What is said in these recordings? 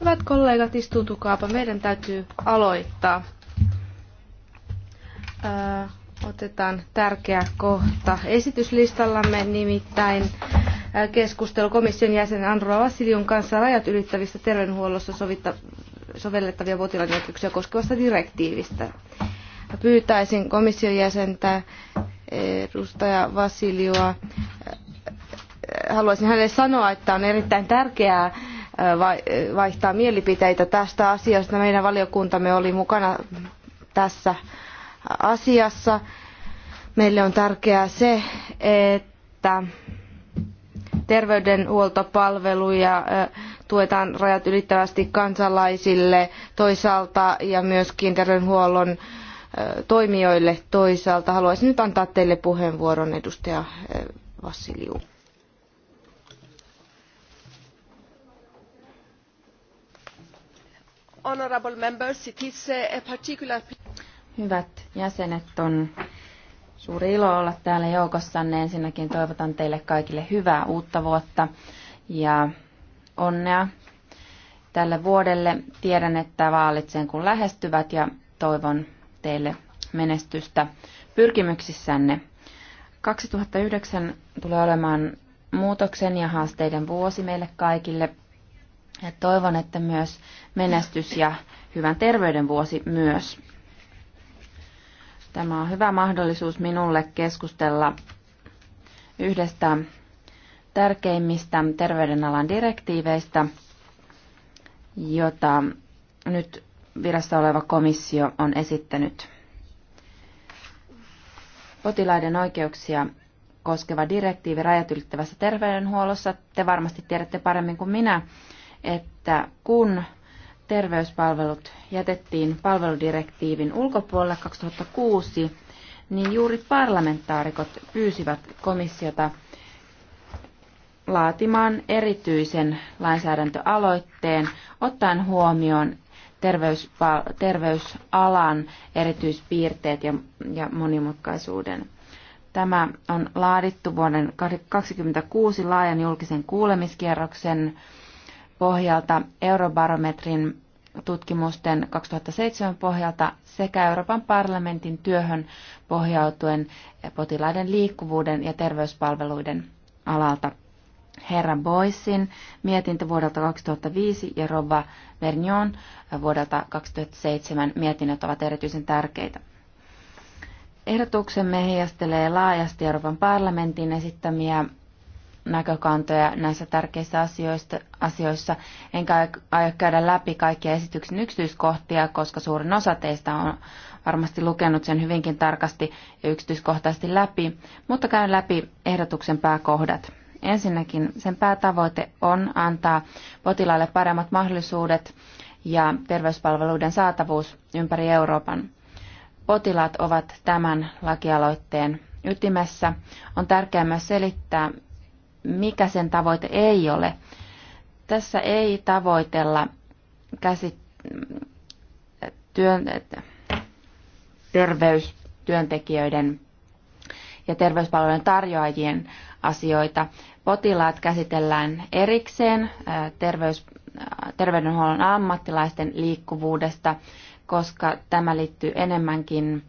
Hyvät kollegat, istuutukaapa. Meidän täytyy aloittaa. Uh, otetaan tärkeä kohta esityslistallamme, nimittäin uh, keskustelu komission jäsen Androa Vassilion kanssa rajat ylittävistä terveydenhuollossa sovitta, sovellettavia potilaiden koskevasta direktiivistä. Pyytäisin komission jäsentä uh, edustaja Vasilioa haluaisin hänelle sanoa, että on erittäin tärkeää vaihtaa mielipiteitä tästä asiasta. Meidän valiokuntamme oli mukana tässä asiassa. Meille on tärkeää se, että terveydenhuoltopalveluja tuetaan rajat ylittävästi kansalaisille toisaalta ja myöskin terveydenhuollon toimijoille toisaalta. Haluaisin nyt antaa teille puheenvuoron, edustaja Vassiliu. Honorable members, it is uh, a particular... Hyvät jäsenet, on suuri ilo olla täällä joukossanne. Ensinnäkin toivotan teille kaikille hyvää uutta vuotta ja onnea tälle vuodelle. Tiedän, että vaalit sen kun lähestyvät ja toivon teille menestystä pyrkimyksissänne. 2009 tulee olemaan muutoksen ja haasteiden vuosi meille kaikille. Ja toivon, että myös menestys ja hyvän terveyden vuosi myös. Tämä on hyvä mahdollisuus minulle keskustella yhdestä tärkeimmistä terveydenalan direktiiveistä, jota nyt virassa oleva komissio on esittänyt. Potilaiden oikeuksia koskeva direktiivi rajat ylittävässä terveydenhuollossa. Te varmasti tiedätte paremmin kuin minä, että kun terveyspalvelut jätettiin palveludirektiivin ulkopuolelle 2006, niin juuri parlamentaarikot pyysivät komissiota laatimaan erityisen lainsäädäntöaloitteen ottaen huomioon terveysalan erityispiirteet ja, ja monimutkaisuuden. Tämä on laadittu vuoden 2026 laajan julkisen kuulemiskierroksen pohjalta, Eurobarometrin tutkimusten 2007 pohjalta sekä Euroopan parlamentin työhön pohjautuen potilaiden liikkuvuuden ja terveyspalveluiden alalta. Herra Boissin mietintö vuodelta 2005 ja Rova Vernion vuodelta 2007 mietinnöt ovat erityisen tärkeitä. Ehdotuksemme heijastelee laajasti Euroopan parlamentin esittämiä näkökantoja näissä tärkeissä asioista, asioissa. Enkä aio käydä läpi kaikkia esityksen yksityiskohtia, koska suurin osa teistä on varmasti lukenut sen hyvinkin tarkasti ja yksityiskohtaisesti läpi, mutta käyn läpi ehdotuksen pääkohdat. Ensinnäkin sen päätavoite on antaa potilaalle paremmat mahdollisuudet ja terveyspalveluiden saatavuus ympäri Euroopan. Potilaat ovat tämän lakialoitteen ytimessä. On tärkeää myös selittää, mikä sen tavoite ei ole. Tässä ei tavoitella käsit, työn, terveystyöntekijöiden ja terveyspalvelujen tarjoajien asioita. Potilaat käsitellään erikseen terveys, terveydenhuollon ammattilaisten liikkuvuudesta, koska tämä liittyy enemmänkin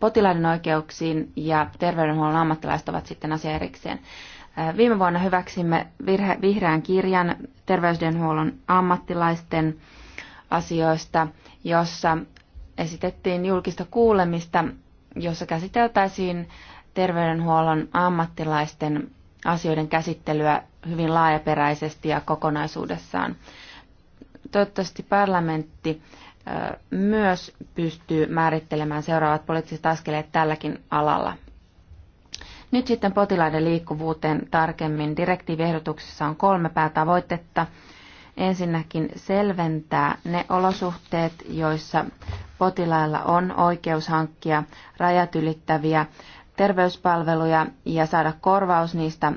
potilaiden oikeuksiin ja terveydenhuollon ammattilaiset ovat sitten asia erikseen. Äh, viime vuonna hyväksimme virhe, vihreän kirjan terveydenhuollon ammattilaisten asioista, jossa esitettiin julkista kuulemista, jossa käsiteltäisiin terveydenhuollon ammattilaisten asioiden käsittelyä hyvin laajaperäisesti ja kokonaisuudessaan. Toivottavasti parlamentti myös pystyy määrittelemään seuraavat poliittiset askeleet tälläkin alalla. Nyt sitten potilaiden liikkuvuuteen tarkemmin. Direktiiviehdotuksessa on kolme päätavoitetta. Ensinnäkin selventää ne olosuhteet, joissa potilailla on oikeus hankkia rajat ylittäviä terveyspalveluja ja saada korvaus niistä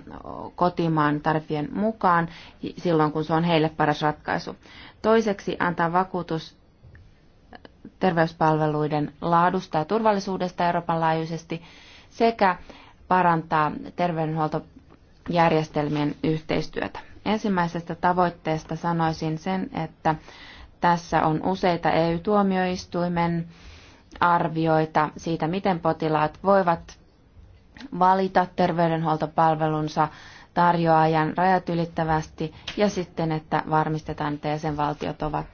kotimaan tarvien mukaan silloin, kun se on heille paras ratkaisu. Toiseksi antaa vakuutus terveyspalveluiden laadusta ja turvallisuudesta Euroopan laajuisesti sekä parantaa terveydenhuoltojärjestelmien yhteistyötä. Ensimmäisestä tavoitteesta sanoisin sen, että tässä on useita EU-tuomioistuimen arvioita siitä, miten potilaat voivat valita terveydenhuoltopalvelunsa tarjoajan rajat ylittävästi ja sitten, että varmistetaan, että jäsenvaltiot ovat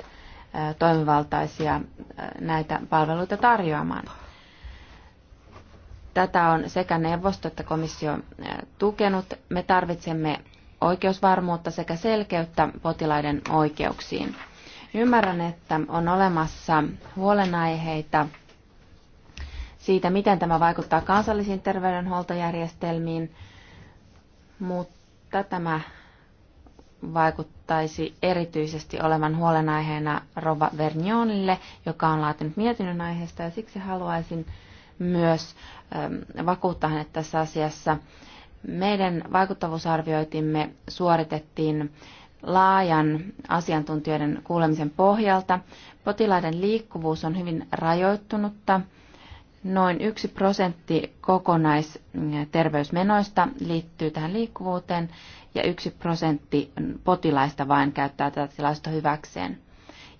toimivaltaisia näitä palveluita tarjoamaan. Tätä on sekä neuvosto että komissio tukenut. Me tarvitsemme oikeusvarmuutta sekä selkeyttä potilaiden oikeuksiin. Ymmärrän, että on olemassa huolenaiheita siitä, miten tämä vaikuttaa kansallisiin terveydenhuoltojärjestelmiin, mutta tämä vaikuttaisi erityisesti olevan huolenaiheena Rova Vernionille, joka on laatinut mietinnön aiheesta, ja siksi haluaisin myös ähm, vakuuttaa hänet tässä asiassa. Meidän vaikuttavuusarvioitimme suoritettiin laajan asiantuntijoiden kuulemisen pohjalta. Potilaiden liikkuvuus on hyvin rajoittunutta Noin yksi prosentti kokonaisterveysmenoista liittyy tähän liikkuvuuteen ja yksi prosentti potilaista vain käyttää tätä tilasta hyväkseen.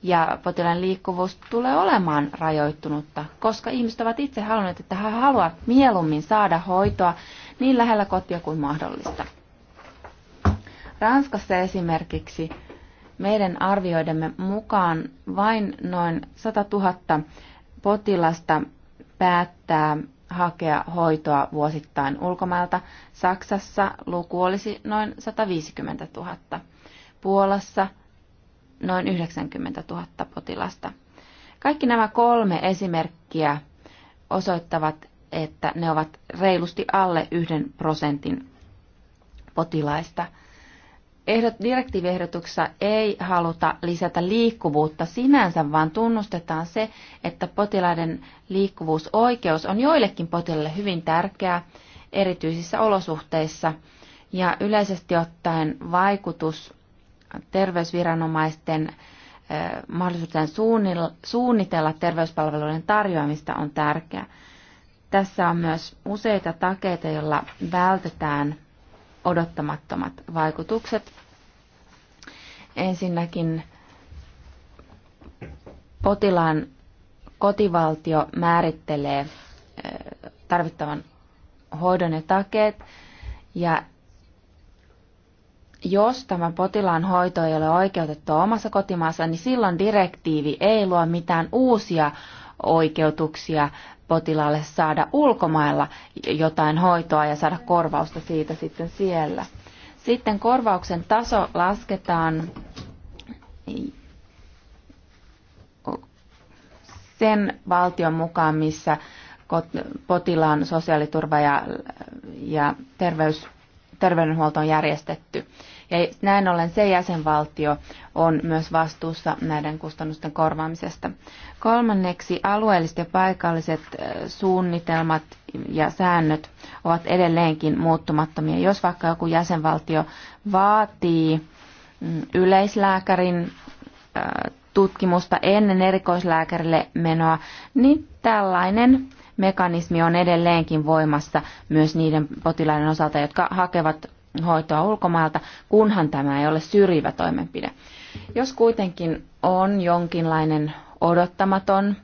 Ja potilaan liikkuvuus tulee olemaan rajoittunutta, koska ihmiset ovat itse halunneet, että he haluavat mieluummin saada hoitoa niin lähellä kotia kuin mahdollista. Ranskassa esimerkiksi meidän arvioidemme mukaan vain noin 100 000 potilasta päättää hakea hoitoa vuosittain ulkomailta. Saksassa luku olisi noin 150 000, Puolassa noin 90 000 potilasta. Kaikki nämä kolme esimerkkiä osoittavat, että ne ovat reilusti alle yhden prosentin potilaista – ehdot, direktiiviehdotuksessa ei haluta lisätä liikkuvuutta sinänsä, vaan tunnustetaan se, että potilaiden liikkuvuusoikeus on joillekin potilaille hyvin tärkeää erityisissä olosuhteissa. Ja yleisesti ottaen vaikutus terveysviranomaisten mahdollisuuteen suunnitella terveyspalveluiden tarjoamista on tärkeä. Tässä on myös useita takeita, joilla vältetään odottamattomat vaikutukset. Ensinnäkin potilaan kotivaltio määrittelee tarvittavan hoidon ja takeet. Ja jos tämä potilaan hoito ei ole oikeutettu omassa kotimaassa, niin silloin direktiivi ei luo mitään uusia oikeutuksia potilaalle saada ulkomailla jotain hoitoa ja saada korvausta siitä sitten siellä. Sitten korvauksen taso lasketaan sen valtion mukaan, missä potilaan sosiaaliturva ja, ja terveys, terveydenhuolto on järjestetty. Ja näin ollen se jäsenvaltio on myös vastuussa näiden kustannusten korvaamisesta. Kolmanneksi alueelliset ja paikalliset suunnitelmat ja säännöt ovat edelleenkin muuttumattomia. Jos vaikka joku jäsenvaltio vaatii mm, yleislääkärin tutkimusta ennen erikoislääkärille menoa, niin tällainen mekanismi on edelleenkin voimassa myös niiden potilaiden osalta, jotka hakevat hoitoa ulkomailta, kunhan tämä ei ole syrjivä toimenpide. Jos kuitenkin on jonkinlainen odottamaton,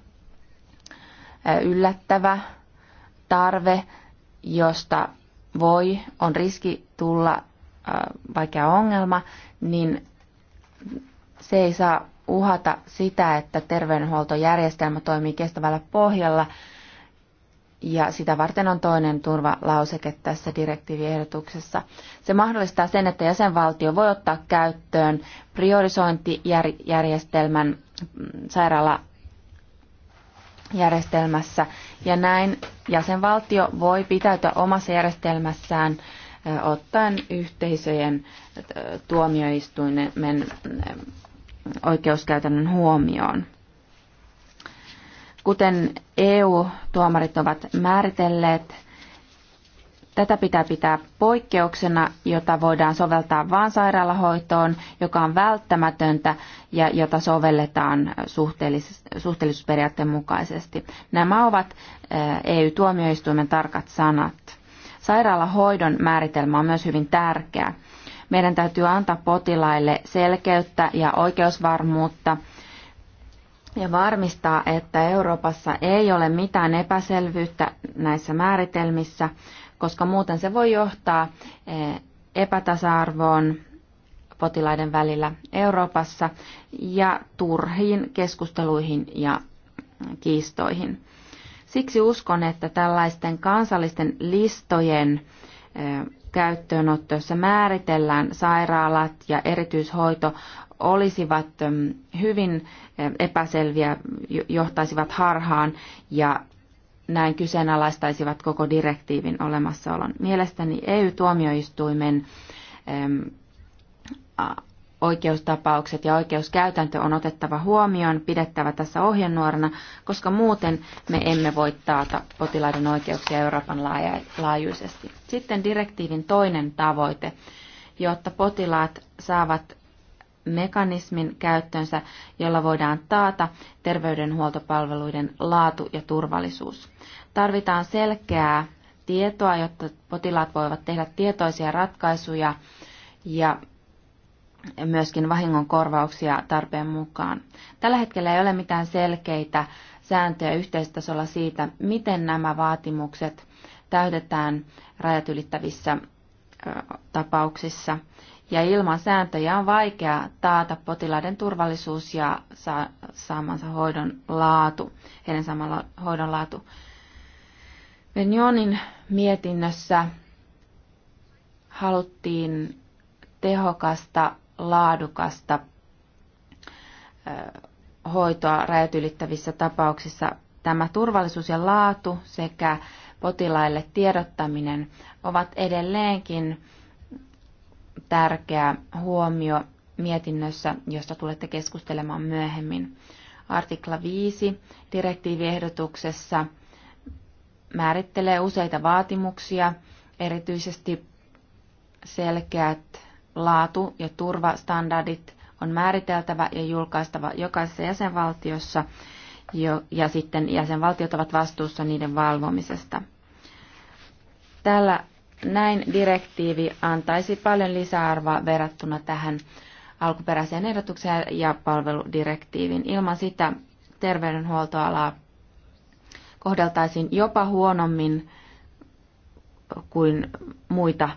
yllättävä tarve, josta voi, on riski tulla vaikea ongelma, niin se ei saa uhata sitä, että terveydenhuoltojärjestelmä toimii kestävällä pohjalla ja sitä varten on toinen turvalauseke tässä direktiiviehdotuksessa. Se mahdollistaa sen, että jäsenvaltio voi ottaa käyttöön priorisointijärjestelmän mm, sairaalajärjestelmässä ja näin jäsenvaltio voi pitäytyä omassa järjestelmässään ottaen yhteisöjen tuomioistuimen oikeuskäytännön huomioon. Kuten EU-tuomarit ovat määritelleet, tätä pitää pitää poikkeuksena, jota voidaan soveltaa vain sairaalahoitoon, joka on välttämätöntä ja jota sovelletaan suhteellis- suhteellisuusperiaatteen mukaisesti. Nämä ovat EU-tuomioistuimen tarkat sanat. Sairaalahoidon määritelmä on myös hyvin tärkeä. Meidän täytyy antaa potilaille selkeyttä ja oikeusvarmuutta – ja varmistaa, että Euroopassa ei ole mitään epäselvyyttä näissä määritelmissä, koska muuten se voi johtaa eh, epätasa-arvoon potilaiden välillä Euroopassa ja turhiin keskusteluihin ja mm, kiistoihin. Siksi uskon, että tällaisten kansallisten listojen jossa eh, määritellään sairaalat ja erityishoito olisivat hyvin epäselviä, johtaisivat harhaan ja näin kyseenalaistaisivat koko direktiivin olemassaolon. Mielestäni EU-tuomioistuimen oikeustapaukset ja oikeuskäytäntö on otettava huomioon, pidettävä tässä ohjenuorana, koska muuten me emme voi taata potilaiden oikeuksia Euroopan laajuisesti. Sitten direktiivin toinen tavoite, jotta potilaat saavat mekanismin käyttöönsä, jolla voidaan taata terveydenhuoltopalveluiden laatu ja turvallisuus. Tarvitaan selkeää tietoa, jotta potilaat voivat tehdä tietoisia ratkaisuja ja myöskin korvauksia tarpeen mukaan. Tällä hetkellä ei ole mitään selkeitä sääntöjä yhteistasolla siitä, miten nämä vaatimukset täytetään rajat ylittävissä tapauksissa – ja ilman sääntöjä on vaikea taata potilaiden turvallisuus ja sa- saamansa hoidon laatu, heidän samalla hoidon laatu. Venjonin mietinnössä haluttiin tehokasta, laadukasta hoitoa rajat ylittävissä tapauksissa. Tämä turvallisuus ja laatu sekä potilaille tiedottaminen ovat edelleenkin tärkeä huomio mietinnössä, josta tulette keskustelemaan myöhemmin. Artikla 5 direktiiviehdotuksessa määrittelee useita vaatimuksia, erityisesti selkeät laatu- ja turvastandardit on määriteltävä ja julkaistava jokaisessa jäsenvaltiossa, ja sitten jäsenvaltiot ovat vastuussa niiden valvomisesta. Tällä näin direktiivi antaisi paljon lisäarvoa verrattuna tähän alkuperäiseen ehdotukseen ja palveludirektiivin. Ilman sitä terveydenhuoltoalaa kohdeltaisiin jopa huonommin kuin muita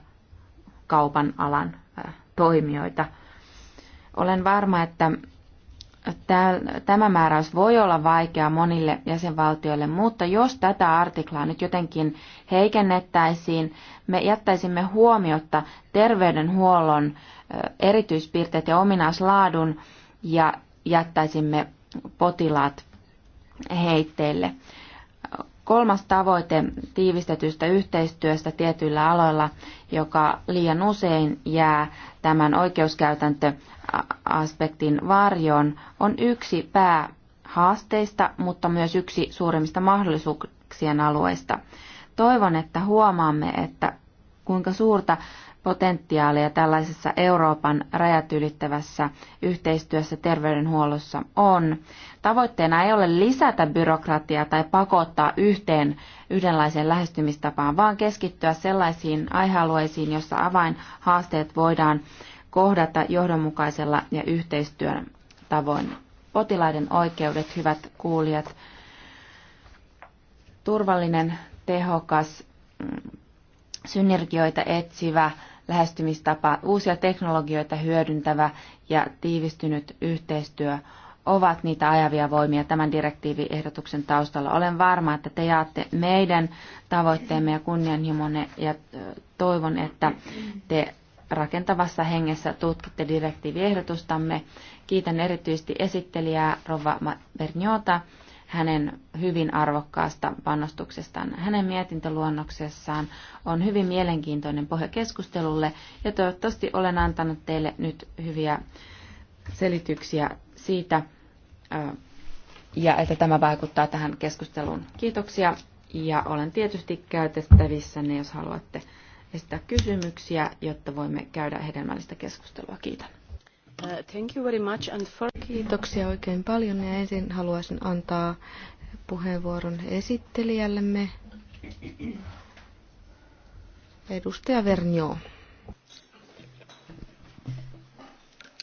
kaupan alan toimijoita. Olen varma, että tämä määräys voi olla vaikea monille jäsenvaltioille, mutta jos tätä artiklaa nyt jotenkin heikennettäisiin, me jättäisimme huomiotta terveydenhuollon erityispiirteet ja ominaislaadun ja jättäisimme potilaat heitteille. Kolmas tavoite tiivistetystä yhteistyöstä tietyillä aloilla, joka liian usein jää tämän oikeuskäytäntöaspektin varjoon, on yksi päähaasteista, mutta myös yksi suurimmista mahdollisuuksien alueista. Toivon, että huomaamme, että kuinka suurta potentiaalia tällaisessa Euroopan rajat ylittävässä yhteistyössä terveydenhuollossa on. Tavoitteena ei ole lisätä byrokratiaa tai pakottaa yhteen yhdenlaiseen lähestymistapaan, vaan keskittyä sellaisiin aihealueisiin, joissa avainhaasteet voidaan kohdata johdonmukaisella ja yhteistyön tavoin. Potilaiden oikeudet, hyvät kuulijat, turvallinen, tehokas, mm, synergioita etsivä lähestymistapa, uusia teknologioita hyödyntävä ja tiivistynyt yhteistyö ovat niitä ajavia voimia tämän direktiiviehdotuksen taustalla. Olen varma, että te jaatte meidän tavoitteemme ja kunnianhimonne ja toivon, että te rakentavassa hengessä tutkitte direktiiviehdotustamme. Kiitän erityisesti esittelijää Rova Berniota hänen hyvin arvokkaasta panostuksestaan. Hänen mietintöluonnoksessaan on hyvin mielenkiintoinen pohja keskustelulle ja toivottavasti olen antanut teille nyt hyviä selityksiä siitä ja että tämä vaikuttaa tähän keskusteluun. Kiitoksia ja olen tietysti ne, jos haluatte esittää kysymyksiä, jotta voimme käydä hedelmällistä keskustelua. Kiitän. Uh, thank you very much and for... Kiitoksia oikein paljon ja ensin haluaisin antaa puheenvuoron esittelijällemme, edustaja Vernio.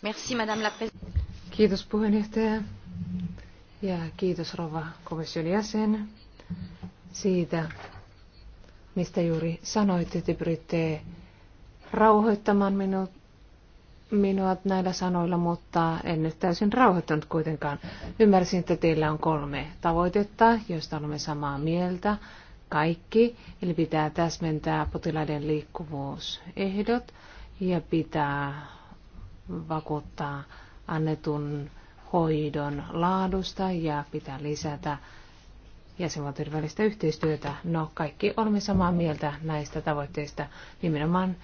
Merci, Madame la Kiitos puheenjohtaja ja kiitos rouva komission jäsen siitä, mistä juuri sanoitte, että te pyritte rauhoittamaan minut minua näillä sanoilla, mutta en nyt täysin rauhoittanut kuitenkaan. Ymmärsin, että teillä on kolme tavoitetta, joista olemme samaa mieltä kaikki, eli pitää täsmentää potilaiden liikkuvuusehdot ja pitää vakuuttaa annetun hoidon laadusta ja pitää lisätä jäsenvaltioiden välistä yhteistyötä. No, kaikki olemme samaa mieltä näistä tavoitteista. Nimenomaan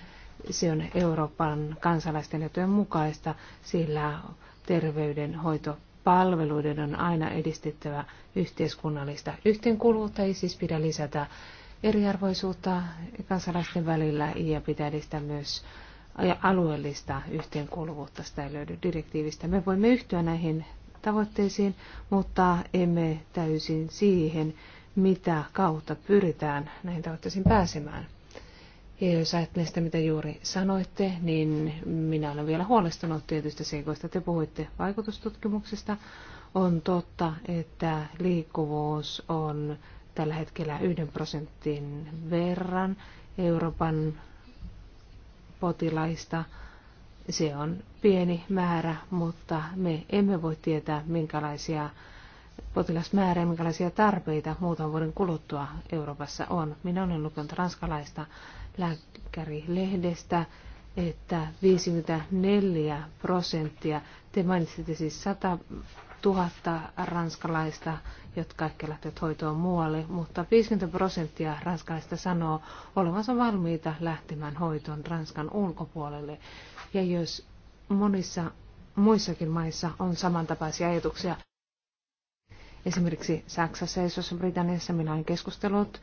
se on Euroopan kansalaisten etujen mukaista, sillä terveydenhoitopalveluiden on aina edistettävä yhteiskunnallista yhteenkuuluvuutta, ei siis pidä lisätä eriarvoisuutta kansalaisten välillä ja pitää edistää myös alueellista yhteenkuuluvuutta. Sitä ei löydy direktiivistä. Me voimme yhtyä näihin tavoitteisiin, mutta emme täysin siihen, mitä kautta pyritään näihin tavoitteisiin pääsemään. Ja jos ajattelen sitä, mitä juuri sanoitte, niin minä olen vielä huolestunut tietystä seikoista. Te puhuitte vaikutustutkimuksista. On totta, että liikkuvuus on tällä hetkellä yhden prosentin verran Euroopan potilaista. Se on pieni määrä, mutta me emme voi tietää, minkälaisia potilasmääriä, minkälaisia tarpeita muutaman vuoden kuluttua Euroopassa on. Minä olen lukenut ranskalaista lääkärilehdestä, että 54 prosenttia, te mainitsitte siis 100 000 ranskalaista, jotka ehkä lähtevät hoitoon muualle, mutta 50 prosenttia ranskalaista sanoo olevansa valmiita lähtemään hoitoon Ranskan ulkopuolelle. Ja jos monissa muissakin maissa on samantapaisia ajatuksia, esimerkiksi Saksassa ja Britanniassa minä olen keskustellut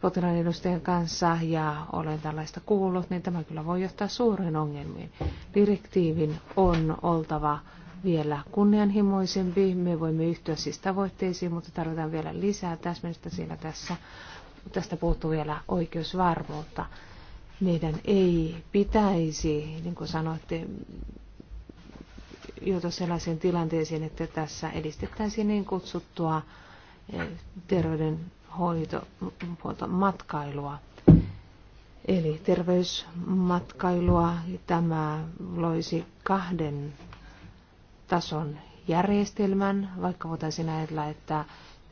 potilaan edustajan kanssa ja olen tällaista kuullut, niin tämä kyllä voi johtaa suuriin ongelmiin. Direktiivin on oltava vielä kunnianhimoisempi. Me voimme yhtyä siis tavoitteisiin, mutta tarvitaan vielä lisää täsmennystä siinä tässä. Tästä puuttuu vielä oikeusvarmuutta. Meidän ei pitäisi, niin kuin sanoitte, joutua sellaiseen tilanteeseen, että tässä edistettäisiin niin kutsuttua eh, terveyden hoito, mm, matkailua. Eli terveysmatkailua tämä loisi kahden tason järjestelmän, vaikka voitaisiin ajatella, että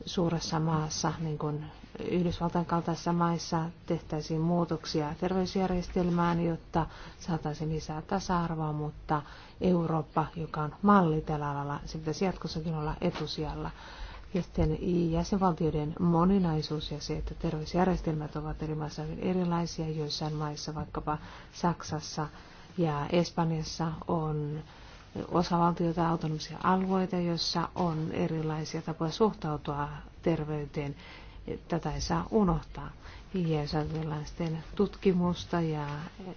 suuressa maassa, niin kuin Yhdysvaltain kaltaisissa maissa, tehtäisiin muutoksia terveysjärjestelmään, jotta saataisiin lisää tasa-arvoa, mutta Eurooppa, joka on malli tällä alalla, se pitäisi jatkossakin olla etusijalla. Ja sitten jäsenvaltioiden moninaisuus ja se, että terveysjärjestelmät ovat eri maissa hyvin erilaisia. Joissain maissa, vaikkapa Saksassa ja Espanjassa, on osavaltioita autonomisia alueita, joissa on erilaisia tapoja suhtautua terveyteen. Tätä ei saa unohtaa. Ja jos ajatellaan sitten tutkimusta ja eh,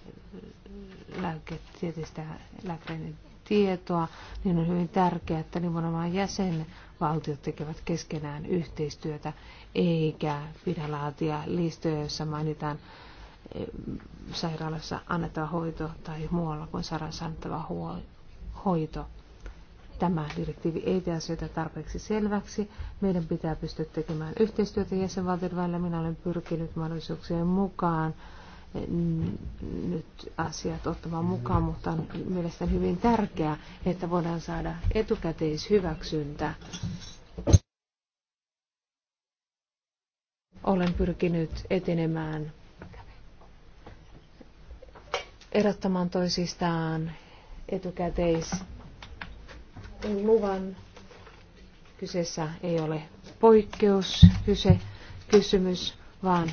lääketieteistä lääkäreiden tietoa, niin on hyvin tärkeää, että nimenomaan jäsen valtiot tekevät keskenään yhteistyötä, eikä pidä laatia listoja, joissa mainitaan eh, sairaalassa annettava hoito tai muualla kuin sairaalassa annettava hoito. Tämä direktiivi ei tee asioita tarpeeksi selväksi. Meidän pitää pystyä tekemään yhteistyötä jäsenvaltioiden välillä. Minä olen pyrkinyt mahdollisuuksien mukaan nyt asiat ottamaan mukaan, mutta on mielestäni hyvin tärkeää, että voidaan saada etukäteishyväksyntä. Olen pyrkinyt etenemään erottamaan toisistaan etukäteis luvan. Kyseessä ei ole poikkeus, kyse, kysymys vaan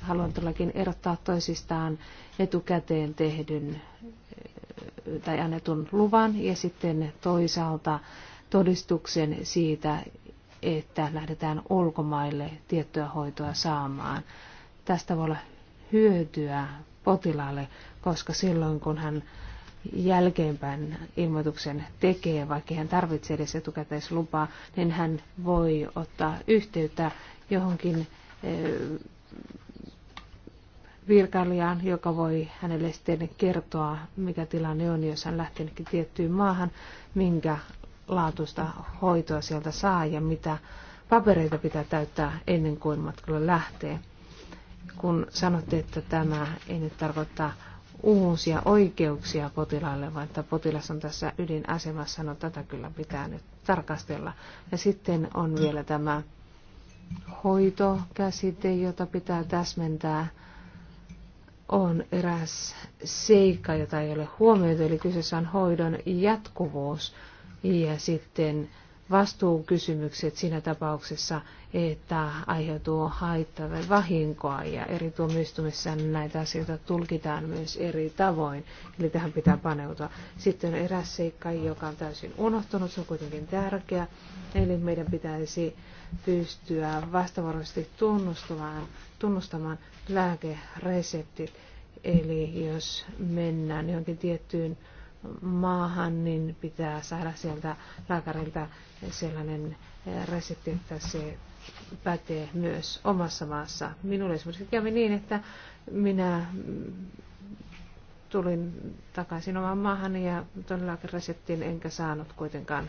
haluan todellakin erottaa toisistaan etukäteen tehdyn eh, tai annetun luvan ja sitten toisaalta todistuksen siitä, että lähdetään ulkomaille tiettyä hoitoa saamaan. Tästä voi olla hyötyä potilaalle, koska silloin kun hän jälkeenpäin ilmoituksen tekee, vaikka hän tarvitsee edes etukäteislupaa, niin hän voi ottaa yhteyttä johonkin Eh, virkailijaan, joka voi hänelle sitten kertoa, mikä tilanne on, jos hän lähtenytkin tiettyyn maahan, minkä laatuista hoitoa sieltä saa ja mitä papereita pitää täyttää ennen kuin matkalle lähtee. Kun sanotte, että tämä ei nyt tarkoittaa uusia oikeuksia potilaalle, vaan että potilas on tässä ydinasemassa, no tätä kyllä pitää nyt tarkastella. Ja sitten on vielä tämä hoitokäsite, jota pitää täsmentää, on eräs seikka, jota ei ole huomioitu, eli kyseessä on hoidon jatkuvuus ja sitten vastuukysymykset siinä tapauksessa, että aiheutuu haittaa tai vahinkoa ja eri tuomioistumissa näitä asioita tulkitaan myös eri tavoin, eli tähän pitää paneutua. Sitten on eräs seikka, joka on täysin unohtunut, se on kuitenkin tärkeä, eli meidän pitäisi pystyä vastavuoroisesti tunnustamaan, tunnustamaan lääkereseptit. Eli jos mennään johonkin tiettyyn maahan, niin pitää saada sieltä lääkäriltä sellainen eh, resepti, että se pätee myös omassa maassa. Minulle esimerkiksi kävi niin, että minä tulin takaisin omaan maahan ja todellakin reseptin enkä saanut kuitenkaan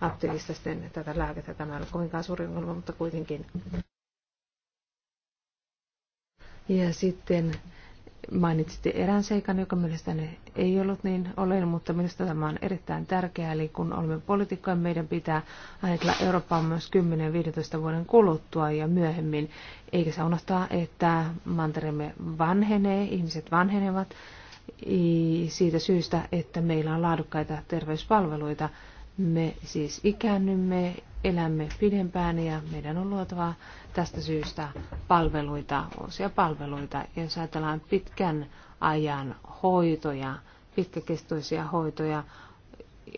aptilista sitten tätä lääkettä. Tämä ei ole kovinkaan suuri ongelma, mutta kuitenkin. Ja sitten mainitsitte erään seikan, joka mielestäni ei ollut niin olen, mutta minusta tämä on erittäin tärkeää. Eli kun olemme poliitikkoja, meidän pitää ajatella Eurooppaa myös 10-15 vuoden kuluttua ja myöhemmin. Eikä saa unohtaa, että mantereemme vanhenee, ihmiset vanhenevat siitä syystä, että meillä on laadukkaita terveyspalveluita. Me siis ikäännymme, elämme pidempään ja meidän on luotava tästä syystä palveluita, uusia palveluita. Jos ajatellaan pitkän ajan hoitoja, pitkäkestoisia hoitoja,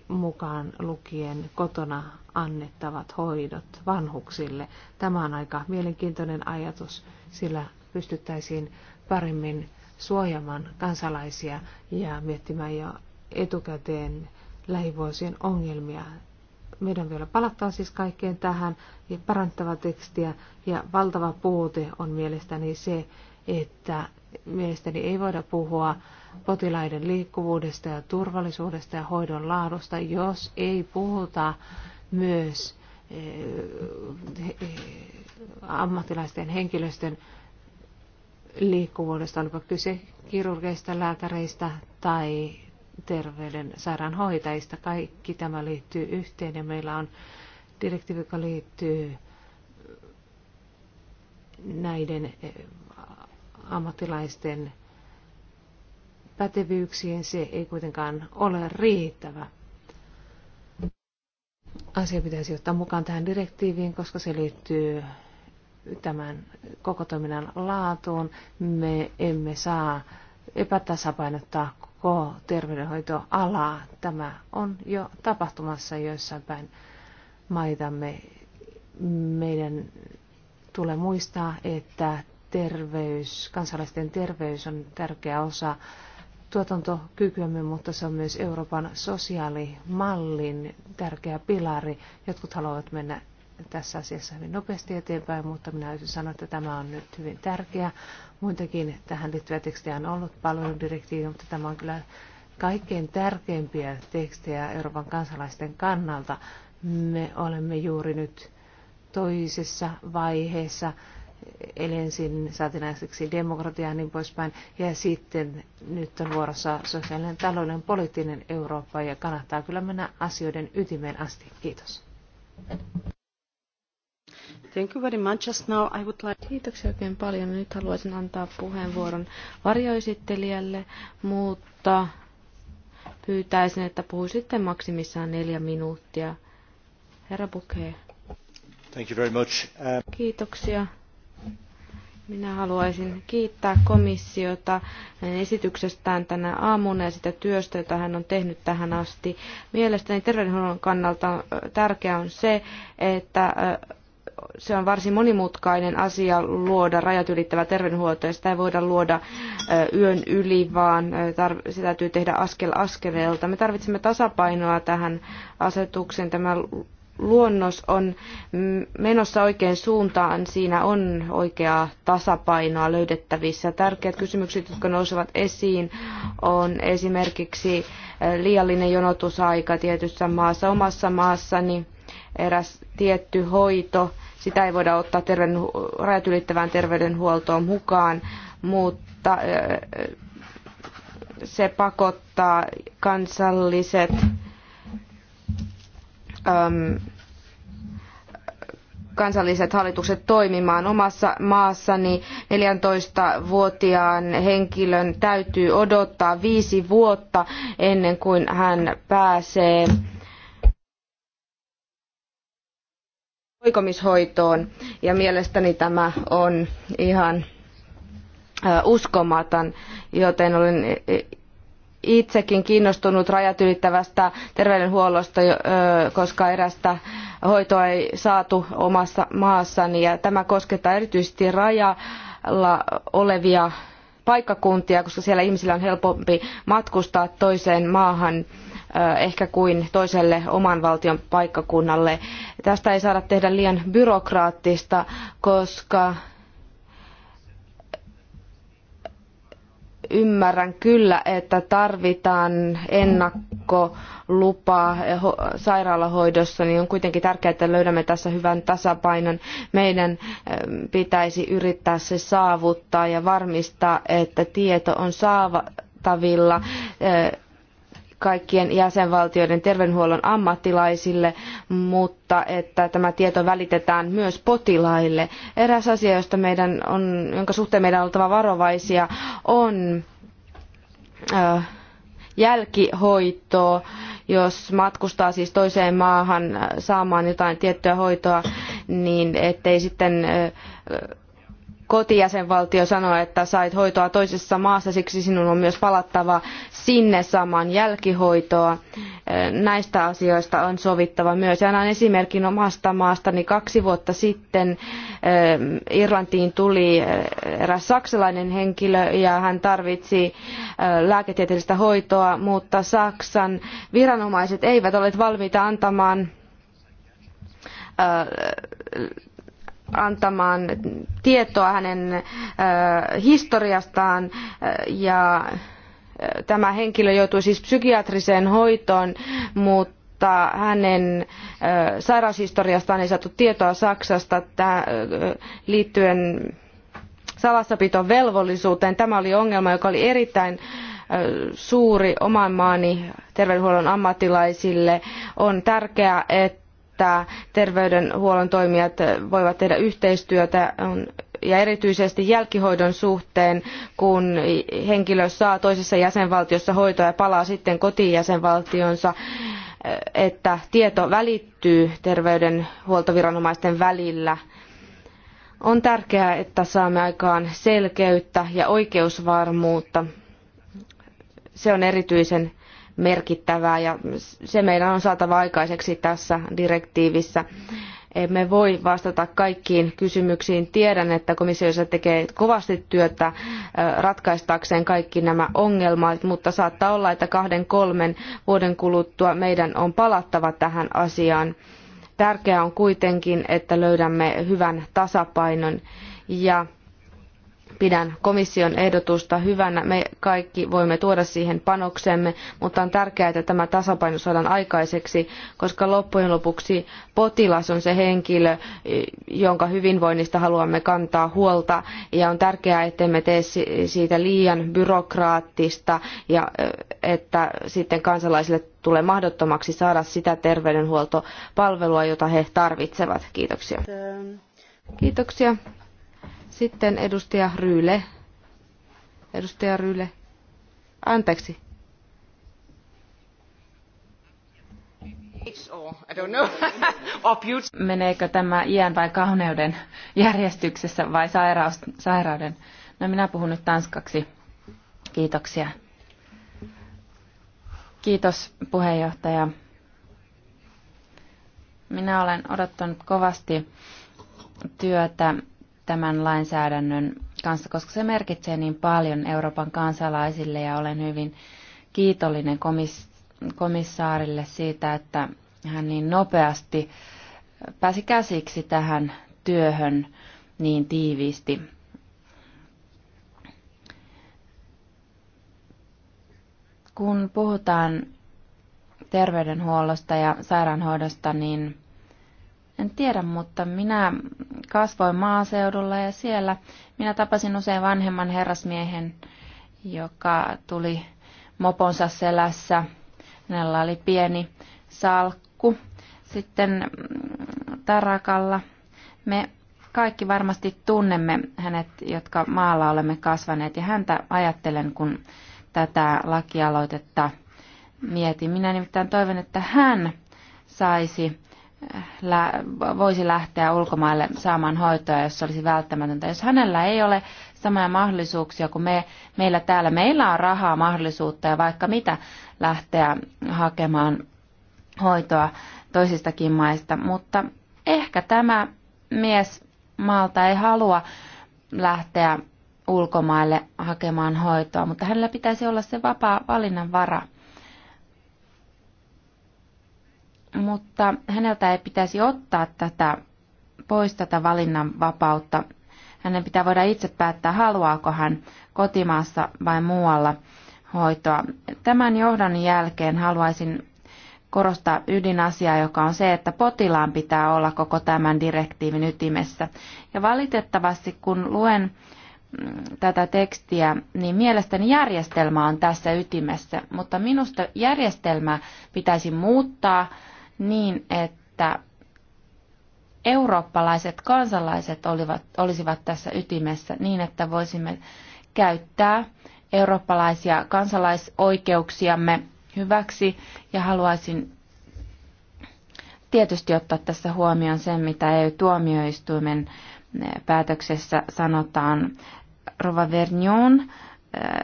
mukaan lukien kotona annettavat hoidot vanhuksille. Tämä on aika mielenkiintoinen ajatus, sillä pystyttäisiin paremmin suojamaan kansalaisia ja miettimään jo etukäteen lähivuosien ongelmia. Meidän vielä palataan siis kaikkeen tähän ja parantava tekstiä ja valtava puute on mielestäni se, että mielestäni ei voida puhua potilaiden liikkuvuudesta ja turvallisuudesta ja hoidon laadusta, jos ei puhuta myös eh, ammattilaisten henkilöstön liikkuvuudesta, olipa kyse kirurgeista, lääkäreistä tai terveyden sairaanhoitajista. Kaikki tämä liittyy yhteen ja meillä on direktiivi, joka liittyy näiden eh, ammattilaisten pätevyyksiin. Se ei kuitenkaan ole riittävä. Asia pitäisi ottaa mukaan tähän direktiiviin, koska se liittyy tämän koko toiminnan laatuun. Me emme saa epätasapainottaa koko terveydenhoitoalaa. Tämä on jo tapahtumassa joissain päin maitamme. Meidän tulee muistaa, että terveys, kansalaisten terveys on tärkeä osa tuotantokykyämme, mutta se on myös Euroopan sosiaalimallin tärkeä pilari. Jotkut haluavat mennä tässä asiassa hyvin nopeasti eteenpäin, mutta minä olisin sanoa, että tämä on nyt hyvin tärkeä. Muitakin tähän liittyviä tekstejä on ollut palveludirektiivi, mutta tämä on kyllä kaikkein tärkeimpiä tekstejä Euroopan kansalaisten kannalta. Me olemme juuri nyt toisessa vaiheessa. Eli ensin satinaiseksi demokratiaa ja niin poispäin. Ja sitten nyt on vuorossa sosiaalinen, taloudellinen, poliittinen Eurooppa ja kannattaa kyllä mennä asioiden ytimeen asti. Kiitos. Kiitoksia oikein paljon. Nyt haluaisin antaa puheenvuoron varjoesittelijälle, mutta pyytäisin, että puhuisitte maksimissaan neljä minuuttia. Herra Bukee. Thank you very much. Uh, Kiitoksia. Minä haluaisin kiittää komissiota hänen esityksestään tänä aamuna ja sitä työstä, jota hän on tehnyt tähän asti. Mielestäni terveydenhuollon kannalta tärkeää on se, että se on varsin monimutkainen asia luoda rajat ylittävä terveydenhuolto ja sitä ei voida luoda yön yli, vaan se täytyy tehdä askel askeleelta. Me tarvitsemme tasapainoa tähän asetukseen. Tämä luonnos on menossa oikein suuntaan. Siinä on oikeaa tasapainoa löydettävissä. Tärkeät kysymykset, jotka nousevat esiin, on esimerkiksi liiallinen jonotusaika tietyssä maassa. Omassa maassani eräs tietty hoito sitä ei voida ottaa terveyden, rajat ylittävään terveydenhuoltoon mukaan, mutta se pakottaa kansalliset äm, kansalliset hallitukset toimimaan. Omassa maassani 14-vuotiaan henkilön täytyy odottaa viisi vuotta ennen kuin hän pääsee oikomishoitoon ja mielestäni tämä on ihan uskomaton, joten olen e, e, itsekin kiinnostunut rajat ylittävästä terveydenhuollosta, koska erästä hoitoa ei saatu omassa maassani ja tämä koskettaa erityisesti rajalla olevia paikkakuntia, koska siellä ihmisillä on helpompi matkustaa toiseen maahan ehkä kuin toiselle oman valtion paikkakunnalle. Tästä ei saada tehdä liian byrokraattista, koska ymmärrän kyllä, että tarvitaan ennakkolupa sairaalahoidossa, niin on kuitenkin tärkeää, että löydämme tässä hyvän tasapainon. Meidän pitäisi yrittää se saavuttaa ja varmistaa, että tieto on saatavilla kaikkien jäsenvaltioiden terveydenhuollon ammattilaisille, mutta että tämä tieto välitetään myös potilaille. Eräs asia, josta meidän on, jonka suhteen meidän on oltava varovaisia, on äh, jos matkustaa siis toiseen maahan saamaan jotain tiettyä hoitoa, niin ettei sitten äh, kotijäsenvaltio sanoo, että sait hoitoa toisessa maassa, siksi sinun on myös palattava sinne saamaan jälkihoitoa. Näistä asioista on sovittava myös. Ja annan esimerkin omasta maastani. Kaksi vuotta sitten eh, Irlantiin tuli eh, eräs saksalainen henkilö ja hän tarvitsi eh, lääketieteellistä hoitoa, mutta Saksan viranomaiset eivät ole valmiita antamaan antamaan tietoa hänen historiastaan ja tämä henkilö joutui siis psykiatriseen hoitoon, mutta hänen sairaushistoriastaan ei saatu tietoa Saksasta liittyen salassapitovelvollisuuteen. Tämä oli ongelma, joka oli erittäin suuri oman maani terveydenhuollon ammattilaisille. On tärkeää, että että terveydenhuollon toimijat voivat tehdä yhteistyötä ja erityisesti jälkihoidon suhteen, kun henkilö saa toisessa jäsenvaltiossa hoitoa ja palaa sitten kotijäsenvaltionsa, että tieto välittyy terveydenhuoltoviranomaisten välillä. On tärkeää, että saamme aikaan selkeyttä ja oikeusvarmuutta. Se on erityisen merkittävää ja se meidän on saatava aikaiseksi tässä direktiivissä. Emme voi vastata kaikkiin kysymyksiin. Tiedän, että komissiossa tekee kovasti työtä ratkaistakseen kaikki nämä ongelmat, mutta saattaa olla, että kahden kolmen vuoden kuluttua meidän on palattava tähän asiaan. Tärkeää on kuitenkin, että löydämme hyvän tasapainon ja Pidän komission ehdotusta hyvänä. Me kaikki voimme tuoda siihen panoksemme, mutta on tärkeää, että tämä tasapaino saadaan aikaiseksi, koska loppujen lopuksi potilas on se henkilö, jonka hyvinvoinnista haluamme kantaa huolta. Ja on tärkeää, ettemme tee siitä liian byrokraattista ja että sitten kansalaisille tulee mahdottomaksi saada sitä terveydenhuoltopalvelua, jota he tarvitsevat. Kiitoksia. Kiitoksia. Sitten edustaja Ryyle. Edustaja Ryyle. Anteeksi. Meneekö tämä iän vai kauneuden järjestyksessä vai sairaus, sairauden? No minä puhun nyt tanskaksi. Kiitoksia. Kiitos puheenjohtaja. Minä olen odottanut kovasti työtä tämän lainsäädännön kanssa, koska se merkitsee niin paljon Euroopan kansalaisille ja olen hyvin kiitollinen komis- komissaarille siitä, että hän niin nopeasti pääsi käsiksi tähän työhön niin tiiviisti. Kun puhutaan terveydenhuollosta ja sairaanhoidosta, niin en tiedä, mutta minä kasvoin maaseudulla ja siellä minä tapasin usein vanhemman herrasmiehen, joka tuli moponsa selässä. Hänellä oli pieni salkku. Sitten mm, Tarakalla me kaikki varmasti tunnemme hänet, jotka maalla olemme kasvaneet, ja häntä ajattelen, kun tätä lakialoitetta mietin. Minä nimittäin toivon, että hän saisi voisi lähteä ulkomaille saamaan hoitoa, jos se olisi välttämätöntä. Jos hänellä ei ole samoja mahdollisuuksia kuin me, meillä täällä, meillä on rahaa, mahdollisuutta ja vaikka mitä lähteä hakemaan hoitoa toisistakin maista, mutta ehkä tämä mies maalta ei halua lähteä ulkomaille hakemaan hoitoa, mutta hänellä pitäisi olla se vapaa valinnan vara. mutta häneltä ei pitäisi ottaa tätä pois tätä valinnanvapautta. Hänen pitää voida itse päättää, haluaako hän kotimaassa vai muualla hoitoa. Tämän johdon jälkeen haluaisin korostaa ydinasiaa, joka on se, että potilaan pitää olla koko tämän direktiivin ytimessä. Ja valitettavasti, kun luen mm, tätä tekstiä, niin mielestäni järjestelmä on tässä ytimessä, mutta minusta järjestelmä pitäisi muuttaa niin, että eurooppalaiset kansalaiset olivat, olisivat tässä ytimessä niin, että voisimme käyttää eurooppalaisia kansalaisoikeuksiamme hyväksi ja haluaisin tietysti ottaa tässä huomioon sen, mitä EU-tuomioistuimen eh, päätöksessä sanotaan. Rova Vernion eh,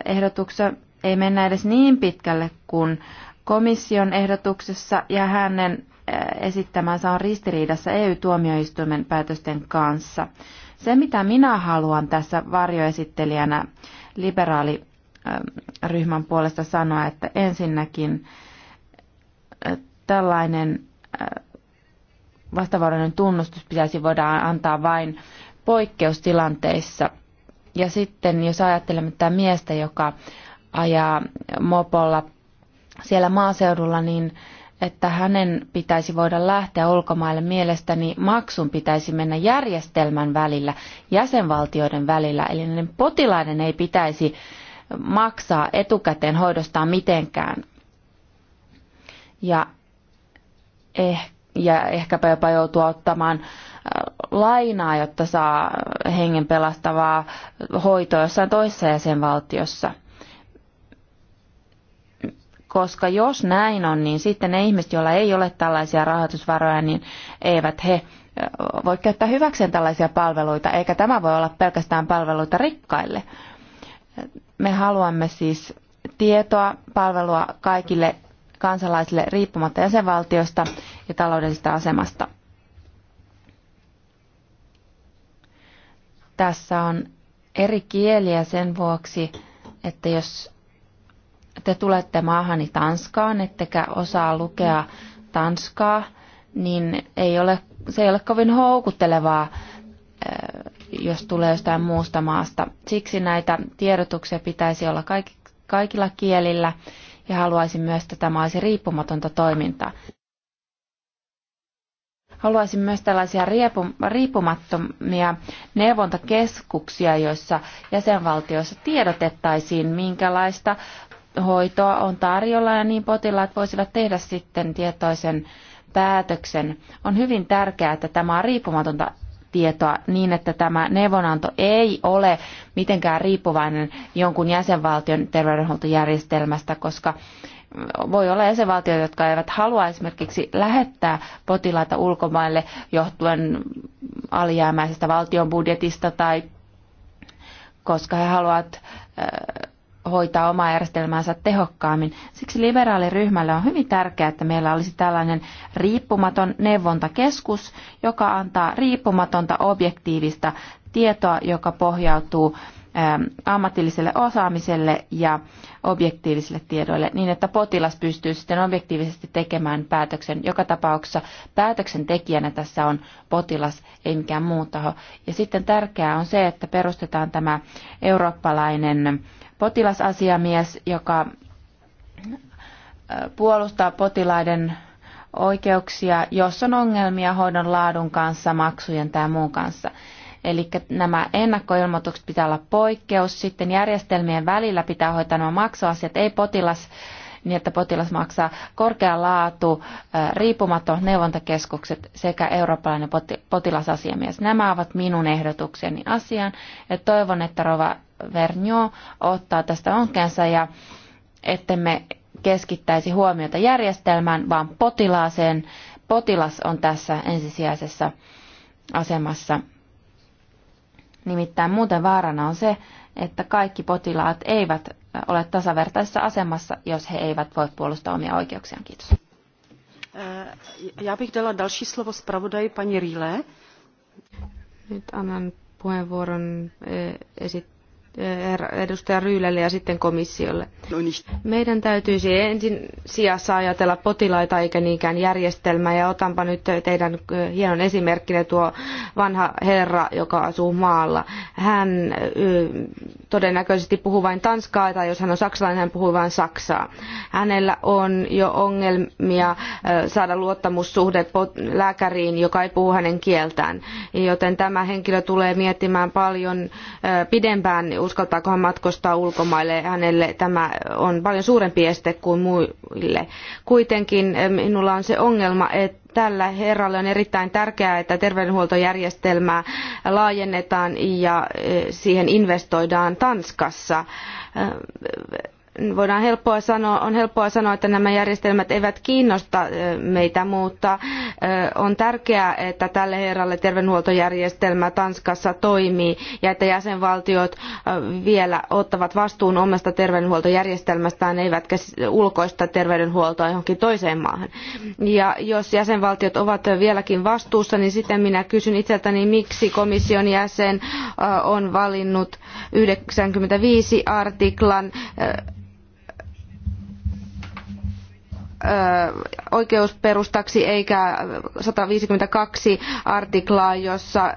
ehdotuksessa ei mennä edes niin pitkälle kuin komission ehdotuksessa ja hänen esittämänsä on ristiriidassa EU-tuomioistuimen päätösten kanssa. Se, mitä minä haluan tässä varjoesittelijänä liberaaliryhmän puolesta sanoa, että ensinnäkin tällainen vastavuoroinen tunnustus pitäisi voida antaa vain poikkeustilanteissa. Ja sitten jos ajattelemme tätä miestä, joka ajaa mopolla siellä maaseudulla, niin että hänen pitäisi voida lähteä ulkomaille. Mielestäni maksun pitäisi mennä järjestelmän välillä, jäsenvaltioiden välillä, eli potilaiden ei pitäisi maksaa etukäteen hoidostaan mitenkään. Ja, eh, ja ehkäpä jopa joutua ottamaan äh, lainaa, jotta saa hengen pelastavaa hoitoa jossain toisessa jäsenvaltiossa koska jos näin on, niin sitten ne ihmiset, joilla ei ole tällaisia rahoitusvaroja, niin eivät he voi käyttää hyväkseen tällaisia palveluita, eikä tämä voi olla pelkästään palveluita rikkaille. Me haluamme siis tietoa, palvelua kaikille kansalaisille riippumatta jäsenvaltiosta ja taloudellisesta asemasta. Tässä on eri kieliä sen vuoksi, että jos te tulette maahani Tanskaan, ettekä osaa lukea Tanskaa, niin ei ole, se ei ole kovin houkuttelevaa, eh, jos tulee jostain muusta maasta. Siksi näitä tiedotuksia pitäisi olla kaikki, kaikilla kielillä ja haluaisin myös, että tämä olisi riippumatonta toimintaa. Haluaisin myös tällaisia riippumattomia neuvontakeskuksia, joissa jäsenvaltioissa tiedotettaisiin, minkälaista hoitoa on tarjolla ja niin potilaat voisivat tehdä sitten tietoisen päätöksen. On hyvin tärkeää, että tämä on riippumatonta tietoa niin, että tämä neuvonanto ei ole mitenkään riippuvainen jonkun jäsenvaltion terveydenhuoltojärjestelmästä, koska voi olla jäsenvaltioita, jotka eivät halua esimerkiksi lähettää potilaita ulkomaille johtuen alijäämäisestä valtion budjetista tai koska he haluavat äh, hoitaa omaa järjestelmäänsä tehokkaammin. Siksi liberaaliryhmälle on hyvin tärkeää, että meillä olisi tällainen riippumaton neuvontakeskus, joka antaa riippumatonta objektiivista tietoa, joka pohjautuu ähm, ammatilliselle osaamiselle ja objektiivisille tiedoille niin, että potilas pystyy sitten objektiivisesti tekemään päätöksen. Joka tapauksessa päätöksentekijänä tässä on potilas, ei mikään muu taho. Ja sitten tärkeää on se, että perustetaan tämä eurooppalainen potilasasiamies, joka puolustaa potilaiden oikeuksia, jos on ongelmia hoidon laadun kanssa, maksujen tai muun kanssa. Eli nämä ennakkoilmoitukset pitää olla poikkeus, sitten järjestelmien välillä pitää hoitaa nämä maksuasiat, ei potilas niin että potilas maksaa korkea laatu, riippumaton neuvontakeskukset sekä eurooppalainen potilasasiamies. Nämä ovat minun ehdotukseni asiaan ja toivon, että Rova Vernio ottaa tästä onkeensa ja ettemme keskittäisi huomiota järjestelmään, vaan potilaaseen. Potilas on tässä ensisijaisessa asemassa. Nimittäin muuten vaarana on se, että kaikki potilaat eivät ole tasavertaisessa asemassa, jos he eivät voi puolustaa omia oikeuksiaan. Kiitos. Äh, ja bych dala další slovo spravodaji pani Rile. Nyt annan puheenvuoron e, esit, e, edustaja Ryylälle ja sitten komissiolle. No niin. Meidän täytyisi ensin sijassa ajatella potilaita eikä niinkään järjestelmää ja otanpa nyt teidän e, hienon esimerkkinä tuo vanha herra, joka asuu maalla. Hän todennäköisesti puhuu vain tanskaa tai jos hän on saksalainen, hän puhuu vain saksaa. Hänellä on jo ongelmia saada luottamussuhde lääkäriin, joka ei puhu hänen kieltään. Joten tämä henkilö tulee miettimään paljon pidempään, uskaltaako hän matkustaa ulkomaille. Hänelle tämä on paljon suurempi este kuin muille. Kuitenkin minulla on se ongelma, että tällä herralle on erittäin tärkeää, että terveydenhuoltojärjestelmää laajennetaan ja eh, siihen investoidaan Tanskassa eh, voidaan helppoa sanoa, on helppoa sanoa, että nämä järjestelmät eivät kiinnosta meitä, mutta on tärkeää, että tälle herralle terveydenhuoltojärjestelmä Tanskassa toimii ja että jäsenvaltiot vielä ottavat vastuun omasta terveydenhuoltojärjestelmästään eivätkä ulkoista terveydenhuoltoa johonkin toiseen maahan. Ja jos jäsenvaltiot ovat vieläkin vastuussa, niin sitten minä kysyn itseltäni, miksi komission jäsen on valinnut 95 artiklan oikeusperustaksi eikä 152 artiklaa, jossa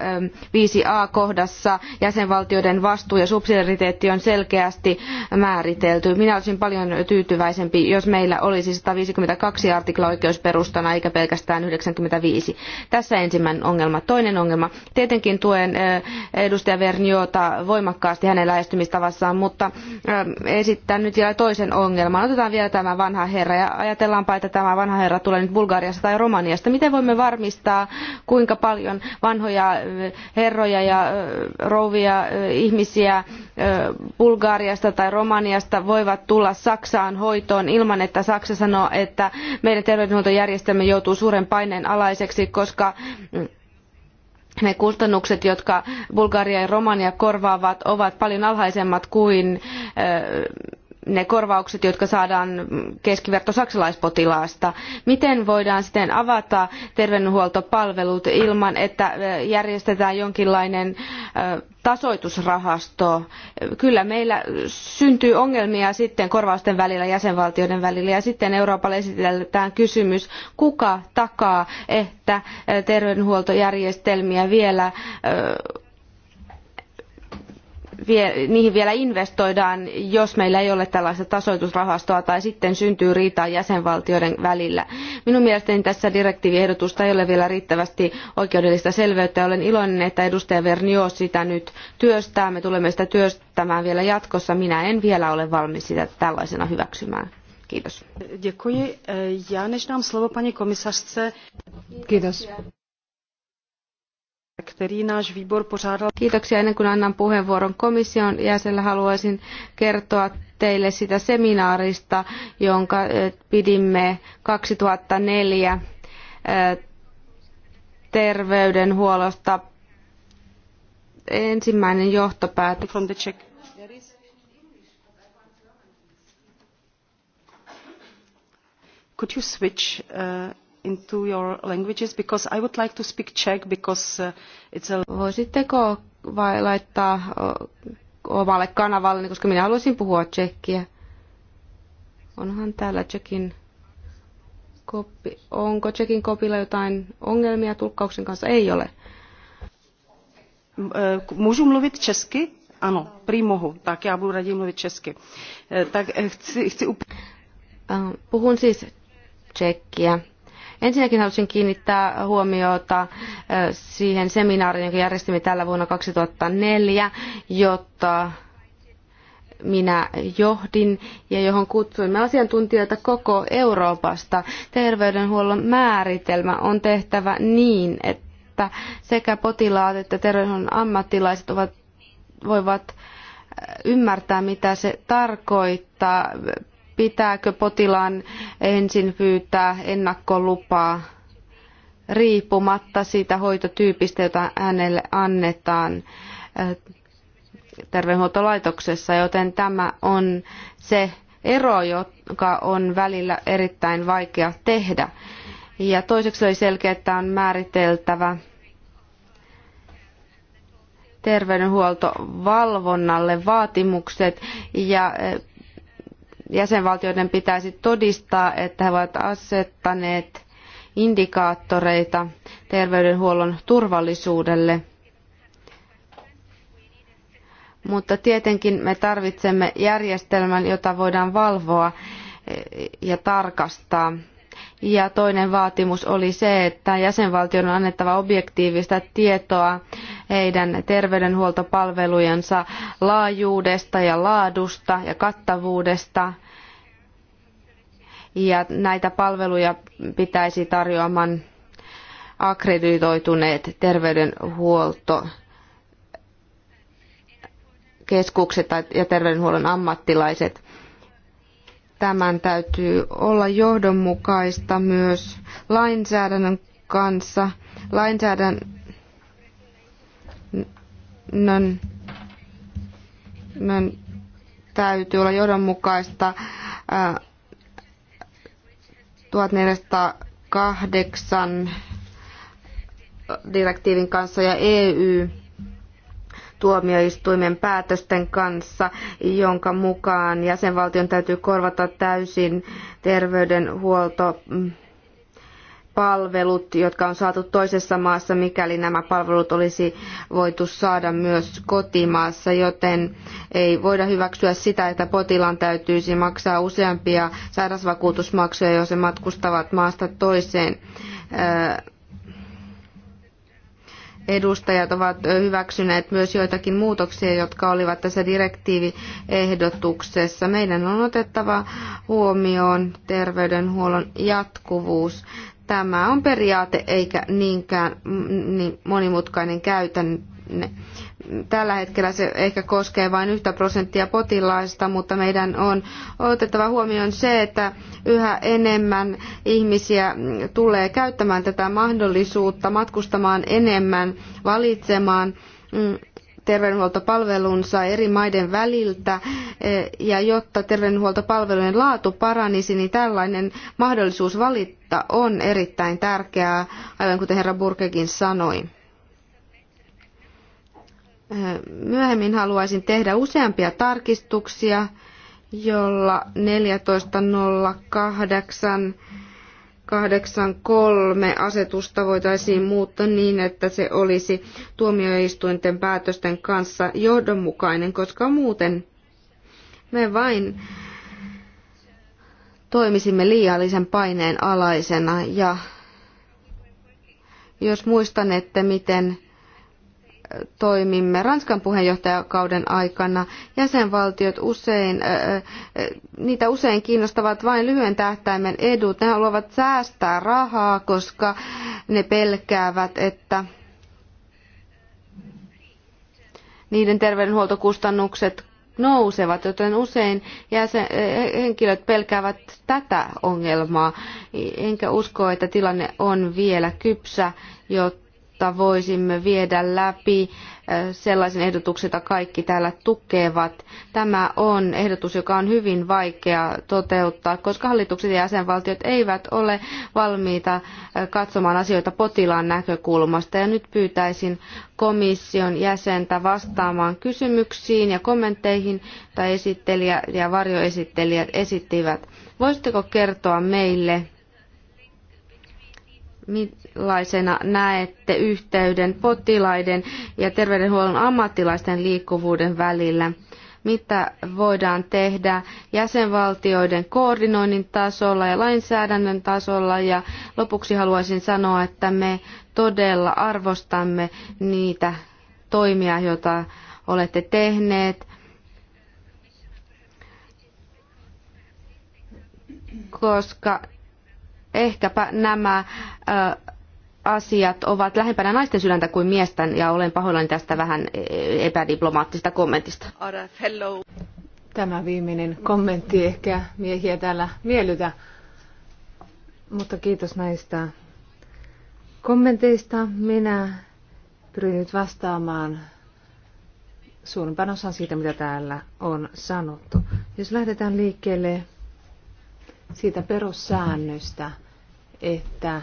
viisi a kohdassa jäsenvaltioiden vastuu ja subsidiariteetti on selkeästi määritelty. Minä olisin paljon tyytyväisempi, jos meillä olisi 152 artikla oikeusperustana eikä pelkästään 95. Tässä ensimmäinen ongelma. Toinen ongelma. Tietenkin tuen edustaja Verniota voimakkaasti hänen lähestymistavassaan, mutta esitän nyt vielä toisen ongelman. Otetaan vielä tämä vanha herra ja ajatellaan ajatellaanpa, että tämä vanha herra tulee nyt Bulgariasta tai Romaniasta. Miten voimme varmistaa, kuinka paljon vanhoja herroja ja rouvia ihmisiä Bulgariasta tai Romaniasta voivat tulla Saksaan hoitoon ilman, että Saksa sanoo, että meidän terveydenhuoltojärjestelmä joutuu suuren paineen alaiseksi, koska mm, ne kustannukset, jotka Bulgaria ja Romania korvaavat, ovat paljon alhaisemmat kuin ne korvaukset, jotka saadaan keskiverto saksalaispotilaasta. Miten voidaan sitten avata terveydenhuoltopalvelut ilman, että järjestetään jonkinlainen tasoitusrahasto? Kyllä meillä syntyy ongelmia sitten korvausten välillä, jäsenvaltioiden välillä ja sitten Euroopalle esitetään kysymys, kuka takaa, että terveydenhuoltojärjestelmiä vielä niihin vielä investoidaan, jos meillä ei ole tällaista tasoitusrahastoa tai sitten syntyy riitaa jäsenvaltioiden välillä. Minun mielestäni tässä direktiiviehdotusta ei ole vielä riittävästi oikeudellista selveyttä. Olen iloinen, että edustaja Vernio sitä nyt työstää. Me tulemme sitä työstämään vielä jatkossa. Minä en vielä ole valmis sitä tällaisena hyväksymään. Kiitos. Děkuji. E, já než dám slovo paní komisařce. Kiitos který náš výbor pořádal. Kiitoksia. Ennen kuin annan puheenvuoron komission jäsenelle. haluaisin kertoa teille sitä seminaarista, jonka eh, pidimme 2004 eh, terveydenhuollosta. Ensimmäinen johtopäätös. Could you switch uh, into your languages because I would like to speak Czech because uh, it's a... Voisitteko vai laittaa uh, omalle kanavalle, koska minä haluaisin puhua tsekkiä. Onhan täällä tsekin kopi. Onko tsekin kopilla jotain ongelmia tulkkauksen kanssa? Ei ole. Uh, můžu mluvit česky? Ano, prý mohu. Tak já budu raději mluvit česky. Tak eh, chci, chci up... Puhun siis tsekkiä. Ensinnäkin haluaisin kiinnittää huomiota siihen seminaariin, jonka järjestimme tällä vuonna 2004, jotta minä johdin ja johon kutsuimme asiantuntijoita koko Euroopasta. Terveydenhuollon määritelmä on tehtävä niin, että sekä potilaat että terveydenhuollon ammattilaiset ovat, voivat ymmärtää, mitä se tarkoittaa pitääkö potilaan ensin pyytää ennakkolupaa riippumatta siitä hoitotyypistä, jota hänelle annetaan eh, terveydenhuoltolaitoksessa, joten tämä on se ero, joka on välillä erittäin vaikea tehdä. Ja toiseksi oli selkeä, että on määriteltävä terveydenhuoltovalvonnalle vaatimukset ja eh, jäsenvaltioiden pitäisi todistaa, että he ovat asettaneet indikaattoreita terveydenhuollon turvallisuudelle. Mutta tietenkin me tarvitsemme järjestelmän, jota voidaan valvoa ja tarkastaa. Ja toinen vaatimus oli se, että jäsenvaltion on annettava objektiivista tietoa heidän terveydenhuoltopalvelujensa laajuudesta ja laadusta ja kattavuudesta. Ja näitä palveluja pitäisi tarjoamaan akkreditoituneet terveydenhuolto keskukset ja terveydenhuollon ammattilaiset. Tämän täytyy olla johdonmukaista myös lainsäädännön kanssa. Lainsäädännön lainsäädännön täytyy olla johdonmukaista 1408 äh, direktiivin kanssa ja EU tuomioistuimen päätösten kanssa, jonka mukaan jäsenvaltion täytyy korvata täysin terveydenhuolto palvelut, jotka on saatu toisessa maassa, mikäli nämä palvelut olisi voitu saada myös kotimaassa, joten ei voida hyväksyä sitä, että potilaan täytyisi maksaa useampia sairausvakuutusmaksuja, jos he matkustavat maasta toiseen. Edustajat ovat hyväksyneet myös joitakin muutoksia, jotka olivat tässä direktiiviehdotuksessa. Meidän on otettava huomioon terveydenhuollon jatkuvuus. Tämä on periaate eikä niinkään niin monimutkainen käytänne. Tällä hetkellä se ehkä koskee vain yhtä prosenttia potilaista, mutta meidän on otettava huomioon se, että yhä enemmän ihmisiä tulee käyttämään tätä mahdollisuutta matkustamaan enemmän, valitsemaan mm, terveydenhuoltopalvelunsa eri maiden väliltä e, ja jotta terveydenhuoltopalvelujen laatu paranisi, niin tällainen mahdollisuus valittaa on erittäin tärkeää, aivan kuten herra Burkekin sanoi. E, myöhemmin haluaisin tehdä useampia tarkistuksia, jolla 1408 83 asetusta voitaisiin muuttaa niin, että se olisi tuomioistuinten päätösten kanssa johdonmukainen, koska muuten me vain toimisimme liiallisen paineen alaisena ja jos muistan, että miten toimimme Ranskan puheenjohtajakauden aikana, jäsenvaltiot usein, niitä usein kiinnostavat vain lyhyen tähtäimen edut. Ne haluavat säästää rahaa, koska ne pelkäävät, että niiden terveydenhuoltokustannukset nousevat, joten usein jäsen, henkilöt pelkäävät tätä ongelmaa, enkä usko, että tilanne on vielä kypsä, jotta jotta voisimme viedä läpi sellaisen ehdotuksen, jota kaikki täällä tukevat. Tämä on ehdotus, joka on hyvin vaikea toteuttaa, koska hallitukset ja jäsenvaltiot eivät ole valmiita katsomaan asioita potilaan näkökulmasta. Ja nyt pyytäisin komission jäsentä vastaamaan kysymyksiin ja kommentteihin, tai esittelijä ja varjoesittelijät esittivät. Voisitteko kertoa meille, millaisena näette yhteyden potilaiden ja terveydenhuollon ammattilaisten liikkuvuuden välillä? Mitä voidaan tehdä jäsenvaltioiden koordinoinnin tasolla ja lainsäädännön tasolla? Ja lopuksi haluaisin sanoa, että me todella arvostamme niitä toimia, joita olette tehneet. Koska ehkäpä nämä asiat ovat lähempänä naisten sydäntä kuin miesten ja olen pahoillani tästä vähän e, epädiplomaattista kommentista. Tämä viimeinen kommentti ehkä miehiä täällä miellytä, mutta kiitos näistä kommenteista. Minä pyrin nyt vastaamaan suurimpaan osaan siitä, mitä täällä on sanottu. Jos lähdetään liikkeelle siitä perussäännöstä, että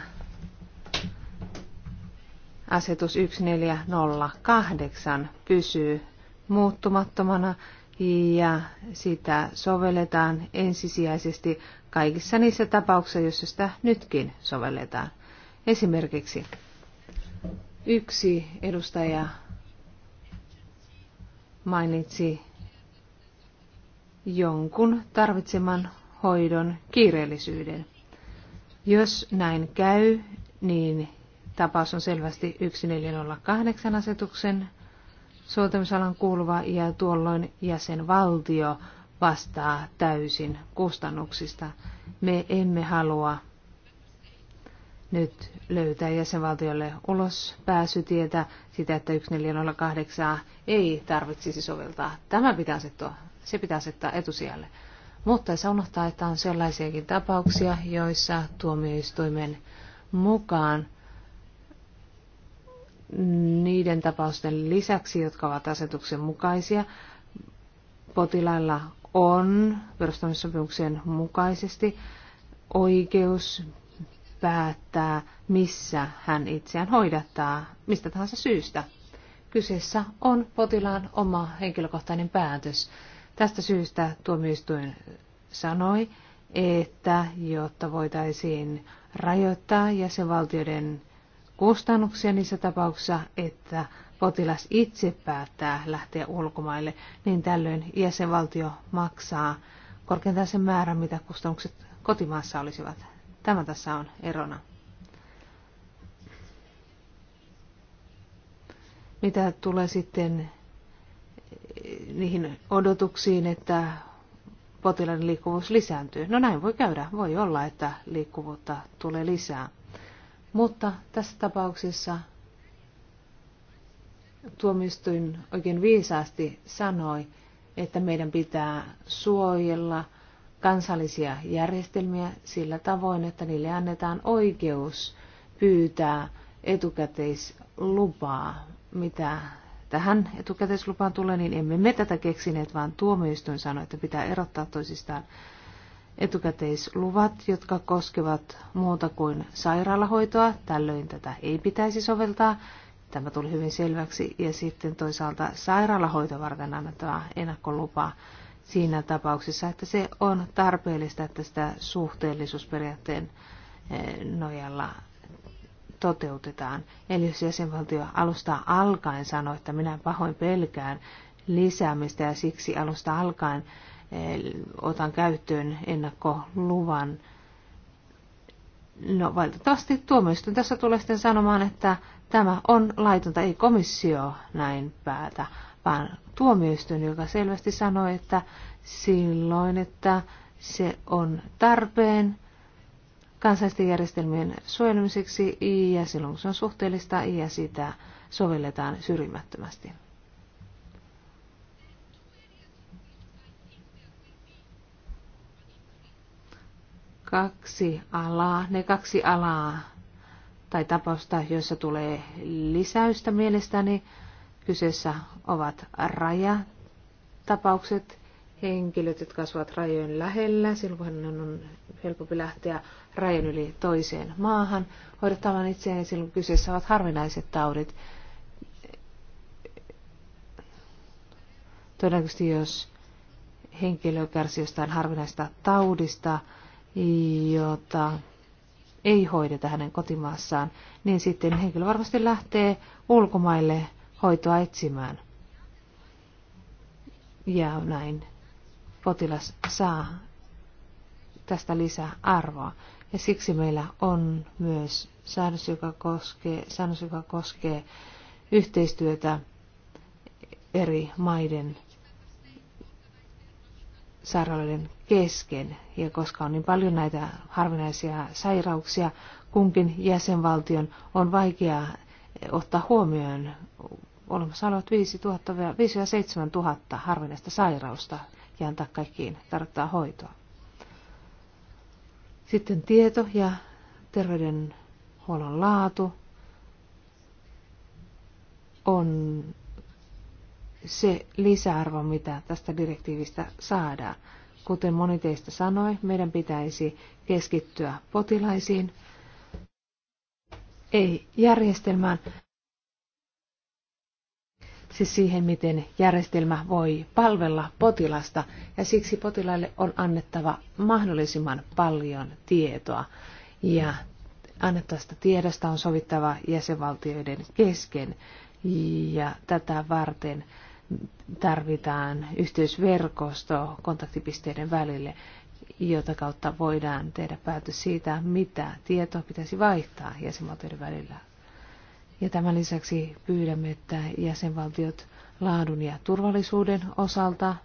asetus 1408 pysyy muuttumattomana ja sitä sovelletaan ensisijaisesti kaikissa niissä tapauksissa, joissa sitä nytkin sovelletaan. Esimerkiksi yksi edustaja mainitsi jonkun tarvitseman hoidon kiireellisyyden. Jos näin käy, niin tapaus on selvästi 1408 asetuksen soveltamisalan kuuluva ja tuolloin jäsenvaltio vastaa täysin kustannuksista. Me emme halua nyt löytää jäsenvaltiolle ulos pääsytietä sitä, että 1408 ei tarvitsisi soveltaa. Tämä pitää asettua, se pitää asettaa etusijalle. Mutta se unohtaa, että on sellaisiakin tapauksia, joissa tuomioistuimen mukaan niiden tapausten lisäksi, jotka ovat asetuksen mukaisia, potilailla on perustamissopimuksen mukaisesti oikeus päättää, missä hän itseään hoidattaa, mistä tahansa syystä. Kyseessä on potilaan oma henkilökohtainen päätös. Tästä syystä tuomioistuin sanoi, että jotta voitaisiin rajoittaa jäsenvaltioiden kustannuksia niissä tapauksissa, että potilas itse päättää lähteä ulkomaille, niin tällöin jäsenvaltio maksaa korkeintaan sen määrän, mitä kustannukset kotimaassa olisivat. Tämä tässä on erona. Mitä tulee sitten niihin odotuksiin, että potilaiden liikkuvuus lisääntyy. No näin voi käydä. Voi olla, että liikkuvuutta tulee lisää. Mutta tässä tapauksessa tuomistuin oikein viisaasti sanoi, että meidän pitää suojella kansallisia järjestelmiä sillä tavoin, että niille annetaan oikeus pyytää etukäteislupaa, mitä tähän etukäteislupaan tulee, niin emme me tätä keksineet, vaan tuomioistuin sanoi, että pitää erottaa toisistaan etukäteisluvat, jotka koskevat muuta kuin sairaalahoitoa. Tällöin tätä ei pitäisi soveltaa. Tämä tuli hyvin selväksi. Ja sitten toisaalta sairaalahoito varten annettava ennakkolupa siinä tapauksessa, että se on tarpeellista, että sitä suhteellisuusperiaatteen eh, nojalla toteutetaan. Eli jos jäsenvaltio alusta alkaen sanoo, että minä pahoin pelkään lisäämistä ja siksi alusta alkaen eh, otan käyttöön ennakkoluvan, No valitettavasti tuomioistuin tässä tulee sitten sanomaan, että tämä on laitonta, ei komissio näin päätä, vaan tuomioistuin, joka selvästi sanoi, että silloin, että se on tarpeen kansallisten järjestelmien suojelemiseksi ja silloin kun se on suhteellista ja sitä sovelletaan syrjimättömästi. Kaksi alaa, ne kaksi alaa tai tapausta, joissa tulee lisäystä mielestäni, kyseessä ovat rajatapaukset, henkilöt, jotka asuvat rajojen lähellä, silloin on helpompi lähteä rajan yli toiseen maahan hoidettavan itseään silloin kyseessä ovat harvinaiset taudit. Todennäköisesti jos henkilö kärsii jostain harvinaista taudista, jota ei hoideta hänen kotimaassaan, niin sitten henkilö varmasti lähtee ulkomaille hoitoa etsimään. Ja näin potilas saa tästä lisää arvoa. Ja siksi meillä on myös säännös, joka koskee, säännös, joka koskee yhteistyötä eri maiden sairaaloiden kesken. Ja koska on niin paljon näitä harvinaisia sairauksia, kunkin jäsenvaltion on vaikea ottaa huomioon olemassa olevat 5000 000 harvinaista sairausta ja antaa kaikkiin tarvittaa hoitoa. Sitten tieto ja terveydenhuollon laatu on se lisäarvo, mitä tästä direktiivistä saadaan. Kuten moni teistä sanoi, meidän pitäisi keskittyä potilaisiin, ei järjestelmään siis siihen, miten järjestelmä voi palvella potilasta, ja siksi potilaille on annettava mahdollisimman paljon tietoa, ja annettavasta tiedosta on sovittava jäsenvaltioiden kesken, ja tätä varten tarvitaan yhteysverkosto kontaktipisteiden välille, jota kautta voidaan tehdä päätös siitä, mitä tietoa pitäisi vaihtaa jäsenvaltioiden välillä ja tämän lisäksi pyydämme, että jäsenvaltiot laadun ja turvallisuuden osalta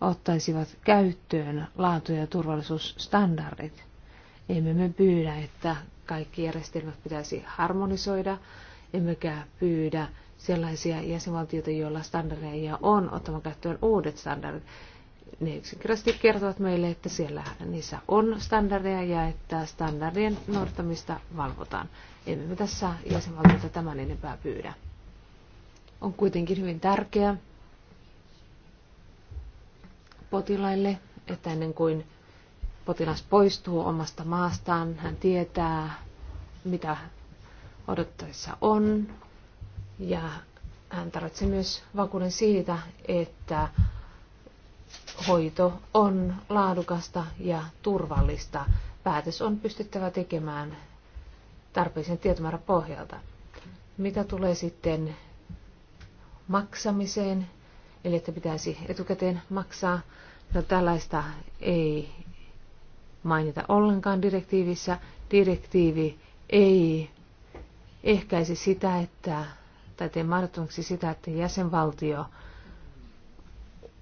ottaisivat käyttöön laatu- ja turvallisuusstandardit. Emme me pyydä, että kaikki järjestelmät pitäisi harmonisoida, emmekä pyydä sellaisia jäsenvaltioita, joilla standardeja on, ottamaan käyttöön uudet standardit ne yksinkertaisesti kertovat meille, että siellä niissä on standardeja ja että standardien noudattamista valvotaan. Emme me tässä jäsenvaltiota tämän enempää pyydä. On kuitenkin hyvin tärkeää potilaille, että ennen kuin potilas poistuu omasta maastaan, hän tietää, mitä odottaessa on. Ja hän tarvitsee myös vakuuden siitä, että hoito on laadukasta ja turvallista. Päätös on pystyttävä tekemään tarpeellisen tietomäärän pohjalta. Mitä tulee sitten maksamiseen, eli että pitäisi etukäteen maksaa, no tällaista ei mainita ollenkaan direktiivissä. Direktiivi ei ehkäisi sitä, että, tai tee mahdottomaksi sitä, että jäsenvaltio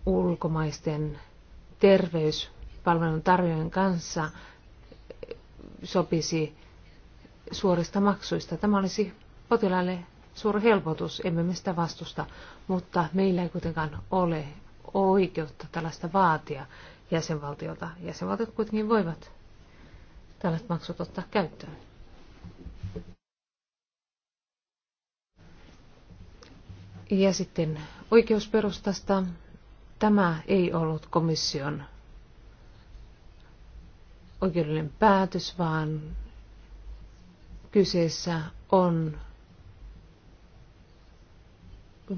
ulkomaisten terveyspalvelun tarjoajien kanssa sopisi suorista maksuista. Tämä olisi potilaille suuri helpotus, emme me sitä vastusta, mutta meillä ei kuitenkaan ole oikeutta tällaista vaatia jäsenvaltiota, Jäsenvaltiot kuitenkin voivat tällaiset maksut ottaa käyttöön. Ja sitten oikeusperustasta Tämä ei ollut komission oikeudellinen päätös, vaan kyseessä on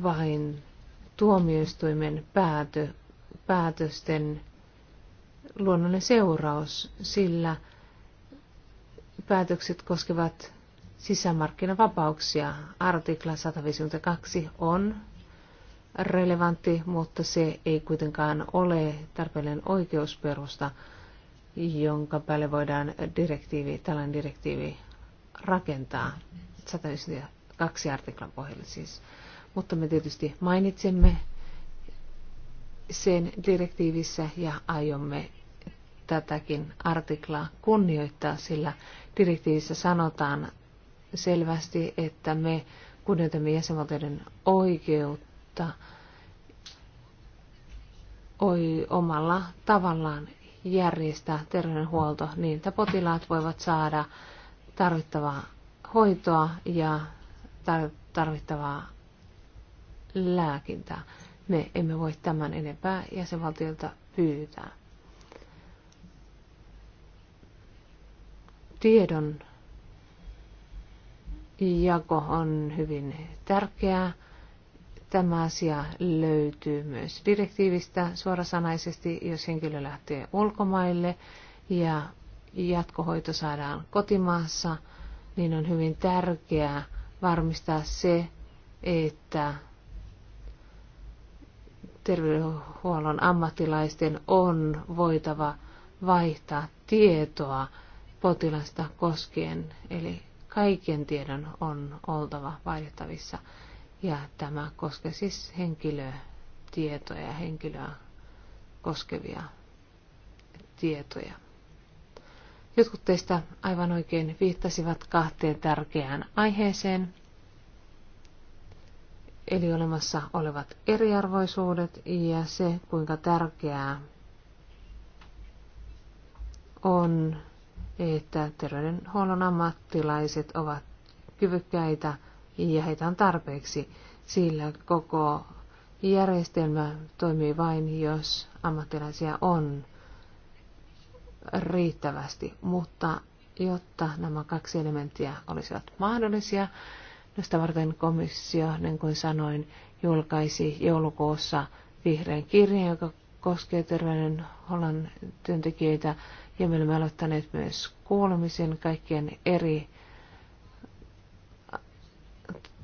vain tuomioistuimen päätö, päätösten luonnollinen seuraus, sillä päätökset koskevat sisämarkkinavapauksia. Artikla 152 on relevantti, mutta se ei kuitenkaan ole tarpeellinen oikeusperusta, jonka päälle voidaan direktiivi, tällainen direktiivi rakentaa. 192 artiklan pohjalle siis. Mutta me tietysti mainitsemme sen direktiivissä ja aiomme tätäkin artiklaa kunnioittaa, sillä direktiivissä sanotaan selvästi, että me kunnioitamme jäsenvaltioiden oikeutta mutta oi omalla tavallaan järjestää terveydenhuolto niin, että potilaat voivat saada tarvittavaa hoitoa ja tarvittavaa lääkintää. Me emme voi tämän enempää jäsenvaltiolta pyytää. Tiedon jako on hyvin tärkeää Tämä asia löytyy myös direktiivistä suorasanaisesti, jos henkilö lähtee ulkomaille ja jatkohoito saadaan kotimaassa, niin on hyvin tärkeää varmistaa se, että terveydenhuollon ammattilaisten on voitava vaihtaa tietoa potilasta koskien, eli kaiken tiedon on oltava vaihtavissa. Ja tämä koskee siis henkilötietoja henkilöä koskevia tietoja. Jotkut teistä aivan oikein viittasivat kahteen tärkeään aiheeseen, eli olemassa olevat eriarvoisuudet ja se, kuinka tärkeää on, että terveydenhuollon ammattilaiset ovat kyvykkäitä ja heitä on tarpeeksi, sillä koko järjestelmä toimii vain, jos ammattilaisia on riittävästi, mutta jotta nämä kaksi elementtiä olisivat mahdollisia, Tästä varten komissio, niin kuin sanoin, julkaisi joulukuussa vihreän kirjan, joka koskee terveydenhuollon työntekijöitä. Ja me olemme aloittaneet myös kuulemisen kaikkien eri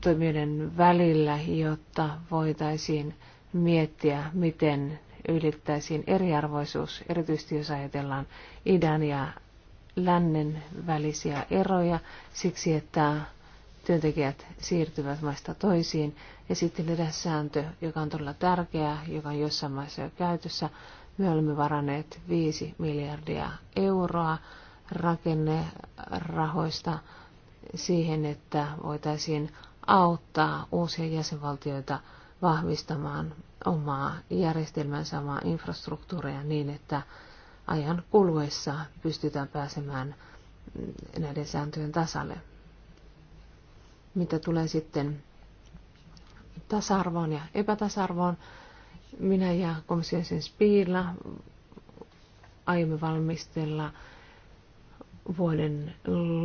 toimijoiden välillä, jotta voitaisiin miettiä, miten ylittäisiin eriarvoisuus, erityisesti jos ajatellaan idän ja lännen välisiä eroja siksi, että työntekijät siirtyvät maista toisiin. Ja sitten edes sääntö, joka on todella tärkeä, joka on jossain maissa jo käytössä. Me olemme varanneet 5 miljardia euroa rakennerahoista siihen, että voitaisiin auttaa uusia jäsenvaltioita vahvistamaan omaa järjestelmänsä, omaa infrastruktuuria niin, että ajan kuluessa pystytään pääsemään näiden sääntöjen tasalle. Mitä tulee sitten tasa-arvoon ja epätasa-arvoon, minä ja komission sen Spiila aiomme valmistella vuoden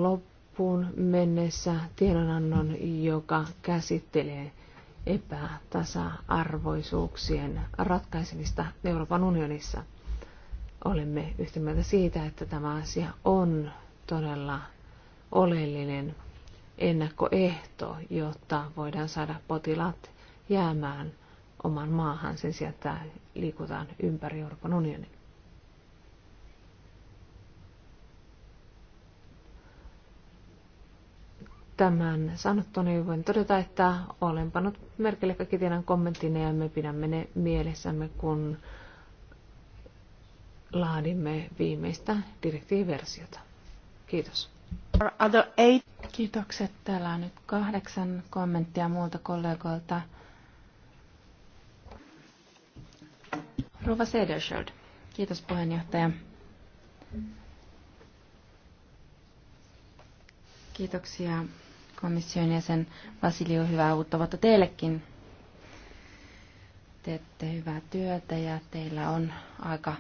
loppuun loppuun mennessä tiedonannon, joka käsittelee epätasa-arvoisuuksien ratkaisemista Euroopan unionissa. Olemme yhtä mieltä siitä, että tämä asia on todella oleellinen ennakkoehto, jotta voidaan saada potilaat jäämään oman maahan sen sijaan, että liikutaan ympäri Euroopan unionin. Tämän niin voin todeta, että olen pannut merkille kaikki teidän kommenttinne ja me pidämme ne mielessämme, kun laadimme viimeistä direktiiversiota. Kiitos. Kiitokset. Täällä on nyt kahdeksan kommenttia muilta kollegoilta. Rova Sederschild. Kiitos puheenjohtaja. Kiitoksia komission jäsen Vasilio, hyvää uutta vuotta teillekin. Teette hyvää työtä ja teillä on aika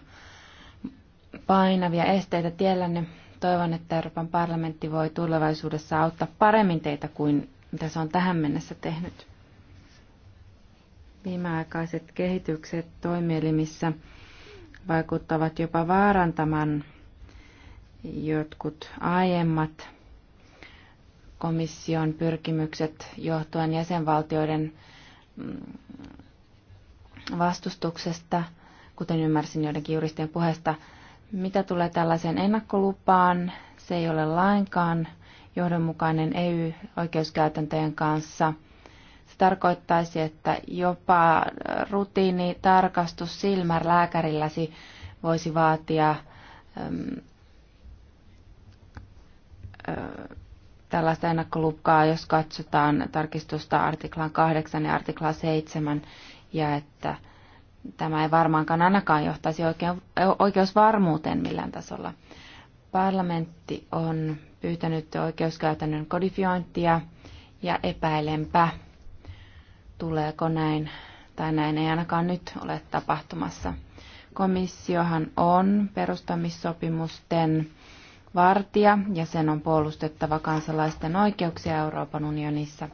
painavia esteitä tiellänne. Toivon, että Euroopan parlamentti voi tulevaisuudessa auttaa paremmin teitä kuin mitä se on tähän mennessä tehnyt. Viimeaikaiset kehitykset toimielimissä vaikuttavat jopa vaarantamaan jotkut aiemmat komission pyrkimykset johtuen jäsenvaltioiden mm, vastustuksesta, kuten ymmärsin joidenkin juristien puheesta. Mitä tulee tällaiseen ennakkolupaan, se ei ole lainkaan johdonmukainen EU-oikeuskäytäntöjen kanssa. Se tarkoittaisi, että jopa rutiinitarkastus silmälääkärilläsi voisi vaatia ähm, äh, tällaista ennakkolukkaa, jos katsotaan tarkistusta artiklan 8 ja artikla 7, ja että tämä ei varmaankaan ainakaan johtaisi oikein, oikeusvarmuuteen millään tasolla. Parlamentti on pyytänyt oikeuskäytännön kodifiointia, ja epäilenpä, tuleeko näin, tai näin ei ainakaan nyt ole tapahtumassa. Komissiohan on perustamissopimusten vartija ja sen on puolustettava kansalaisten oikeuksia Euroopan unionissa.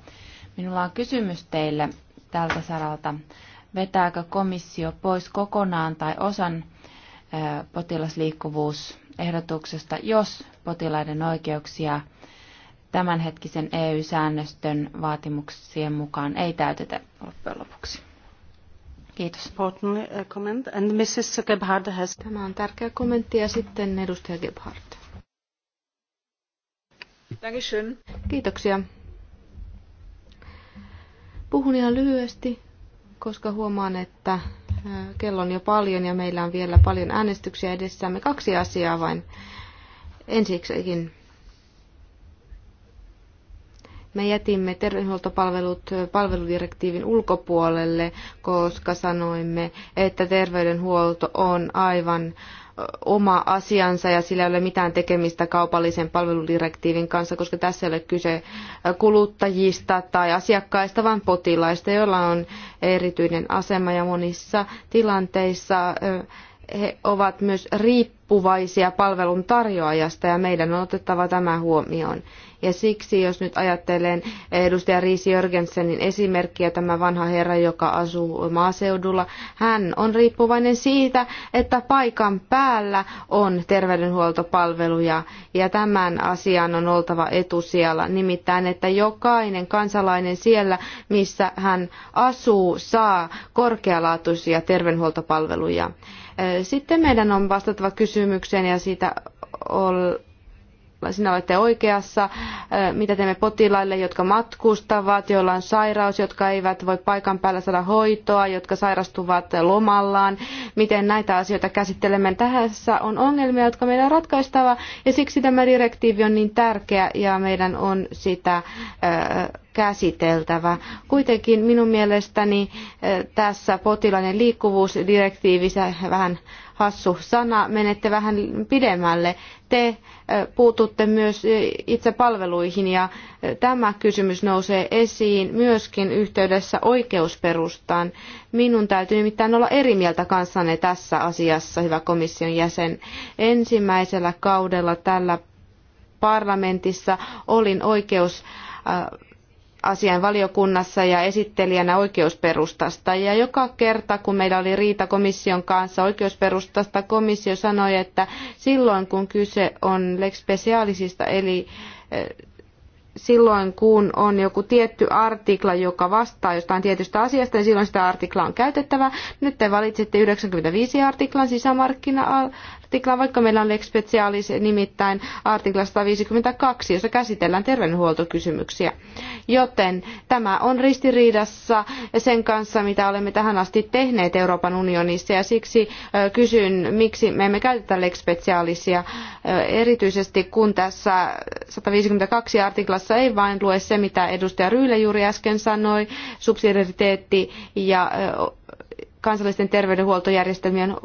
Minulla on kysymys teille tältä saralta. Vetääkö komissio pois kokonaan tai osan potilasliikkuvuusehdotuksesta, jos potilaiden oikeuksia tämänhetkisen EU-säännöstön vaatimuksien mukaan ei täytetä loppujen lopuksi? Kiitos. Uh, Tämä on tärkeä kommentti ja sitten edustaja Gebhardt. Dankeschön. Kiitoksia. Puhun ihan lyhyesti, koska huomaan, että kello on jo paljon ja meillä on vielä paljon äänestyksiä edessämme. Kaksi asiaa vain. Ensiksikin me jätimme terveydenhuoltopalvelut palveludirektiivin ulkopuolelle, koska sanoimme, että terveydenhuolto on aivan oma asiansa ja sillä ei ole mitään tekemistä kaupallisen palveludirektiivin kanssa, koska tässä ei ole kyse kuluttajista tai asiakkaista, vaan potilaista, joilla on erityinen asema ja monissa tilanteissa eh, he ovat myös riippuvaisia palvelun tarjoajasta ja meidän on otettava tämä huomioon. Ja siksi, jos nyt ajattelen edustaja Riisi Jörgensenin esimerkkiä, tämä vanha herra, joka asuu maaseudulla, hän on riippuvainen siitä, että paikan päällä on terveydenhuoltopalveluja. Ja tämän asian on oltava etusijalla, nimittäin, että jokainen kansalainen siellä, missä hän asuu, saa korkealaatuisia terveydenhuoltopalveluja. Sitten meidän on vastattava kysymykseen ja siitä sinä olette oikeassa, mitä teemme potilaille, jotka matkustavat, joilla on sairaus, jotka eivät voi paikan päällä saada hoitoa, jotka sairastuvat lomallaan, miten näitä asioita käsittelemme. Tässä on ongelmia, jotka meidän on ratkaistava ja siksi tämä direktiivi on niin tärkeä ja meidän on sitä käsiteltävä. Kuitenkin minun mielestäni eh, tässä potilaan liikkuvuusdirektiivissä vähän hassu sana, menette vähän pidemmälle. Te eh, puututte myös eh, itse palveluihin ja tämä kysymys nousee esiin myöskin yhteydessä oikeusperustaan. Minun täytyy nimittäin olla eri mieltä kanssanne tässä asiassa, hyvä komission jäsen. Ensimmäisellä kaudella tällä parlamentissa olin oikeus asian valiokunnassa ja esittelijänä oikeusperustasta. Ja joka kerta, kun meillä oli riita komission kanssa oikeusperustasta, komissio sanoi, että silloin kun kyse on lex specialisista, eli eh, silloin kun on joku tietty artikla, joka vastaa jostain tietystä asiasta, niin silloin sitä artiklaa on käytettävä. Nyt te valitsitte 95 artiklan sisämarkkina Artiklan vaikka meillä on Lex Specialis nimittäin artikla 152, jossa käsitellään terveydenhuoltokysymyksiä. Joten tämä on ristiriidassa sen kanssa, mitä olemme tähän asti tehneet Euroopan unionissa ja siksi kysyn, miksi me emme käytä Lex Specialisia, erityisesti kun tässä 152 artiklassa ei vain lue se, mitä edustaja Ryyle juuri äsken sanoi, subsidiariteetti ja kansallisten terveydenhuoltojärjestelmien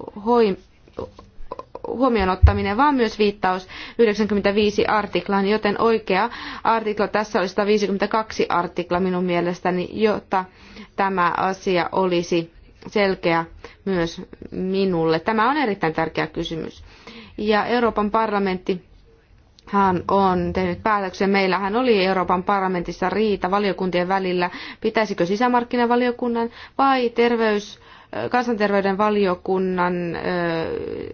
huomioon ottaminen, vaan myös viittaus 95 artiklaan, joten oikea artikla tässä oli 152 artikla minun mielestäni, jotta tämä asia olisi selkeä myös minulle. Tämä on erittäin tärkeä kysymys. Ja Euroopan parlamentti hän on tehnyt päätöksen. Meillähän oli Euroopan parlamentissa riita valiokuntien välillä, pitäisikö sisämarkkinavaliokunnan vai terveys kansanterveyden valiokunnan,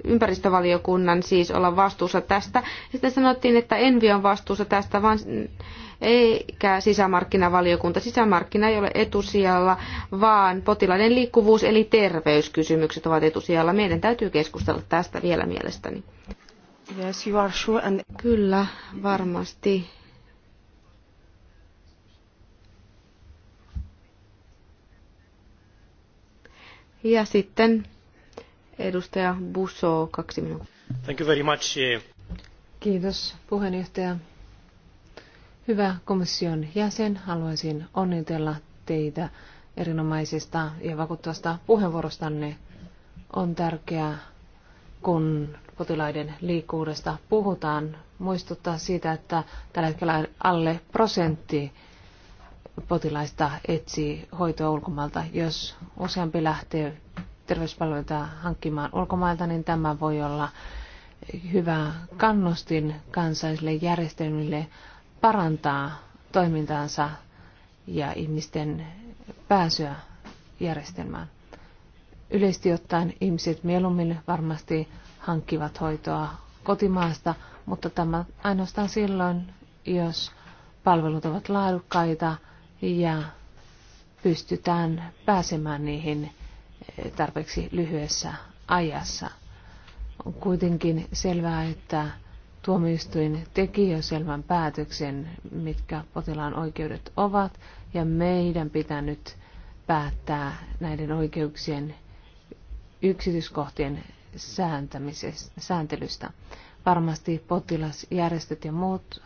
ympäristövaliokunnan siis olla vastuussa tästä. Sitten sanottiin, että Envi on vastuussa tästä, vaan eikä sisämarkkinavaliokunta. Sisämarkkina ei ole etusijalla, vaan potilaiden liikkuvuus eli terveyskysymykset ovat etusijalla. Meidän täytyy keskustella tästä vielä mielestäni. Yes, you are sure and... Kyllä, varmasti Ja sitten edustaja Busso, kaksi minuuttia. Thank you very much. Eh. Kiitos puheenjohtaja. Hyvä komission jäsen, haluaisin onnitella teitä erinomaisesta ja vakuuttavasta puheenvuorostanne. On tärkeää, kun potilaiden liikkuudesta puhutaan, muistuttaa siitä, että tällä hetkellä alle prosentti potilaista etsii hoitoa ulkomailta. Jos useampi lähtee terveyspalveluita hankkimaan ulkomailta, niin tämä voi olla hyvä kannustin kansallisille järjestelmille parantaa toimintaansa ja ihmisten pääsyä järjestelmään. Yleisesti ottaen ihmiset mieluummin varmasti hankkivat hoitoa kotimaasta, mutta tämä ainoastaan silloin, jos palvelut ovat laadukkaita, ja pystytään pääsemään niihin eh, tarpeeksi lyhyessä ajassa. On kuitenkin selvää, että tuomioistuin teki jo selvän päätöksen, mitkä potilaan oikeudet ovat, ja meidän pitää nyt päättää näiden oikeuksien yksityiskohtien sääntelystä. Varmasti potilasjärjestöt ja muut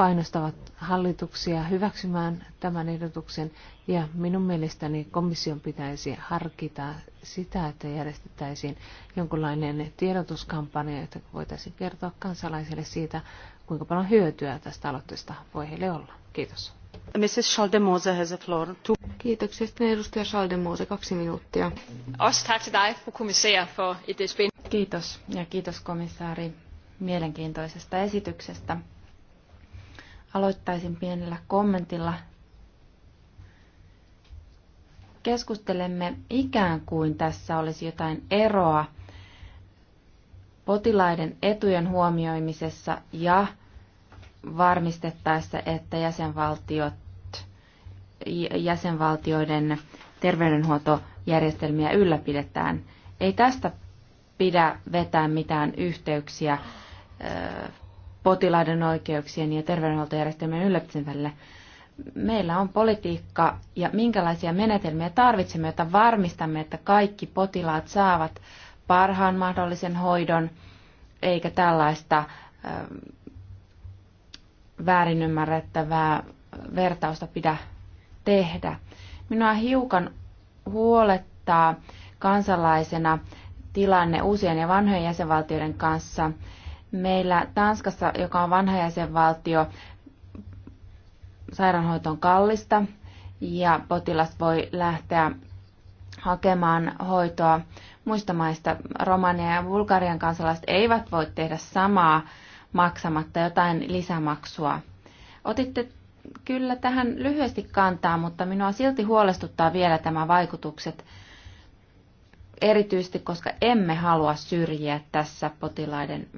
painostavat hallituksia hyväksymään tämän ehdotuksen ja minun mielestäni komission pitäisi harkita sitä, että järjestettäisiin jonkinlainen tiedotuskampanja, että voitaisiin kertoa kansalaisille siitä, kuinka paljon hyötyä tästä aloitteesta voi heille olla. Kiitos. Mrs. Schaldemose has a floor. Kiitoksia. Sitten edustaja Schaldemose, kaksi minuuttia. Kiitos ja kiitos komissaari mielenkiintoisesta esityksestä. Aloittaisin pienellä kommentilla. Keskustelemme ikään kuin tässä olisi jotain eroa potilaiden etujen huomioimisessa ja varmistettaessa, että jäsenvaltiot, jäsenvaltioiden terveydenhuoltojärjestelmiä ylläpidetään. Ei tästä pidä vetää mitään yhteyksiä potilaiden oikeuksien ja terveydenhuoltojärjestelmien ylläpitsen välillä. Meillä on politiikka ja minkälaisia menetelmiä tarvitsemme, jotta varmistamme, että kaikki potilaat saavat parhaan mahdollisen hoidon, eikä tällaista ähm, väärinymmärrettävää vertausta pidä tehdä. Minua hiukan huolettaa kansalaisena tilanne uusien ja vanhojen jäsenvaltioiden kanssa, Meillä Tanskassa, joka on vanha jäsenvaltio, sairaanhoito on kallista ja potilas voi lähteä hakemaan hoitoa muista maista. Romania ja Bulgarian kansalaiset eivät voi tehdä samaa maksamatta jotain lisämaksua. Otitte kyllä tähän lyhyesti kantaa, mutta minua silti huolestuttaa vielä tämä vaikutukset erityisesti, koska emme halua syrjiä tässä potilaiden,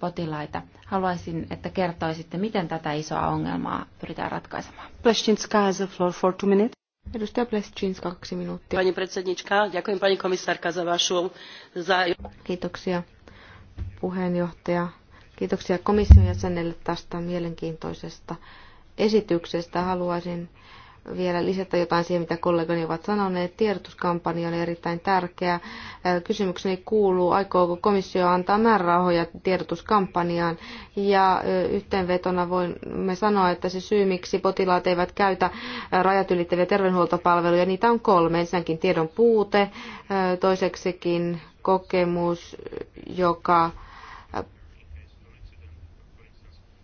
potilaita. Haluaisin, että kertoisitte, miten tätä isoa ongelmaa pyritään ratkaisemaan. Pleštinska has the floor for two minutes. Edustaja Pleštinska, kaksi minuuttia. Pani predsednička, jakoin pani komissarka za vašu... Za... Kiitoksia puheenjohtaja. Kiitoksia komission jäsenelle tästä mielenkiintoisesta esityksestä. Haluaisin vielä lisätä jotain siihen, mitä kollegani ovat sanoneet. Tiedotuskampanja on erittäin tärkeä. Äh, kysymykseni kuuluu, aikooko komissio antaa määrärahoja tiedotuskampanjaan. Ja äh, yhteenvetona voimme sanoa, että se syy, miksi potilaat eivät käytä äh, rajat ylittäviä terveydenhuoltopalveluja, niitä on kolme. Ensinnäkin tiedon puute, toiseksikin kokemus, joka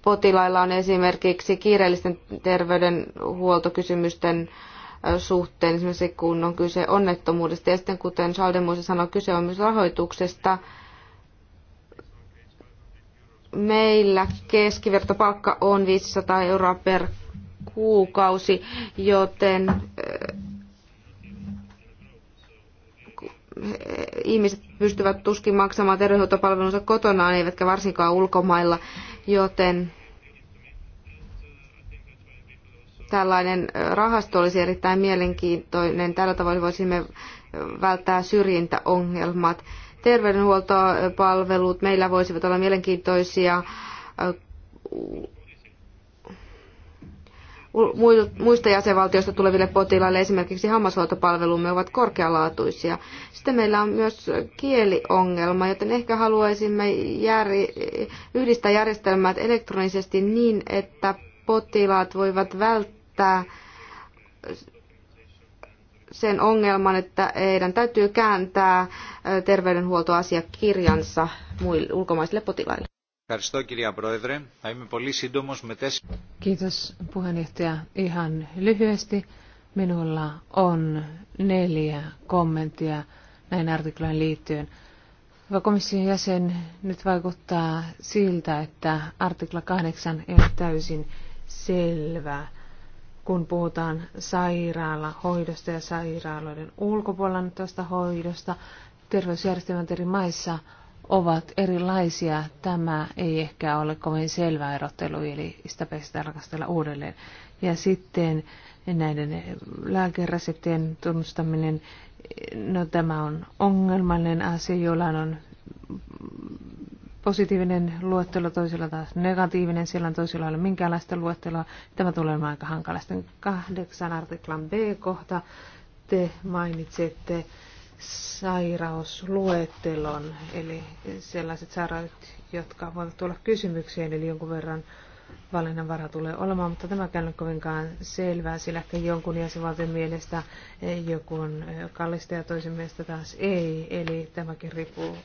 potilailla on esimerkiksi kiireellisten terveydenhuoltokysymysten suhteen, esimerkiksi kun on kyse onnettomuudesta. Ja sitten kuten Saldemuusi sanoi, kyse on myös rahoituksesta. Meillä keskivertopalkka on 500 euroa per kuukausi, joten ihmiset pystyvät tuskin maksamaan terveydenhuoltopalvelunsa kotonaan, eivätkä varsinkaan ulkomailla joten tällainen rahasto olisi erittäin mielenkiintoinen. Tällä tavoin voisimme välttää syrjintäongelmat. Terveydenhuoltopalvelut meillä voisivat olla mielenkiintoisia muista jäsenvaltioista tuleville potilaille esimerkiksi hammashuoltopalvelumme ovat korkealaatuisia. Sitten meillä on myös kieliongelma, joten ehkä haluaisimme järj- yhdistää järjestelmät elektronisesti niin, että potilaat voivat välttää sen ongelman, että heidän täytyy kääntää terveydenhuoltoasiakirjansa muille ulkomaisille potilaille. Ευχαριστώ κυρία Πρόεδρε. Θα είμαι πολύ σύντομος με Kiitos puheenjohtaja. Ihan lyhyesti minulla on neljä kommenttia näin artikloin liittyen. Hyvä komission jäsen, nyt vaikuttaa siltä, että artikla 8 ei ole täysin selvä, kun puhutaan sairaalahoidosta ja sairaaloiden ulkopuolella tästä hoidosta. Terveysjärjestelmät eri maissa ovat erilaisia. Tämä ei ehkä ole kovin selvä erottelu, eli sitä pitäisi tarkastella uudelleen. Ja sitten näiden lääkereseptien tunnustaminen, no tämä on ongelmallinen asia, jolla on positiivinen luettelo, toisella taas negatiivinen, on toisella ei ole minkäänlaista luetteloa. Tämä tulee olemaan aika hankalasti. Kahdeksan artiklan B-kohta te mainitsette sairausluettelon, eli sellaiset sairaudet, jotka voivat tulla kysymykseen, eli jonkun verran valinnanvara tulee olemaan, mutta tämä ei ole kovinkaan selvää, sillä ehkä jonkun jäsenvaltion mielestä joku on kallista ja toisen mielestä taas ei, eli tämäkin riippuu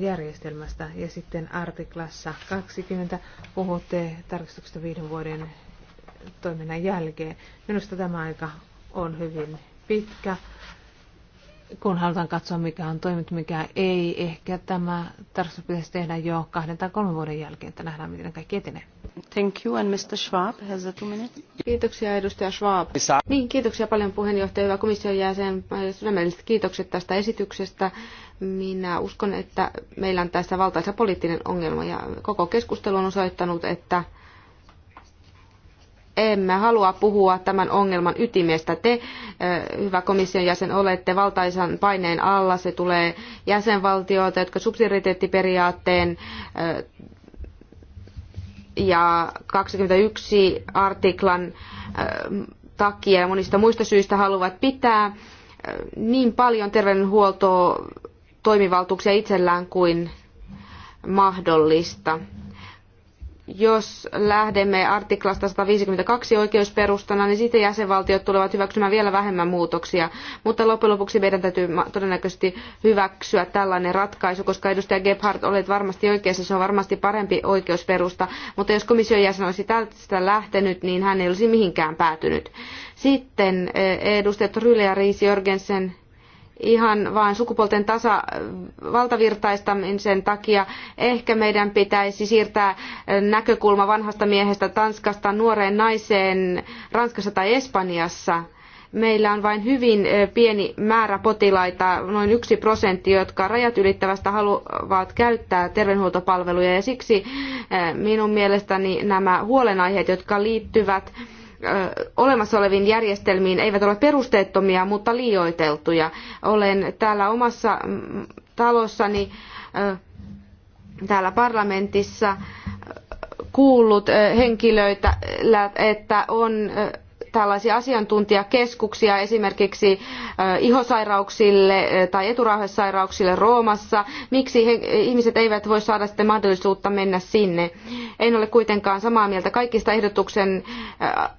järjestelmästä Ja sitten artiklassa 20 puhutte tarkistuksesta viiden vuoden toiminnan jälkeen. Minusta tämä aika on hyvin pitkä kun halutaan katsoa, mikä on toiminut, mikä ei, ehkä tämä tarkastus pitäisi tehdä jo kahden tai kolmen vuoden jälkeen, että nähdään, miten kaikki etenee. Thank you, and Mr. Schwab has a two minutes. Kiitoksia, edustaja Schwab. Niin, kiitoksia paljon puheenjohtaja, hyvä komission jäsen. Sydämelliset kiitokset tästä esityksestä. Minä uskon, että meillä on tässä valtaisa poliittinen ongelma, ja koko keskustelu on osoittanut, että emme halua puhua tämän ongelman ytimestä. Te, hyvä komission jäsen, olette valtaisan paineen alla. Se tulee jäsenvaltioilta, jotka subsidiariteettiperiaatteen ja 21 artiklan takia ja monista muista syistä haluavat pitää niin paljon terveydenhuoltoa toimivaltuuksia itsellään kuin mahdollista jos lähdemme artiklasta sataviisikymmentäkaksi oikeusperustana, niin sitten jäsenvaltiot tulevat hyväksymään vielä vähemmän muutoksia. Mutta loppujen lopuksi meidän täytyy todennäköisesti hyväksyä tällainen ratkaisu, koska edustaja Gebhardt olet varmasti oikeassa, se on varmasti parempi oikeusperusta. Mutta jos komission jäsen olisi tästä lähtenyt, niin hän ei olisi mihinkään päätynyt. Sitten eh, edustajat rühle ja Riis jorgensen ihan vain sukupuolten tasa valtavirtaistamisen niin takia. Ehkä meidän pitäisi siirtää näkökulma vanhasta miehestä Tanskasta nuoreen naiseen Ranskassa tai Espanjassa. Meillä on vain hyvin pieni määrä potilaita, noin yksi prosentti, jotka rajat ylittävästä haluavat käyttää terveydenhuoltopalveluja. Ja siksi minun mielestäni nämä huolenaiheet, jotka liittyvät olemassa oleviin järjestelmiin eivät ole perusteettomia, mutta liioiteltuja. Olen täällä omassa mm, talossani, täällä parlamentissa kuullut henkilöitä, että on tällaisia asiantuntijakeskuksia esimerkiksi ihosairauksille tai eturauhassairauksille Roomassa. Miksi he, ihmiset eivät voi saada sitten mahdollisuutta mennä sinne? En ole kuitenkaan samaa mieltä kaikista ehdotuksen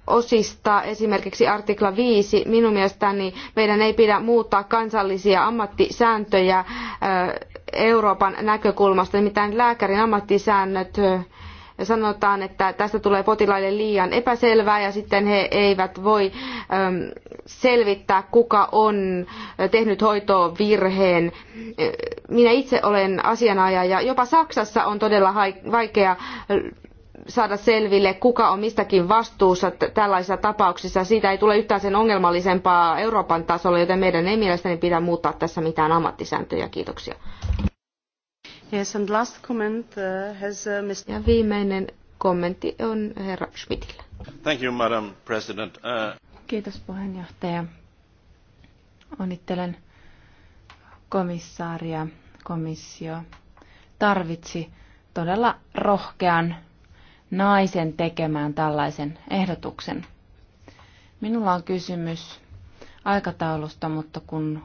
osista, esimerkiksi artikla 5. Minun mielestäni meidän ei pidä muuttaa kansallisia ammattisääntöjä Euroopan näkökulmasta, nimittäin lääkärin ammattisäännöt sanotaan, että tästä tulee potilaille liian epäselvää ja sitten he eivät voi ähm, selvittää, kuka on äh, tehnyt hoitoon virheen. Äh, minä itse olen asianajaja. Jopa Saksassa on todella vaikea äh, saada selville, kuka on mistäkin vastuussa tällaisissa tapauksissa. Siitä ei tule yhtään sen ongelmallisempaa Euroopan tasolla, joten meidän ei mielestäni pidä muuttaa tässä mitään ammattisääntöjä. Kiitoksia. Uh, uh, ja viimeinen kommentti on herra Schmidtillä. Thank you, Madam President. Uh, Kiitos puheenjohtaja. Onnittelen komissaaria. Komissio tarvitsi todella rohkean naisen tekemään tällaisen ehdotuksen. Minulla on kysymys aikataulusta, mutta kun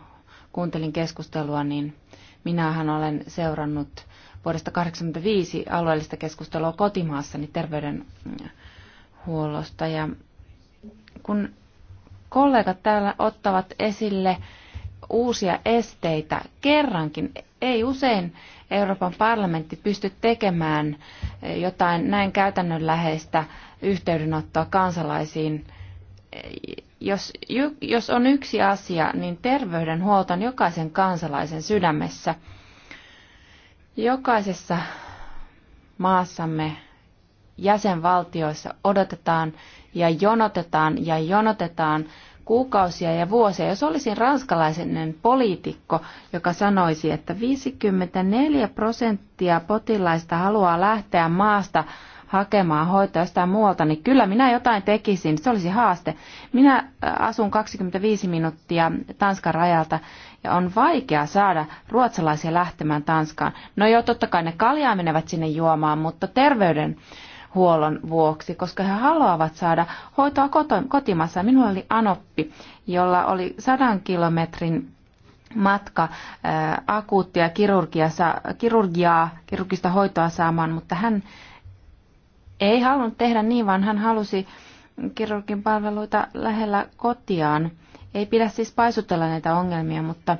kuuntelin keskustelua, niin Minähän olen seurannut vuodesta 1985 alueellista keskustelua kotimaassani terveydenhuollosta. Ja kun kollegat täällä ottavat esille uusia esteitä kerrankin, ei usein Euroopan parlamentti pysty tekemään jotain näin käytännönläheistä yhteydenottoa kansalaisiin jos, jos on yksi asia, niin terveydenhuolto on jokaisen kansalaisen sydämessä. Jokaisessa maassamme jäsenvaltioissa odotetaan ja jonotetaan ja jonotetaan kuukausia ja vuosia. Jos olisin ranskalainen poliitikko, joka sanoisi, että 54 prosenttia potilaista haluaa lähteä maasta hakemaan hoitoa jostain muualta, niin kyllä minä jotain tekisin. Se olisi haaste. Minä äh, asun 25 minuuttia Tanskan rajalta ja on vaikea saada ruotsalaisia lähtemään Tanskaan. No joo, totta kai ne kaljaa menevät sinne juomaan, mutta terveyden huollon vuoksi, koska he haluavat saada hoitoa kotimassa. Minulla oli anoppi, jolla oli sadan kilometrin matka ää, äh, akuuttia kirurgiaa, kirurgista hoitoa saamaan, mutta hän ei halunnut tehdä niin, vaan hän halusi kirurgin palveluita lähellä kotiaan. Ei pidä siis paisutella näitä ongelmia, mutta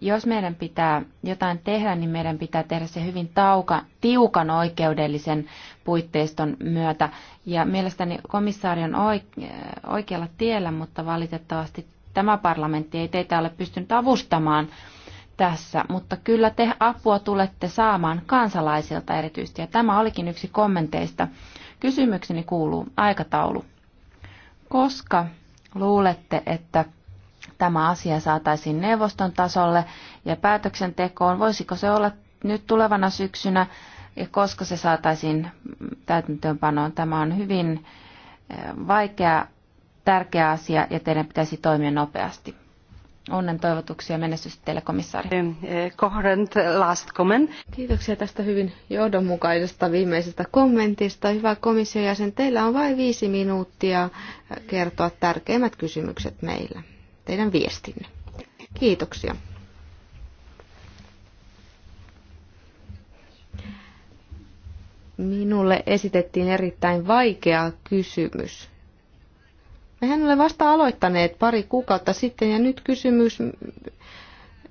jos meidän pitää jotain tehdä, niin meidän pitää tehdä se hyvin tauka, tiukan oikeudellisen puitteiston myötä. Ja mielestäni komissaari on oikealla tiellä, mutta valitettavasti tämä parlamentti ei teitä ole pystynyt avustamaan tässä, mutta kyllä te apua tulette saamaan kansalaisilta erityisesti. Ja tämä olikin yksi kommenteista Kysymykseni kuuluu aikataulu. Koska luulette, että tämä asia saataisiin neuvoston tasolle ja päätöksentekoon, voisiko se olla nyt tulevana syksynä ja koska se saataisiin täytäntöönpanoon? Tämä on hyvin eh, vaikea, tärkeä asia ja teidän pitäisi toimia nopeasti. Onnen toivotuksia menestystä teille, komissaari. Eh, last comment. Kiitoksia tästä hyvin johdonmukaisesta viimeisestä kommentista. Hyvä komission jäsen, teillä on vain viisi minuuttia kertoa tärkeimmät kysymykset meillä. Teidän viestinne. Kiitoksia. Minulle esitettiin erittäin vaikea kysymys. Mehän ole vasta aloittaneet pari kuukautta sitten ja nyt kysymys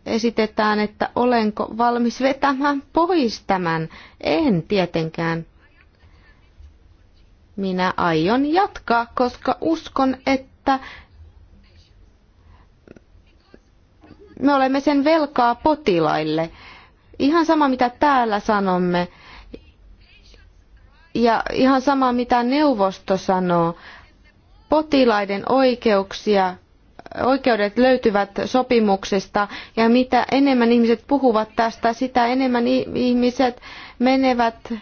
esitetään, että olenko valmis vetämään pois tämän. En tietenkään. Minä aion jatkaa, koska uskon, että me olemme sen velkaa potilaille. Ihan sama, mitä täällä sanomme. Ja ihan sama, mitä neuvosto sanoo potilaiden oikeuksia oikeudet löytyvät sopimuksesta ja mitä enemmän ihmiset puhuvat tästä, sitä enemmän ihmiset menevät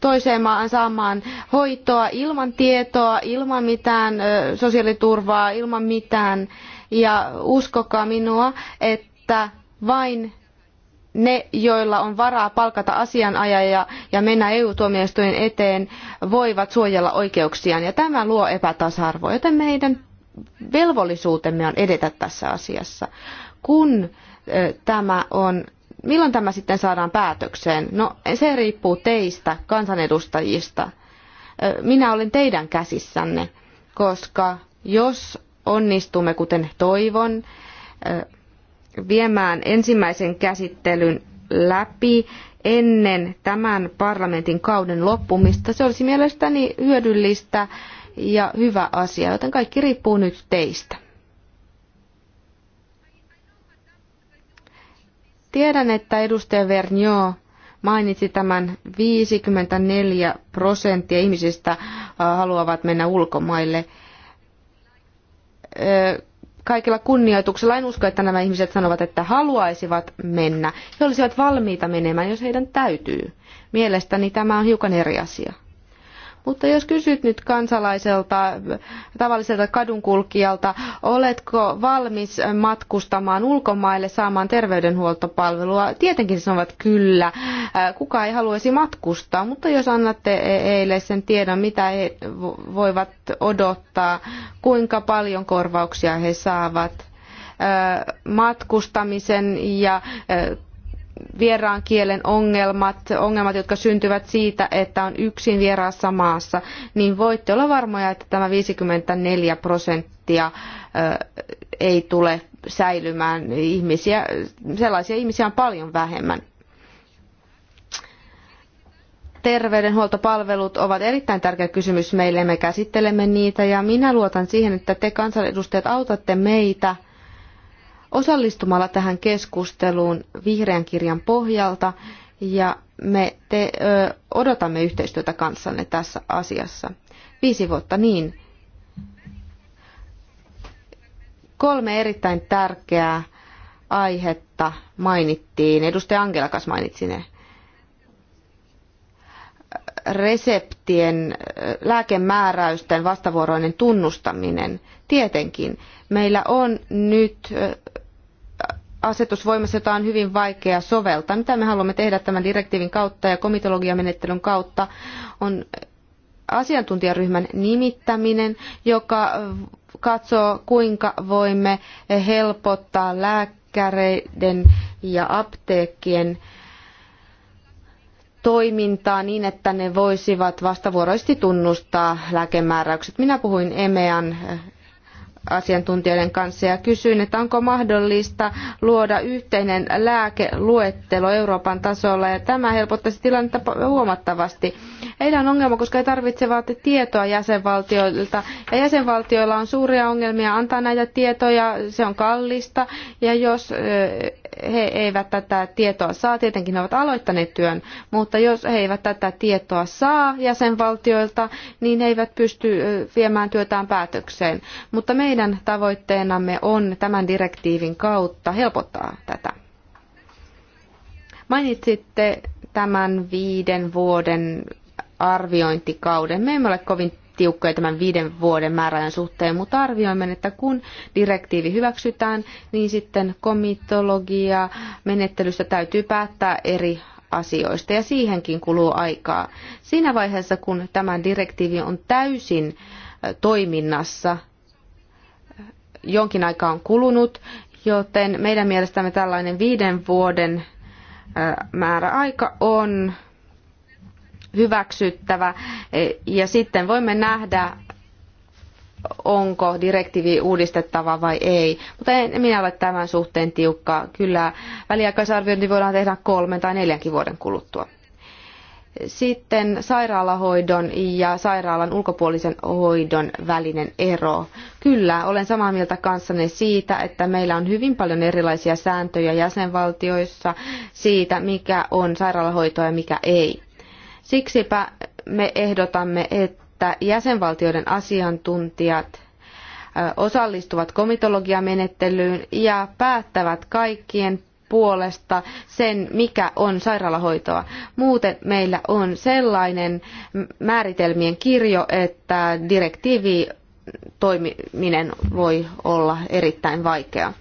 toiseen maahan saamaan hoitoa ilman tietoa, ilman mitään sosiaaliturvaa, ilman mitään. Ja uskokaa minua, että vain ne, joilla on varaa palkata asianajaja ja mennä EU-tuomioistuin eteen, voivat suojella oikeuksiaan. Ja tämä luo epätasa-arvoa, joten meidän velvollisuutemme on edetä tässä asiassa. Kun tämä on milloin tämä sitten saadaan päätökseen? No se riippuu teistä, kansanedustajista. Minä olen teidän käsissänne, koska jos onnistumme kuten toivon, viemään ensimmäisen käsittelyn läpi ennen tämän parlamentin kauden loppumista. Se olisi mielestäni hyödyllistä ja hyvä asia, joten kaikki riippuu nyt teistä. Tiedän, että edustaja Vernio mainitsi tämän 54 prosenttia ihmisistä äh, haluavat mennä ulkomaille äh, kaikilla kunnioituksella en usko, että nämä ihmiset sanovat, että haluaisivat mennä. He olisivat valmiita menemään, jos heidän täytyy. Mielestäni tämä on hiukan eri asia. Mutta jos kysyt nyt kansalaiselta, tavalliselta kadunkulkijalta, oletko valmis matkustamaan ulkomaille saamaan terveydenhuoltopalvelua, tietenkin sanovat kyllä. Äh, kuka ei haluaisi matkustaa, mutta jos annatte heille e- sen tiedon, mitä he voivat odottaa, kuinka paljon korvauksia he saavat, äh, matkustamisen ja äh, vieraan kielen ongelmat, ongelmat, jotka syntyvät siitä, että on yksin vieraassa maassa, niin voitte olla varmoja, että tämä 54 prosenttia ei tule säilymään. Ihmisiä, sellaisia ihmisiä on paljon vähemmän terveydenhuoltopalvelut ovat erittäin tärkeä kysymys meille, me käsittelemme niitä ja minä luotan siihen, että te kansanedustajat autatte meitä osallistumalla tähän keskusteluun vihreän kirjan pohjalta ja me te, ö, odotamme yhteistyötä kanssanne tässä asiassa. Viisi vuotta niin. Kolme erittäin tärkeää aihetta mainittiin. Edustaja Angelakas mainitsi ne. Reseptien, lääkemääräysten vastavuoroinen tunnustaminen. Tietenkin meillä on nyt asetus voimassa, jota on hyvin vaikea soveltaa. Mitä me haluamme tehdä tämän direktiivin kautta ja komitologiamenettelyn kautta on asiantuntijaryhmän nimittäminen, joka katsoo, kuinka voimme helpottaa lääkäreiden ja apteekkien toimintaa niin, että ne voisivat vastavuoroisesti tunnustaa lääkemääräykset. Minä puhuin EMEAN asiantuntijoiden kanssa ja kysyin, että onko mahdollista luoda yhteinen lääkeluettelo Euroopan tasolla ja tämä helpottaisi tilannetta huomattavasti. Heillä on ongelma, koska he tarvitsevat tietoa jäsenvaltioilta. Ja jäsenvaltioilla on suuria ongelmia antaa näitä tietoja, se on kallista. Ja jos he eivät tätä tietoa saa, tietenkin he ovat aloittaneet työn, mutta jos he eivät tätä tietoa saa jäsenvaltioilta, niin he eivät pysty viemään työtään päätökseen. Mutta meidän tavoitteenamme on tämän direktiivin kautta helpottaa tätä. Mainitsitte tämän viiden vuoden arviointikauden. Me emme ole kovin tiukkoja tämän viiden vuoden määräajan suhteen, mutta arvioimme, että kun direktiivi hyväksytään, niin sitten komitologia menettelystä täytyy päättää eri asioista ja siihenkin kuluu aikaa. Siinä vaiheessa, kun tämä direktiivi on täysin toiminnassa, jonkin aikaa on kulunut, joten meidän mielestämme tällainen viiden vuoden määräaika on hyväksyttävä e, ja sitten voimme nähdä, onko direktiivi uudistettava vai ei. Mutta en minä ole tämän suhteen tiukka. Kyllä väliaikaisarviointi voidaan tehdä kolmen tai neljänkin vuoden kuluttua. Sitten sairaalahoidon ja sairaalan ulkopuolisen hoidon välinen ero. Kyllä, olen samaa mieltä kanssanne siitä, että meillä on hyvin paljon erilaisia sääntöjä jäsenvaltioissa siitä, mikä on sairaalahoitoa ja mikä ei. Siksipä me ehdotamme, että jäsenvaltioiden asiantuntijat osallistuvat komitologiamenettelyyn ja päättävät kaikkien puolesta sen, mikä on sairaalahoitoa. Muuten meillä on sellainen määritelmien kirjo, että direktiivi toimiminen voi olla erittäin vaikeaa.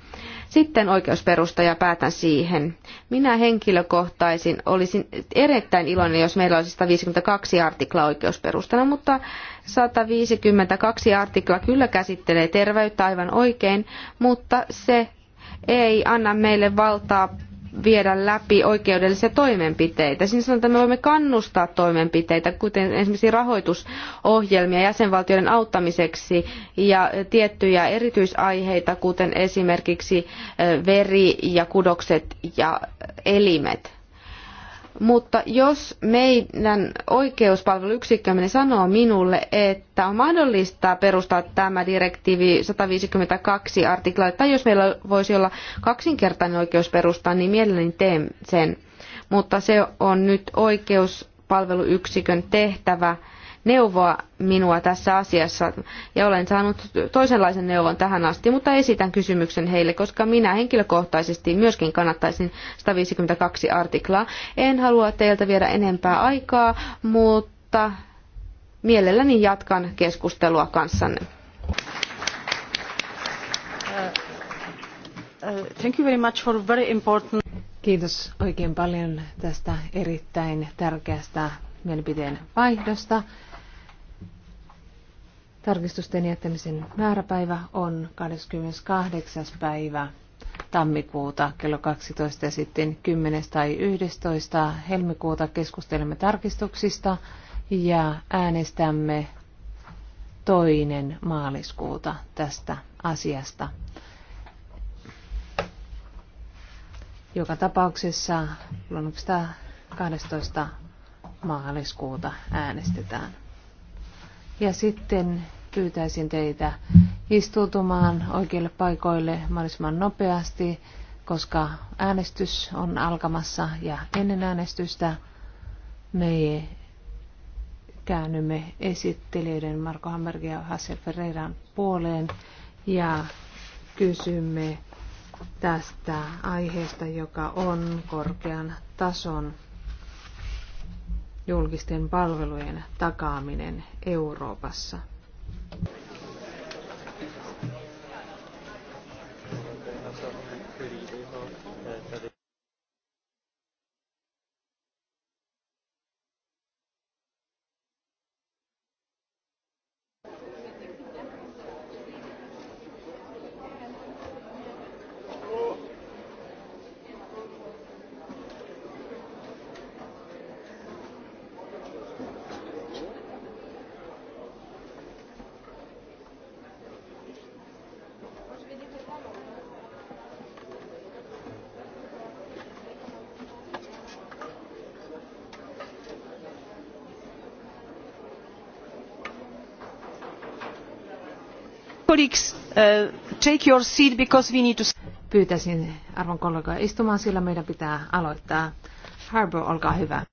Sitten oikeusperusta ja päätän siihen. Minä henkilökohtaisin olisin erittäin iloinen, jos meillä olisi 152 artikla oikeusperustana, mutta 152 artikla kyllä käsittelee terveyttä aivan oikein, mutta se ei anna meille valtaa viedä läpi oikeudellisia toimenpiteitä. Siinä sanotaan, että me voimme kannustaa toimenpiteitä, kuten esimerkiksi rahoitusohjelmia jäsenvaltioiden auttamiseksi ja tiettyjä erityisaiheita, kuten esimerkiksi veri ja kudokset ja elimet. Mutta jos meidän oikeuspalveluyksikkömme sanoo minulle, että on mahdollista perustaa tämä direktiivi 152 artikla, tai jos meillä voisi olla kaksinkertainen oikeus perustaa, niin mielelläni teen sen. Mutta se on nyt oikeuspalveluyksikön tehtävä neuvoa minua tässä asiassa ja olen saanut toisenlaisen neuvon tähän asti, mutta esitän kysymyksen heille, koska minä henkilökohtaisesti myöskin kannattaisin 152 artiklaa. En halua teiltä viedä enempää aikaa, mutta mielelläni jatkan keskustelua kanssanne. Thank you very much for very important... Kiitos oikein paljon tästä erittäin tärkeästä mielipiteen vaihdosta. Tarkistusten jättämisen määräpäivä on 28. päivä tammikuuta kello 12 ja sitten 10. tai 11. helmikuuta keskustelemme tarkistuksista ja äänestämme toinen maaliskuuta tästä asiasta. Joka tapauksessa luonnoksesta 12. maaliskuuta äänestetään. Ja sitten pyytäisin teitä istuutumaan oikeille paikoille mahdollisimman nopeasti, koska äänestys on alkamassa ja ennen äänestystä me käännymme esittelijöiden Marko Hammerg ja Hassel Ferreiran puoleen ja kysymme tästä aiheesta, joka on korkean tason julkisten palvelujen takaaminen Euroopassa. pyytäisin arvon kollegoja istumaan sillä meidän pitää aloittaa harbour olkaa hyvä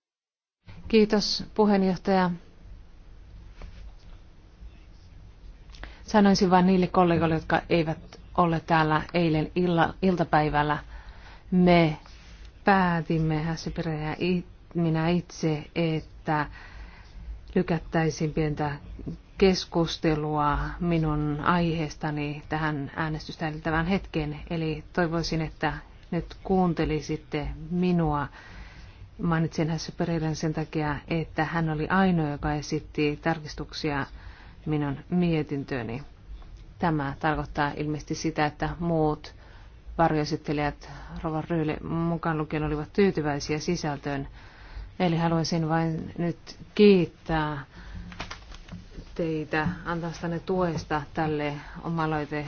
kiitos puheenjohtaja sanoisin vain niille kollegoille jotka eivät ole täällä eilen illa, iltapäivällä me päätimme Hässipirä ja minä itse että lykättäisiin pientä keskustelua minun aiheestani tähän äänestystä edeltävään hetkeen. Eli toivoisin, että nyt kuuntelisitte minua. Mainitsin hänessä Pereiren sen takia, että hän oli ainoa, joka esitti tarkistuksia minun mietintööni. Tämä tarkoittaa ilmeisesti sitä, että muut varjoesittelijät Rovan Ryyle mukaan lukien olivat tyytyväisiä sisältöön. Eli haluaisin vain nyt kiittää teitä antamastanne tuesta tälle omaloite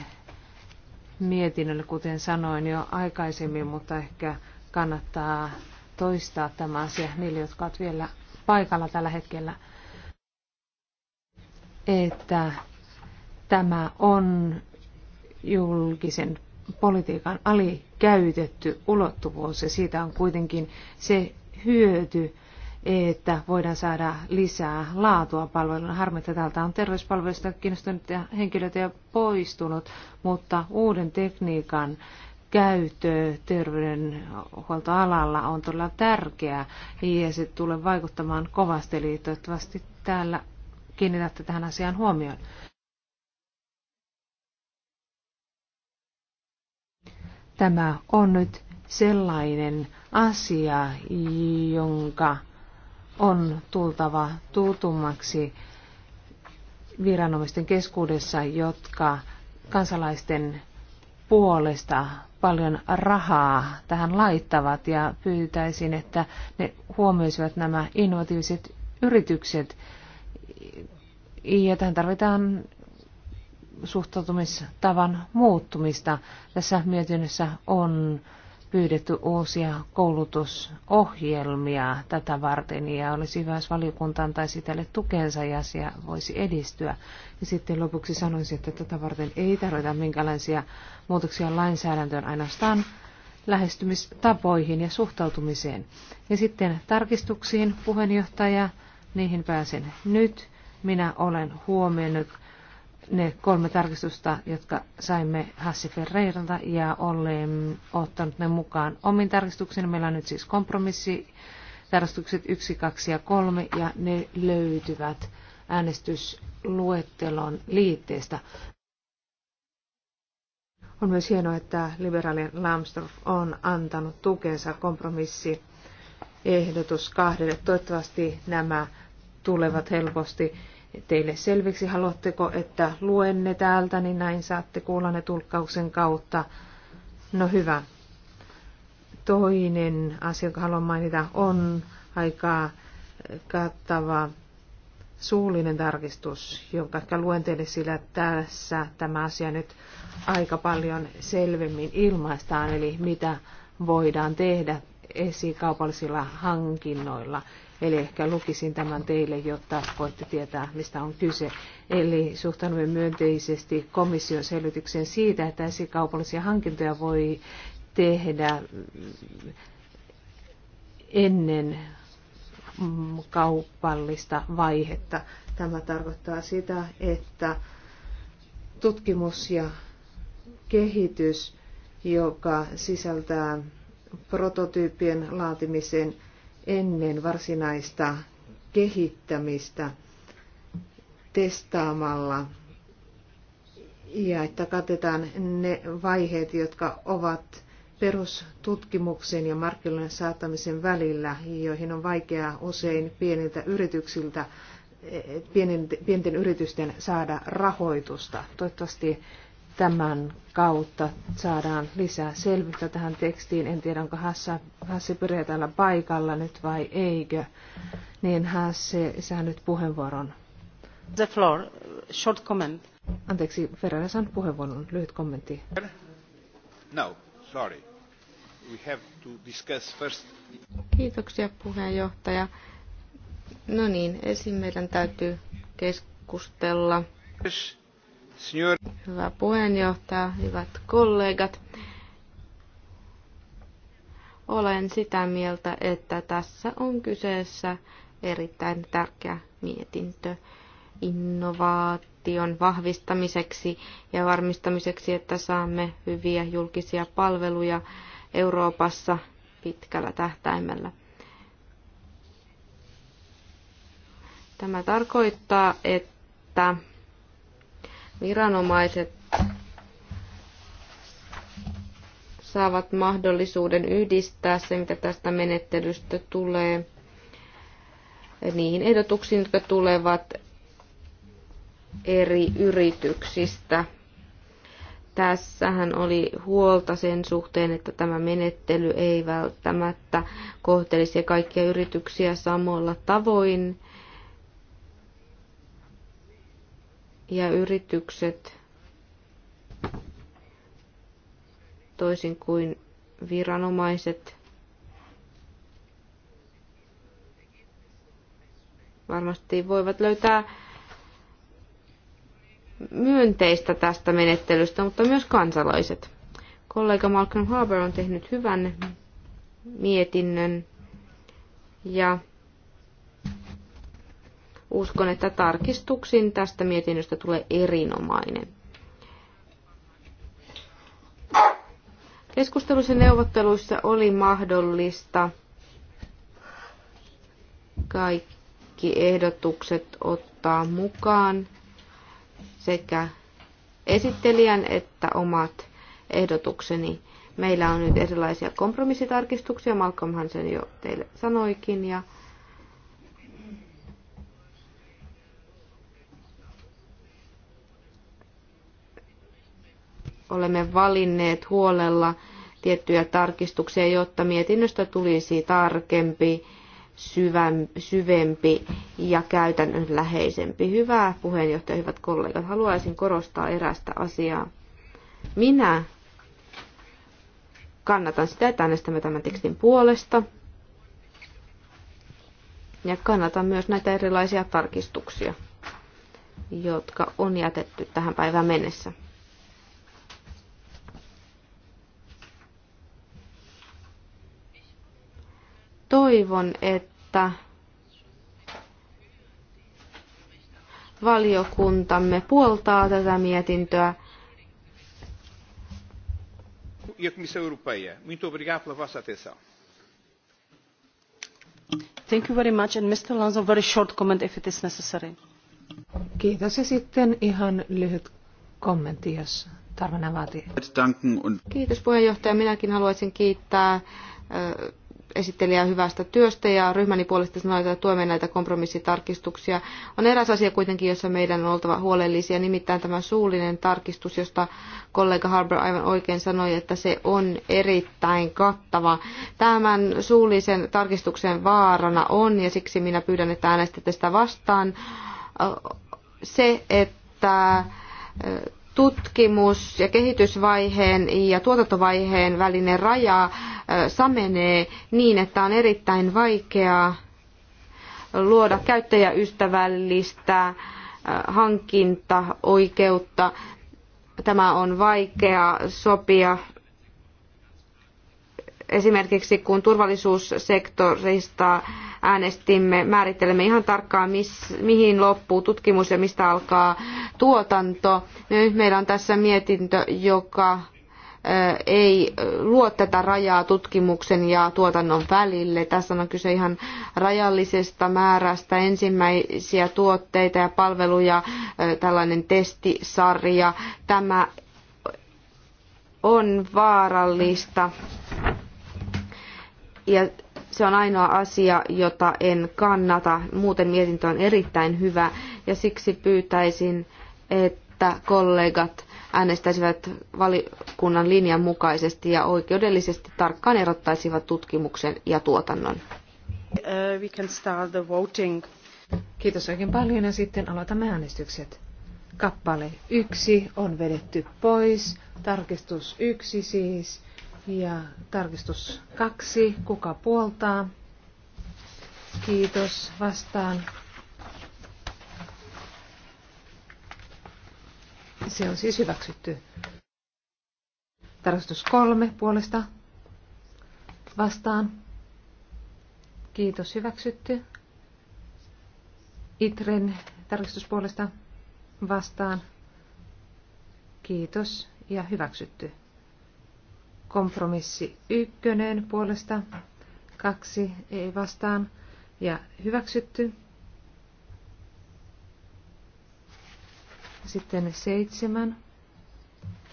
mietinnölle, kuten sanoin jo aikaisemmin, mutta ehkä kannattaa toistaa tämä asia niille, jotka ovat vielä paikalla tällä hetkellä, että tämä on julkisen politiikan alikäytetty ulottuvuus ja siitä on kuitenkin se hyöty, että voidaan saada lisää laatua palveluun. Harmi, että täältä on terveyspalveluista kiinnostuneita henkilöitä jo poistunut, mutta uuden tekniikan käyttö terveydenhuoltoalalla on todella tärkeää ja se tulee vaikuttamaan kovasti. Eli toivottavasti täällä kiinnitätte tähän asiaan huomioon. Tämä on nyt sellainen asia, jonka on tultava tutummaksi viranomaisten keskuudessa, jotka kansalaisten puolesta paljon rahaa tähän laittavat ja pyytäisin, että ne huomioisivat nämä innovatiiviset yritykset. Ja tähän tarvitaan suhtautumistavan muuttumista. Tässä mietinnössä on pyydetty uusia koulutusohjelmia tätä varten ja olisi hyvä, jos valiokunta antaisi tälle tukensa ja asia voisi edistyä. Ja sitten lopuksi sanoisin, että tätä varten ei tarvita minkälaisia muutoksia lainsäädäntöön ainoastaan lähestymistapoihin ja suhtautumiseen. Ja sitten tarkistuksiin puheenjohtaja, niihin pääsen nyt. Minä olen huomioinut ne kolme tarkistusta, jotka saimme Hassi Ferreiralta ja olen ottanut ne mukaan omiin tarkistuksiin. Meillä on nyt siis kompromissi tarkistukset 1, 2 ja 3 ja ne löytyvät äänestysluettelon liitteestä. On myös hienoa, että liberaali Lambsdorff on antanut tukensa kompromissi ehdotus kahdelle. Toivottavasti nämä tulevat helposti teille selviksi. Haluatteko, että luen ne täältä, niin näin saatte kuulla ne tulkkauksen kautta. No hyvä. Toinen asia, jonka haluan mainita, on aika kattava suullinen tarkistus, jonka luen teille sillä tässä tämä asia nyt aika paljon selvemmin ilmaistaan, eli mitä voidaan tehdä esikaupallisilla hankinnoilla. Eli ehkä lukisin tämän teille, jotta voitte tietää, mistä on kyse. Eli suhtaudumme myönteisesti komission selvitykseen siitä, että esikaupallisia hankintoja voi tehdä ennen kaupallista vaihetta. Tämä tarkoittaa sitä, että tutkimus ja kehitys, joka sisältää prototyyppien laatimisen, ennen varsinaista kehittämistä testaamalla ja että katetaan ne vaiheet, jotka ovat perustutkimuksen ja markkinoiden saattamisen välillä, joihin on vaikeaa usein pieniltä yrityksiltä, pienten yritysten saada rahoitusta. Toivottavasti tämän kautta saadaan lisää selvyyttä tähän tekstiin. En tiedä, onko Hassa, Hassi Pyre täällä paikalla nyt vai eikö. Niin Hassi, sä nyt puheenvuoron. The floor, short comment. Anteeksi, Ferrara saanut puheenvuoron, lyhyt kommentti. No, sorry. We have to discuss first. Kiitoksia puheenjohtaja. No niin, esim. meidän täytyy keskustella. Hyvä puheenjohtaja, hyvät kollegat. Olen sitä mieltä, että tässä on kyseessä erittäin tärkeä mietintö innovaation vahvistamiseksi ja varmistamiseksi, että saamme hyviä julkisia palveluja Euroopassa pitkällä tähtäimellä. Tämä tarkoittaa, että viranomaiset saavat mahdollisuuden yhdistää se, mitä tästä menettelystä tulee, niihin ehdotuksiin, jotka tulevat eri yrityksistä. Tässähän oli huolta sen suhteen, että tämä menettely ei välttämättä kohtelisi kaikkia yrityksiä samalla tavoin. ja yritykset toisin kuin viranomaiset varmasti voivat löytää myönteistä tästä menettelystä, mutta myös kansalaiset. Kollega Malcolm Harbour on tehnyt hyvän mietinnön ja uskon, että tarkistuksin tästä mietinnöstä tulee erinomainen. Keskusteluissa ja neuvotteluissa oli mahdollista kaikki ehdotukset ottaa mukaan sekä esittelijän että omat ehdotukseni. Meillä on nyt erilaisia kompromissitarkistuksia, Malcolm Hansen jo teille sanoikin, ja olemme valinneet huolella tiettyjä tarkistuksia, jotta mietinnöstä tulisi tarkempi, syvempi ja käytännönläheisempi. Hyvää puheenjohtaja, hyvät kollegat, haluaisin korostaa erästä asiaa. Minä kannatan sitä, että äänestämme tämän tekstin puolesta. Ja kannatan myös näitä erilaisia tarkistuksia, jotka on jätetty tähän päivään mennessä. Toivon, että valiokuntamme puoltaa tätä mietintöä. E a Comissão Muito obrigado pela vossa atenção. Thank you very much. And Mr. Lanzo, very short comment if it is necessary. Kiitos. Ja sitten ihan lyhyt kommentti, jos tarve vaatii. Kiitos puheenjohtaja. Minäkin haluaisin kiittää esittelijää hyvästä työstä ja ryhmäni puolesta sanoi, että tuemme näitä kompromissitarkistuksia. On eräs asia kuitenkin, jossa meidän on oltava huolellisia, nimittäin tämä suullinen tarkistus, josta kollega Harbour aivan oikein sanoi, että se on erittäin kattava. Tämän suullisen tarkistuksen vaarana on, ja siksi minä pyydän, että äänestätte sitä vastaan, se, että tutkimus- ja kehitysvaiheen ja tuotantovaiheen välinen raja samenee niin, että on erittäin vaikeaa luoda käyttäjäystävällistä äh, hankintaoikeutta. Tämä on vaikea sopia esimerkiksi kun turvallisuussektorista äänestimme, määrittelemme ihan tarkkaan, mihin loppuu tutkimus ja mistä alkaa tuotanto. Nyt meillä on tässä mietintö, joka ei luo tätä rajaa tutkimuksen ja tuotannon välille. Tässä on kyse ihan rajallisesta määrästä ensimmäisiä tuotteita ja palveluja, tällainen testisarja. Tämä on vaarallista ja se on ainoa asia, jota en kannata. Muuten mietintö on erittäin hyvä ja siksi pyytäisin, että kollegat äänestäisivät valikunnan linjan mukaisesti ja oikeudellisesti tarkkaan erottaisivat tutkimuksen ja tuotannon. Uh, Kiitos oikein paljon ja sitten aloitamme äänestykset. Kappale yksi on vedetty pois, tarkistus yksi siis ja tarkistus kaksi, kuka puoltaa. Kiitos vastaan Se on siis hyväksytty. Tarkastus kolme puolesta vastaan. Kiitos, hyväksytty. Itren puolesta vastaan. Kiitos ja hyväksytty. Kompromissi ykkönen puolesta. Kaksi ei vastaan ja hyväksytty. Sitten seitsemän.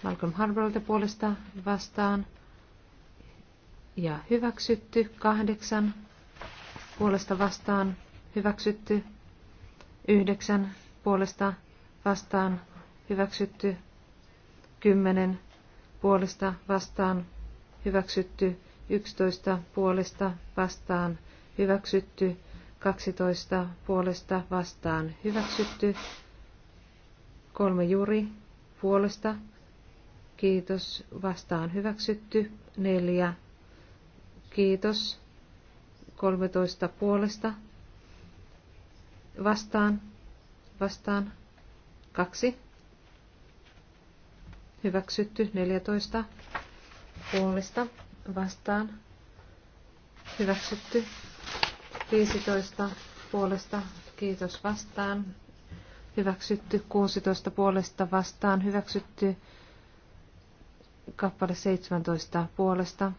Malcolm Harbourlta puolesta vastaan. Ja hyväksytty. Kahdeksan. Puolesta vastaan. Hyväksytty. Yhdeksän. Puolesta vastaan. Hyväksytty. Kymmenen. Puolesta vastaan. Hyväksytty. Yksitoista. Puolesta vastaan. Hyväksytty. 12 puolesta vastaan hyväksytty, Kolme juri puolesta. Kiitos. Vastaan hyväksytty. Neljä. Kiitos. 13 puolesta. Vastaan. Vastaan. Kaksi. Hyväksytty. 14 puolesta. Vastaan. Hyväksytty. 15 puolesta. Kiitos vastaan hyväksytty 16 puolesta vastaan, hyväksytty kappale 17 puolesta.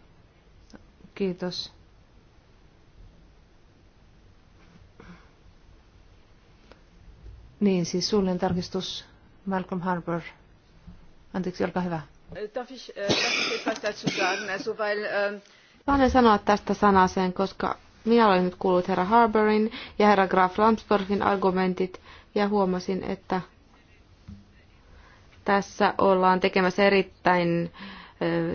Kiitos. Niin, siis suullinen tarkistus Malcolm Harbour. Anteeksi, olkaa hyvä. Darf ich, Paljon äh, ähm, sanoa tästä sanaseen, koska minä olen nyt kuullut herra Harbourin ja herra Graf Lambsdorffin argumentit, ja huomasin, että tässä ollaan tekemässä erittäin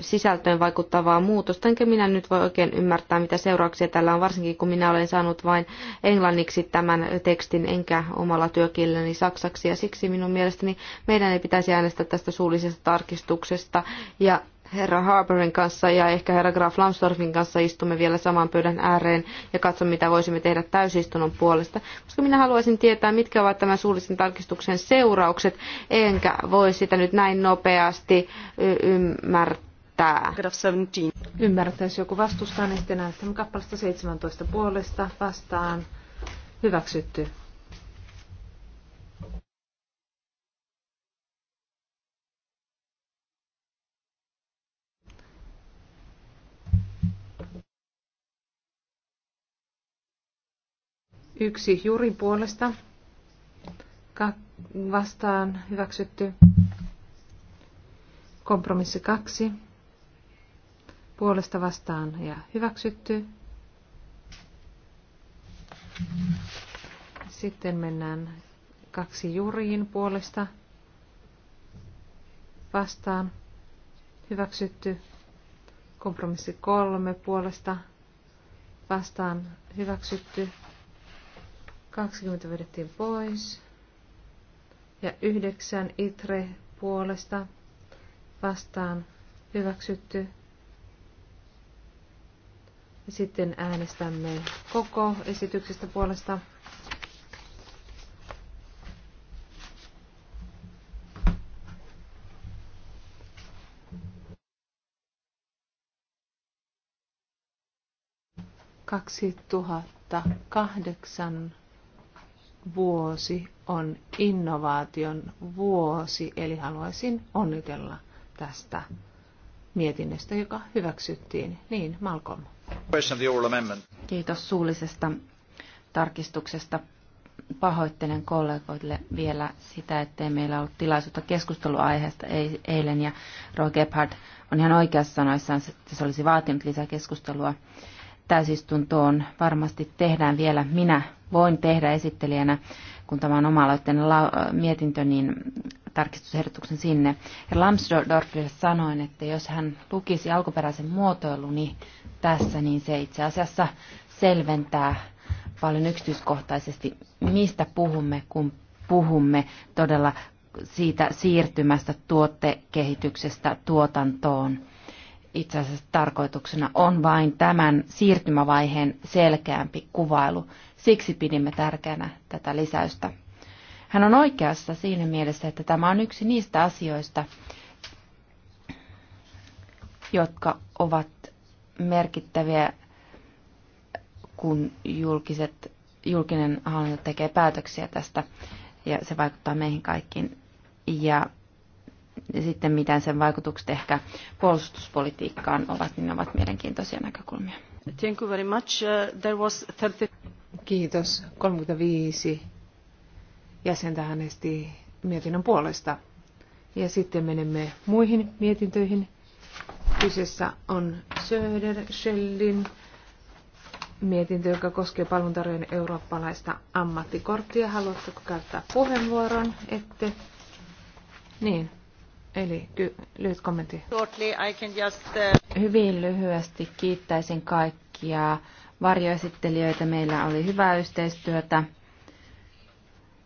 sisältöön vaikuttavaa muutosta, enkä minä nyt voi oikein ymmärtää, mitä seurauksia tällä on, varsinkin kun minä olen saanut vain englanniksi tämän tekstin, enkä omalla työkielelläni saksaksi, ja siksi minun mielestäni meidän ei pitäisi äänestää tästä suullisesta tarkistuksesta, ja herra Harperin kanssa ja ehkä herra Graf Lambsdorffin kanssa istumme vielä saman pöydän ääreen ja katsomme, mitä voisimme tehdä täysistunnon puolesta. Koska minä haluaisin tietää, mitkä ovat tämän suullisen tarkistuksen seuraukset, enkä voi sitä nyt näin nopeasti ymmärtää. Graf 17. Ymmärtää, jos joku vastustaa, niin sitten äänestämme kappalasta 17 puolesta vastaan. Hyväksytty. Yksi juurin puolesta vastaan hyväksytty. Kompromissi kaksi. Puolesta vastaan ja hyväksytty. Sitten mennään kaksi juriin puolesta vastaan. Hyväksytty. Kompromissi kolme puolesta vastaan hyväksytty. 20 vedettiin pois. Ja 9 itre puolesta vastaan hyväksytty. Ja sitten äänestämme koko esityksestä puolesta. Kaksi tuhatta kahdeksan vuosi on innovaation vuosi, eli haluaisin onnitella tästä mietinnöstä, joka hyväksyttiin. Niin, Malcolm. Kiitos suullisesta tarkistuksesta. Pahoittelen kollegoille vielä sitä, ettei meillä ollut tilaisuutta keskusteluaiheesta eilen, ja Roy Gebhardt on ihan oikeassa sanoissaan, että se olisi vaatinut lisää keskustelua täysistuntoon. Varmasti tehdään vielä. Minä voin tehdä esittelijänä, kun tämä on oma mietintö, niin tarkistusehdotuksen sinne. Ja Lambsdorffille sanoin, että jos hän lukisi alkuperäisen muotoiluni tässä, niin se itse asiassa selventää paljon yksityiskohtaisesti, mistä puhumme, kun puhumme todella siitä siirtymästä tuottekehityksestä tuotantoon. Itse asiassa tarkoituksena on vain tämän siirtymävaiheen selkeämpi kuvailu. Siksi pidimme tärkeänä tätä lisäystä. Hän on oikeassa siinä mielessä, että tämä on yksi niistä asioista, jotka ovat merkittäviä, kun julkiset, julkinen hallinto tekee päätöksiä tästä ja se vaikuttaa meihin kaikkiin. Ja sitten miten sen vaikutukset ehkä puolustuspolitiikkaan ovat, niin ne ovat mielenkiintoisia näkökulmia. Thank you very much. Uh, there was 30... Kiitos. 35 jäsentä äänesti mietinnön puolesta. Ja sitten menemme muihin mietintöihin. Kyseessä on Söder Schellin mietintö, joka koskee palveluntarjoajien eurooppalaista ammattikorttia. Haluatteko käyttää puheenvuoron? Ette. Niin, eli lyhyt kommentti. Uh, Hyvin lyhyesti kiittäisin kaikkia varjoesittelijöitä. Meillä oli hyvää yhteistyötä.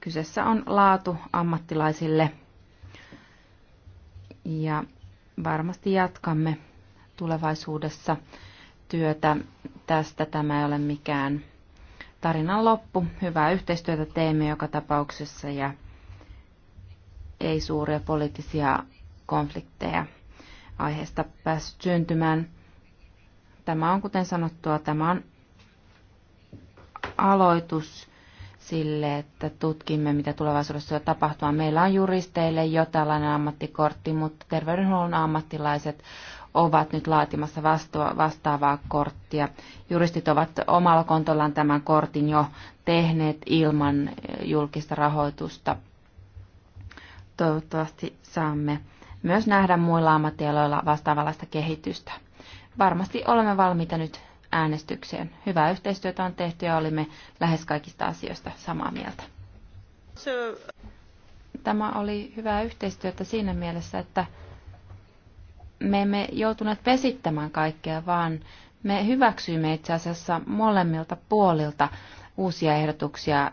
Kyseessä on laatu ammattilaisille. Ja varmasti jatkamme tulevaisuudessa työtä tästä. Tämä ei ole mikään tarinan loppu. Hyvää yhteistyötä teemme joka tapauksessa ja ei suuria poliittisia konflikteja aiheesta päässyt syntymään. Tämä on, kuten sanottua, tämä on aloitus sille, että tutkimme, mitä tulevaisuudessa tapahtuu. Meillä on juristeille jo tällainen ammattikortti, mutta terveydenhuollon ammattilaiset ovat nyt laatimassa vastaavaa korttia. Juristit ovat omalla kontollaan tämän kortin jo tehneet ilman eh, julkista rahoitusta. Toivottavasti saamme myös nähdä muilla ammattialoilla vastaavanlaista kehitystä. Varmasti olemme valmiita nyt äänestykseen. Hyvää yhteistyötä on tehty ja olimme lähes kaikista asioista samaa mieltä. Tämä oli hyvää yhteistyötä siinä mielessä, että me emme joutuneet vesittämään kaikkea, vaan me hyväksyimme itse asiassa molemmilta puolilta uusia ehdotuksia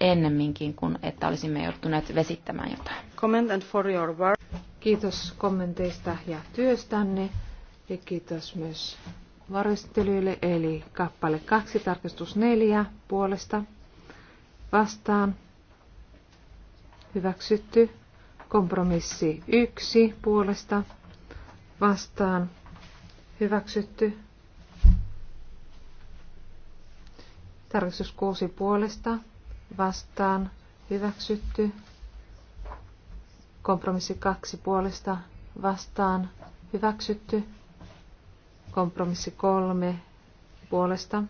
ennemminkin kuin että olisimme joutuneet vesittämään jotain. Comment and for your work. Kiitos kommenteista ja työstänne ja kiitos myös varjostelijoille, eli kappale 2, tarkistus 4 puolesta vastaan. Hyväksytty. Kompromissi 1 puolesta vastaan. Hyväksytty. Tarkistus 6 puolesta vastaan. Hyväksytty. Kompromissi 2 puolesta vastaan. Hyväksytty. Kompromissi kolme puolesta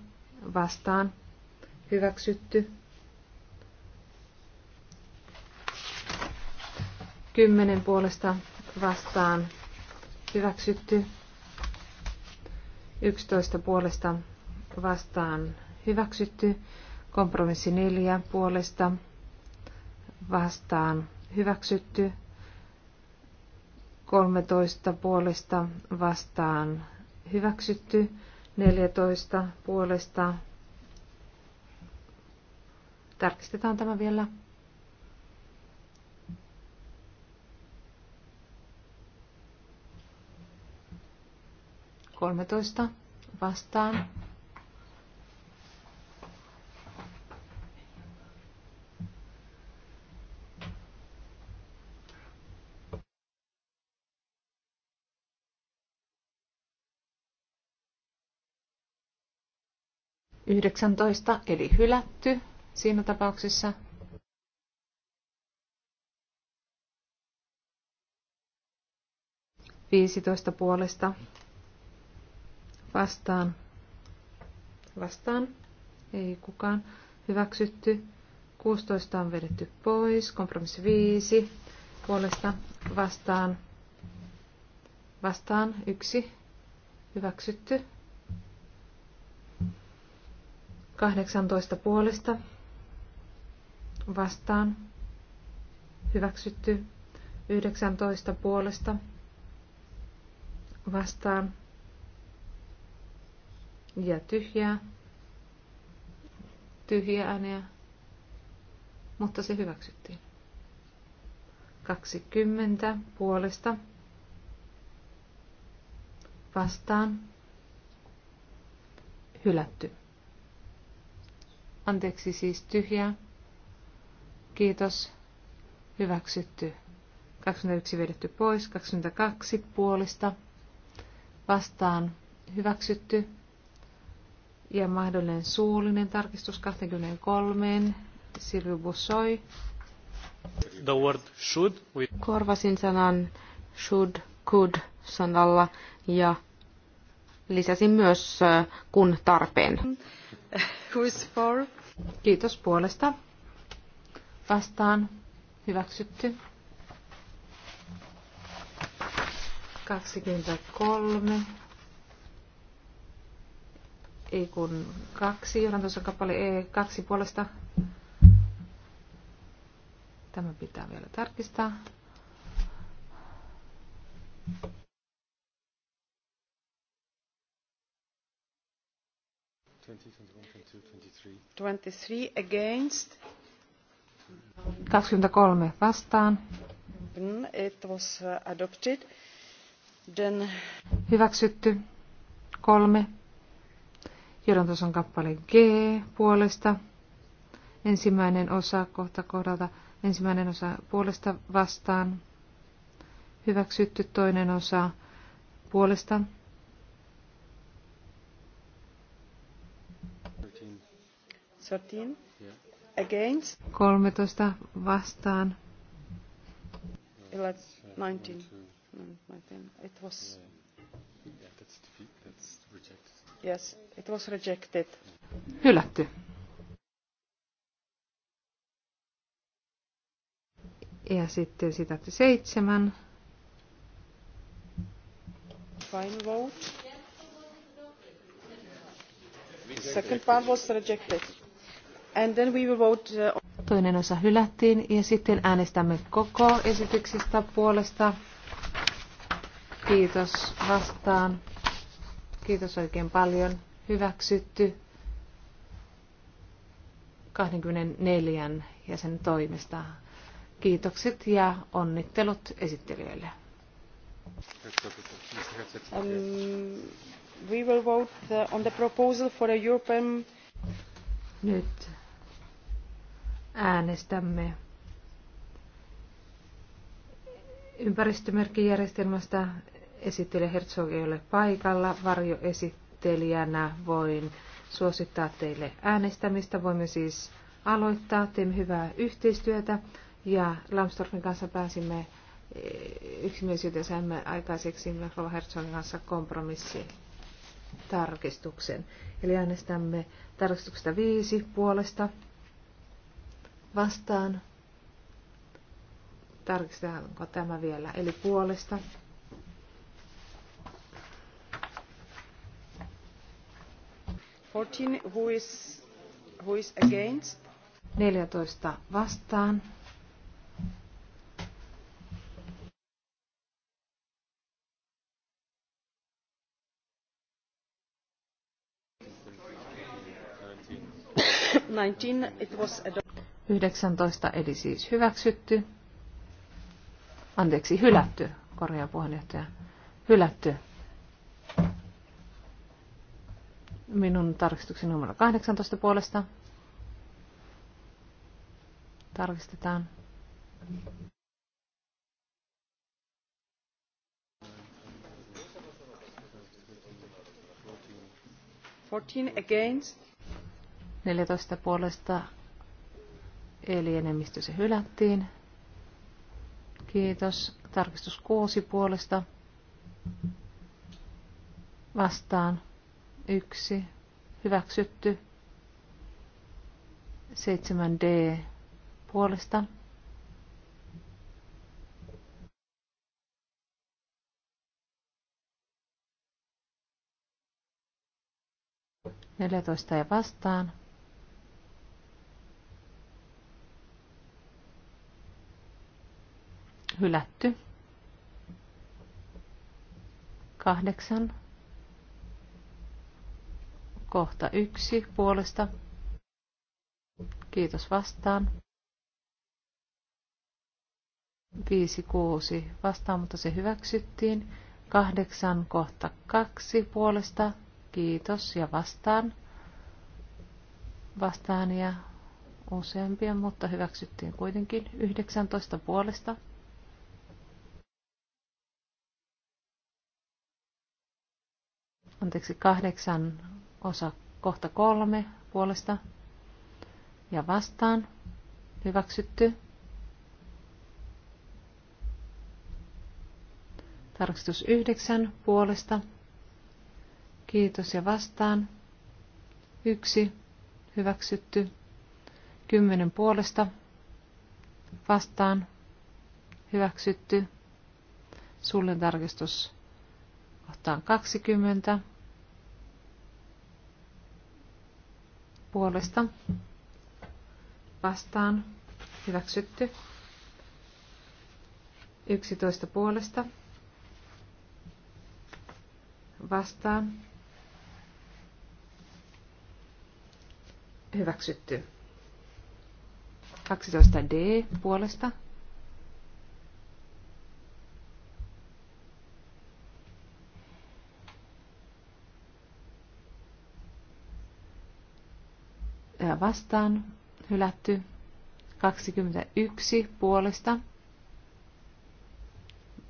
vastaan hyväksytty. Kymmenen puolesta vastaan hyväksytty. Yksitoista puolesta vastaan hyväksytty. Kompromissi neljä puolesta vastaan hyväksytty. 13 puolesta vastaan hyväksytty 14 puolesta. Tarkistetaan tämä vielä. Kolmetoista vastaan. 19 eli hylätty siinä tapauksessa. Viisitoista puolesta vastaan. Vastaan. Ei kukaan hyväksytty. 16 on vedetty pois. Kompromissi 5 puolesta vastaan. Vastaan yksi hyväksytty. 18 puolesta vastaan hyväksytty 19 puolesta vastaan ja tyhjää, tyhjiä ääniä, mutta se hyväksyttiin. 20 puolesta vastaan hylätty. Anteeksi siis tyhjä. Kiitos. Hyväksytty. 21 vedetty pois. 22 puolista. Vastaan hyväksytty. Ja mahdollinen suullinen tarkistus 23. Silvi Bussoi. The word should. We... Korvasin sanan should, could sanalla ja lisäsin myös äh, kun tarpeen. Who is for? Kiitos puolesta. Vastaan. Hyväksytty. 23. Ei kun kaksi, johdan tuossa kappale E2 puolesta. Tämä pitää vielä tarkistaa. you. 23 against. vastaan. It was uh, adopted. Then... Hyväksytty. Kolme. Jodantason kappale G puolesta. Ensimmäinen osa kohta kohdalta. Ensimmäinen osa puolesta vastaan. Hyväksytty toinen osa puolesta 13 against 13 vastaan 11, 19 19 it was yes it was rejected hylätty ja sitten sitä seitsemän final vote second part was rejected And then we will vote, uh, Toinen osa hylättiin ja sitten äänestämme koko esityksestä puolesta. Kiitos vastaan. Kiitos oikein paljon. Hyväksytty 24 jäsen toimesta. Kiitokset ja onnittelut esittelijöille. Um, we will vote uh, on the proposal for a European... Nyt äänestämme ympäristömerkkijärjestelmästä. Esittelijä Herzog ei ole paikalla. Varjoesittelijänä voin suosittaa teille äänestämistä. Voimme siis aloittaa. Teemme hyvää yhteistyötä ja Lambsdorffin kanssa pääsimme eh, yksimielisyyteen saimme aikaiseksi Mikrova Herzogin kanssa kompromissi tarkistuksen. Eli äänestämme tarkistuksesta viisi puolesta vastaan. Tarkistetaanko tämä vielä? Eli puolesta. Fourteen, who is, who is against? 14 vastaan. Nineteen, it was adopted. 19 eli siis hyväksytty. Anteeksi, hylätty, korjaa puheenjohtaja. Hylätty. Minun tarkistuksen numero 18 puolesta. Tarkistetaan. Fourteen against. 14 puolesta eli enemmistö se hylättiin. Kiitos. Tarkistus 6 puolesta. Vastaan. 1. Hyväksytty. 7D puolesta. Neljätoista ja vastaan. hylätty. Kahdeksan. Kohta yksi puolesta. Kiitos vastaan. Viisi kuusi vastaan, mutta se hyväksyttiin. Kahdeksan kohta kaksi puolesta. Kiitos ja vastaan. Vastaan ja useampia, mutta hyväksyttiin kuitenkin 19 puolesta. anteeksi, kahdeksan osa kohta kolme puolesta ja vastaan hyväksytty. Tarkistus yhdeksän puolesta. Kiitos ja vastaan. Yksi hyväksytty. Kymmenen puolesta. Vastaan hyväksytty. Sulle tarkistus kohtaan 20 puolesta vastaan hyväksytty. 11 puolesta vastaan hyväksytty. 12 D puolesta vastaan, hylätty. 21 puolesta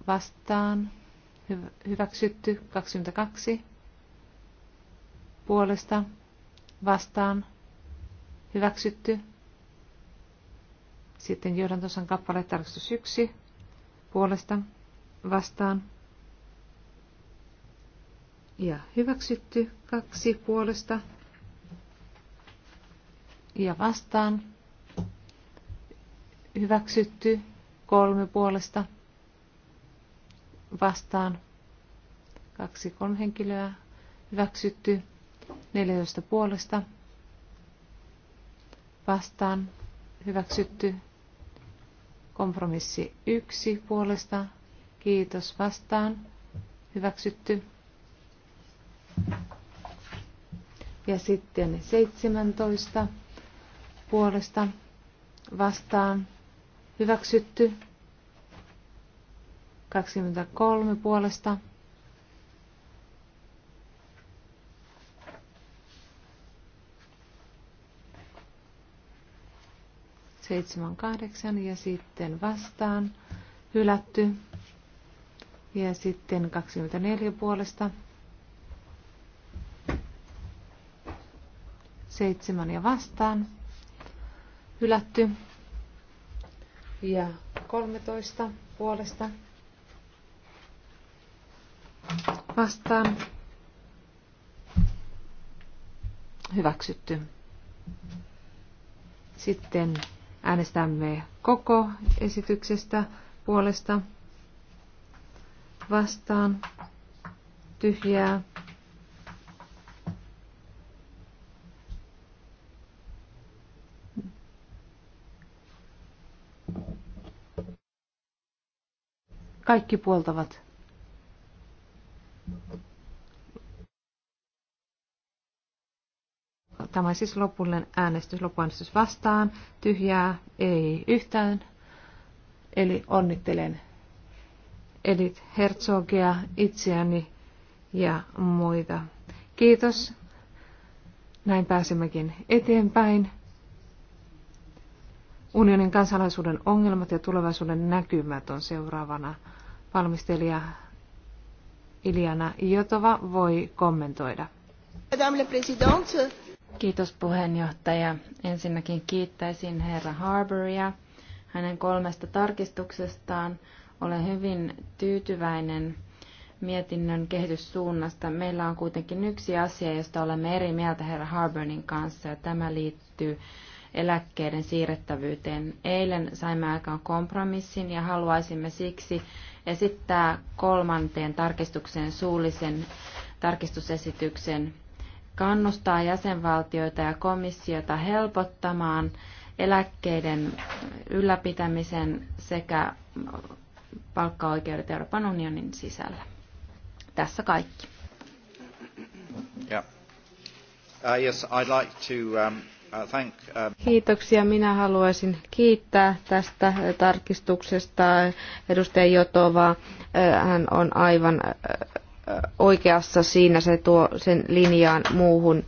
vastaan, hyväksytty. 22 puolesta vastaan, hyväksytty. Sitten johdantosan kappale tarkistus 1 puolesta vastaan. Ja hyväksytty kaksi puolesta ja vastaan. Hyväksytty kolme puolesta vastaan. Kaksi kolme henkilöä hyväksytty. 14 puolesta vastaan hyväksytty. Kompromissi yksi puolesta. Kiitos vastaan. Hyväksytty. Ja sitten 17 puolesta vastaan hyväksytty. 23 puolesta seitsemän kahdeksan ja sitten vastaan hylätty. Ja sitten 24 puolesta. 7 ja vastaan hylätty. Ja 13 puolesta vastaan hyväksytty. Sitten äänestämme koko esityksestä puolesta vastaan tyhjää Kaikki puoltavat. Tämä siis lopullinen äänestys, lopuäänestys vastaan. Tyhjää ei yhtään. Eli onnittelen Edith Herzogia, itseäni ja muita. Kiitos. Näin pääsemmekin eteenpäin. Unionin kansalaisuuden ongelmat ja tulevaisuuden näkymät on seuraavana valmistelija Iljana Jotova voi kommentoida. Kiitos puheenjohtaja. Ensinnäkin kiittäisin herra Harboria hänen kolmesta tarkistuksestaan. Olen hyvin tyytyväinen mietinnön kehityssuunnasta. Meillä on kuitenkin yksi asia, josta olemme eri mieltä herra Harborin kanssa, ja tämä liittyy eläkkeiden siirrettävyyteen. Eilen saimme aikaan kompromissin ja haluaisimme siksi esittää kolmanteen tarkistukseen suullisen tarkistusesityksen kannustaa jäsenvaltioita ja komissiota helpottamaan eläkkeiden ylläpitämisen sekä palkkaoikeudet Euroopan unionin sisällä. Tässä kaikki. Yeah. Uh, yes, I'd like to, um... Uh, uh, Kiitoksia. Minä haluaisin kiittää tästä tarkistuksesta edustaja Jotovaa. Uh, hän on aivan oikeassa siinä, se tuo sen linjaan muuhun,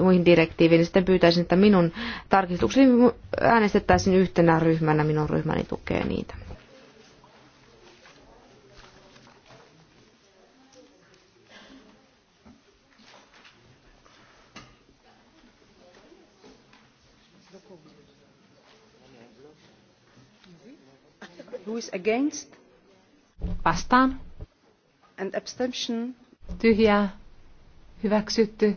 muihin direktiiviin. Niin sitten pyytäisin, että minun tarkistukseni äänestettäisiin yhtenä ryhmänä, minun ryhmäni tukee niitä. Vastaan. And abstention. Tyhjää. Hyväksytty.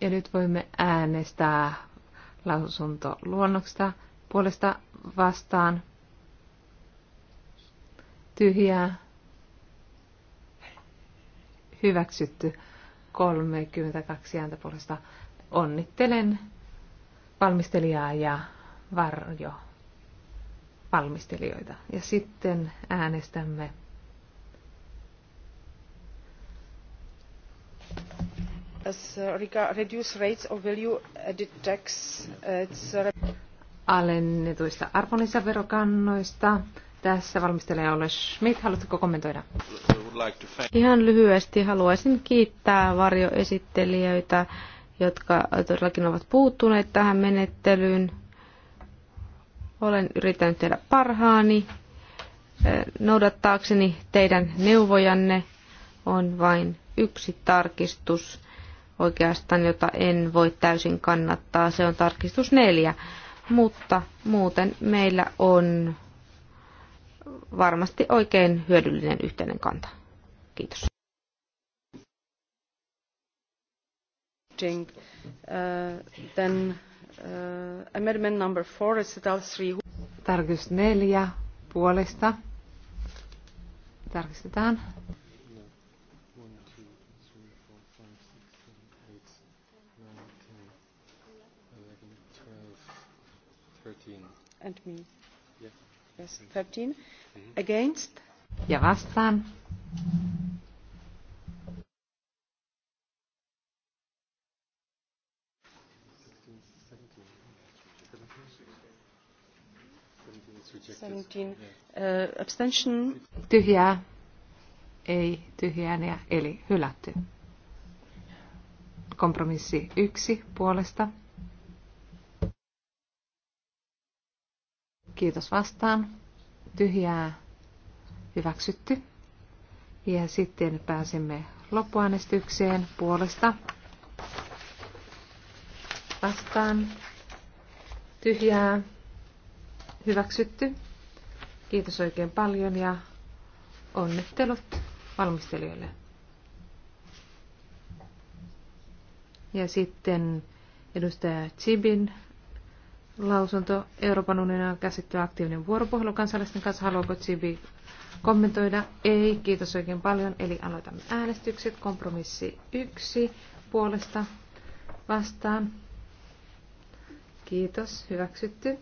Ja nyt voimme äänestää lausuntoluonnoksesta puolesta vastaan. Tyhjää. Hyväksytty. 32 ääntä puolesta. Onnittelen valmistelijaa ja varjo valmistelijoita. Ja sitten äänestämme as uh, reduce rates of value added tax. Uh, it's uh, alennetuista arvonlisäverokannoista. Tässä valmistelija Ole Schmidt, haluatteko kommentoida? Ihan lyhyesti haluaisin kiittää varjoesittelijöitä, jotka todellakin ovat puuttuneet tähän menettelyyn. Olen yrittänyt tehdä parhaani noudattaakseni teidän neuvojanne on vain yksi tarkistus oikeastaan, jota en voi täysin kannattaa. Se on tarkistus neljä. Mutta muuten meillä on varmasti oikein hyödyllinen yhteinen kanta. Kiitos. Uh, then Uh, amendment number four, recital three. Tarkistus neljä puolesta. Tarkistetaan. And me. Yes, 13. Against. Ja vastaan. 17. Uh, abstention. Tyhjää, ei tyhjään eli hylätty. Kompromissi yksi puolesta. Kiitos vastaan. Tyhjää hyväksytty. Ja sitten pääsemme loppuäänestykseen puolesta. Vastaan. Tyhjää hyväksytty. Kiitos oikein paljon ja onnittelut valmistelijoille. Ja sitten edustaja Chibin lausunto Euroopan unionin käsittely aktiivinen vuoropuhelu kansalaisten kanssa. Haluaako Chibi kommentoida? Ei, kiitos oikein paljon. Eli aloitamme äänestykset. Kompromissi yksi puolesta vastaan. Kiitos, hyväksytty.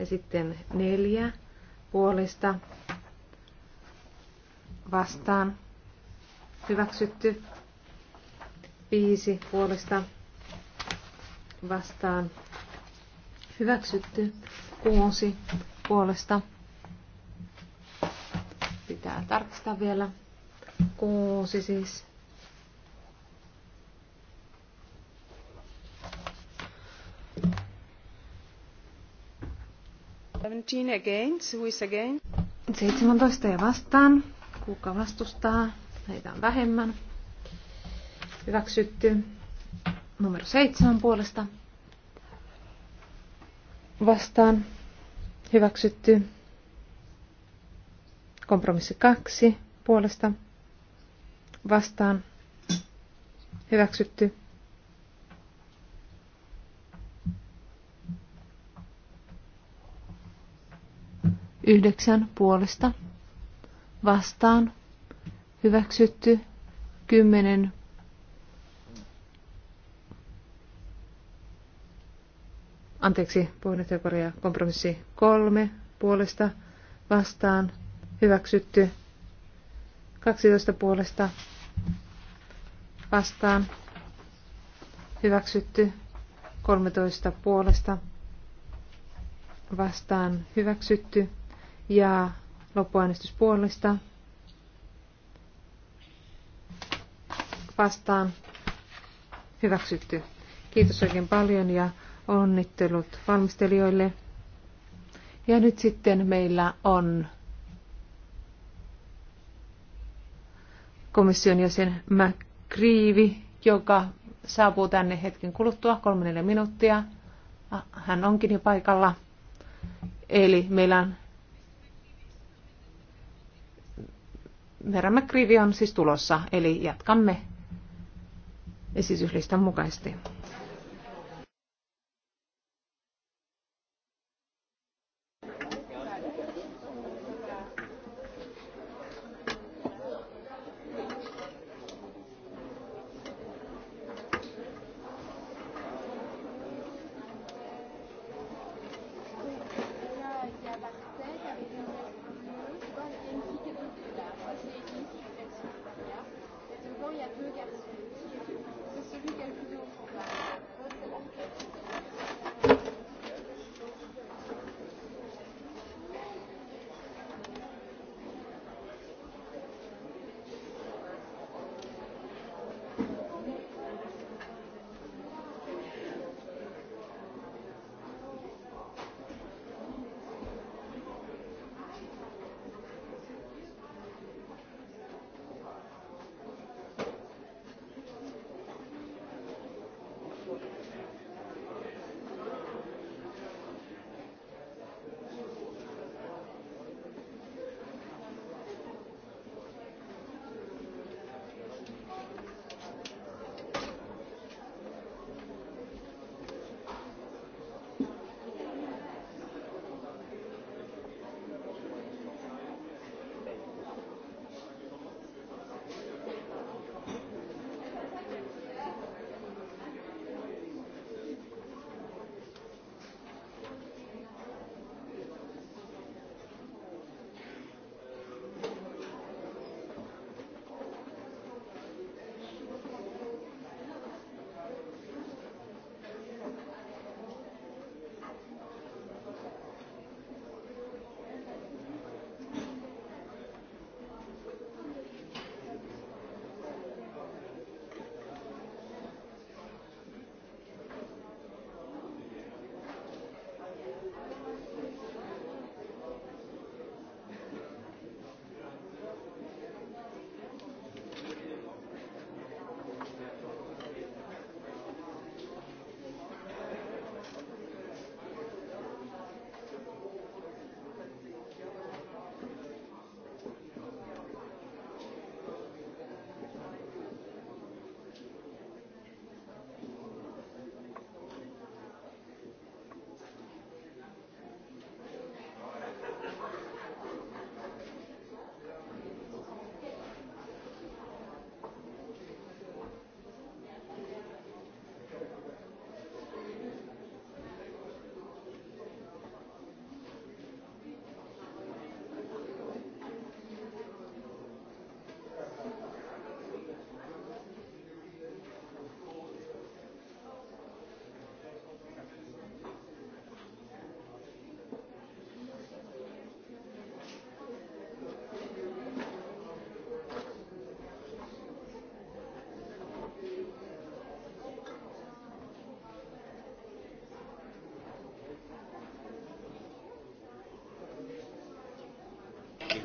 Ja sitten neljä puolesta vastaan hyväksytty. Viisi puolesta vastaan hyväksytty. Kuusi puolesta pitää tarkistaa vielä. Kuusi siis 17 against, who is against? 17 ja vastaan. Kuka vastustaa? Näitä on vähemmän. Hyväksytty. Numero 7 puolesta. Vastaan. Hyväksytty. Kompromissi 2 puolesta. Vastaan. Hyväksytty. Yhdeksän puolesta vastaan hyväksytty. Kymmenen anteeksi, puheenjohtajaparia kompromissi kolme puolesta vastaan hyväksytty. 12 puolesta vastaan hyväksytty. 13 puolesta vastaan hyväksytty ja loppuäänestys puolesta. Vastaan hyväksytty. Kiitos oikein paljon ja onnittelut valmistelijoille. Ja nyt sitten meillä on komission jäsen McGreevy, joka saapuu tänne hetken kuluttua, kolme minuuttia. Ah, hän onkin jo paikalla. Eli meillä on Herra McGreevy on siis tulossa, eli jatkamme esityslistan mukaisesti.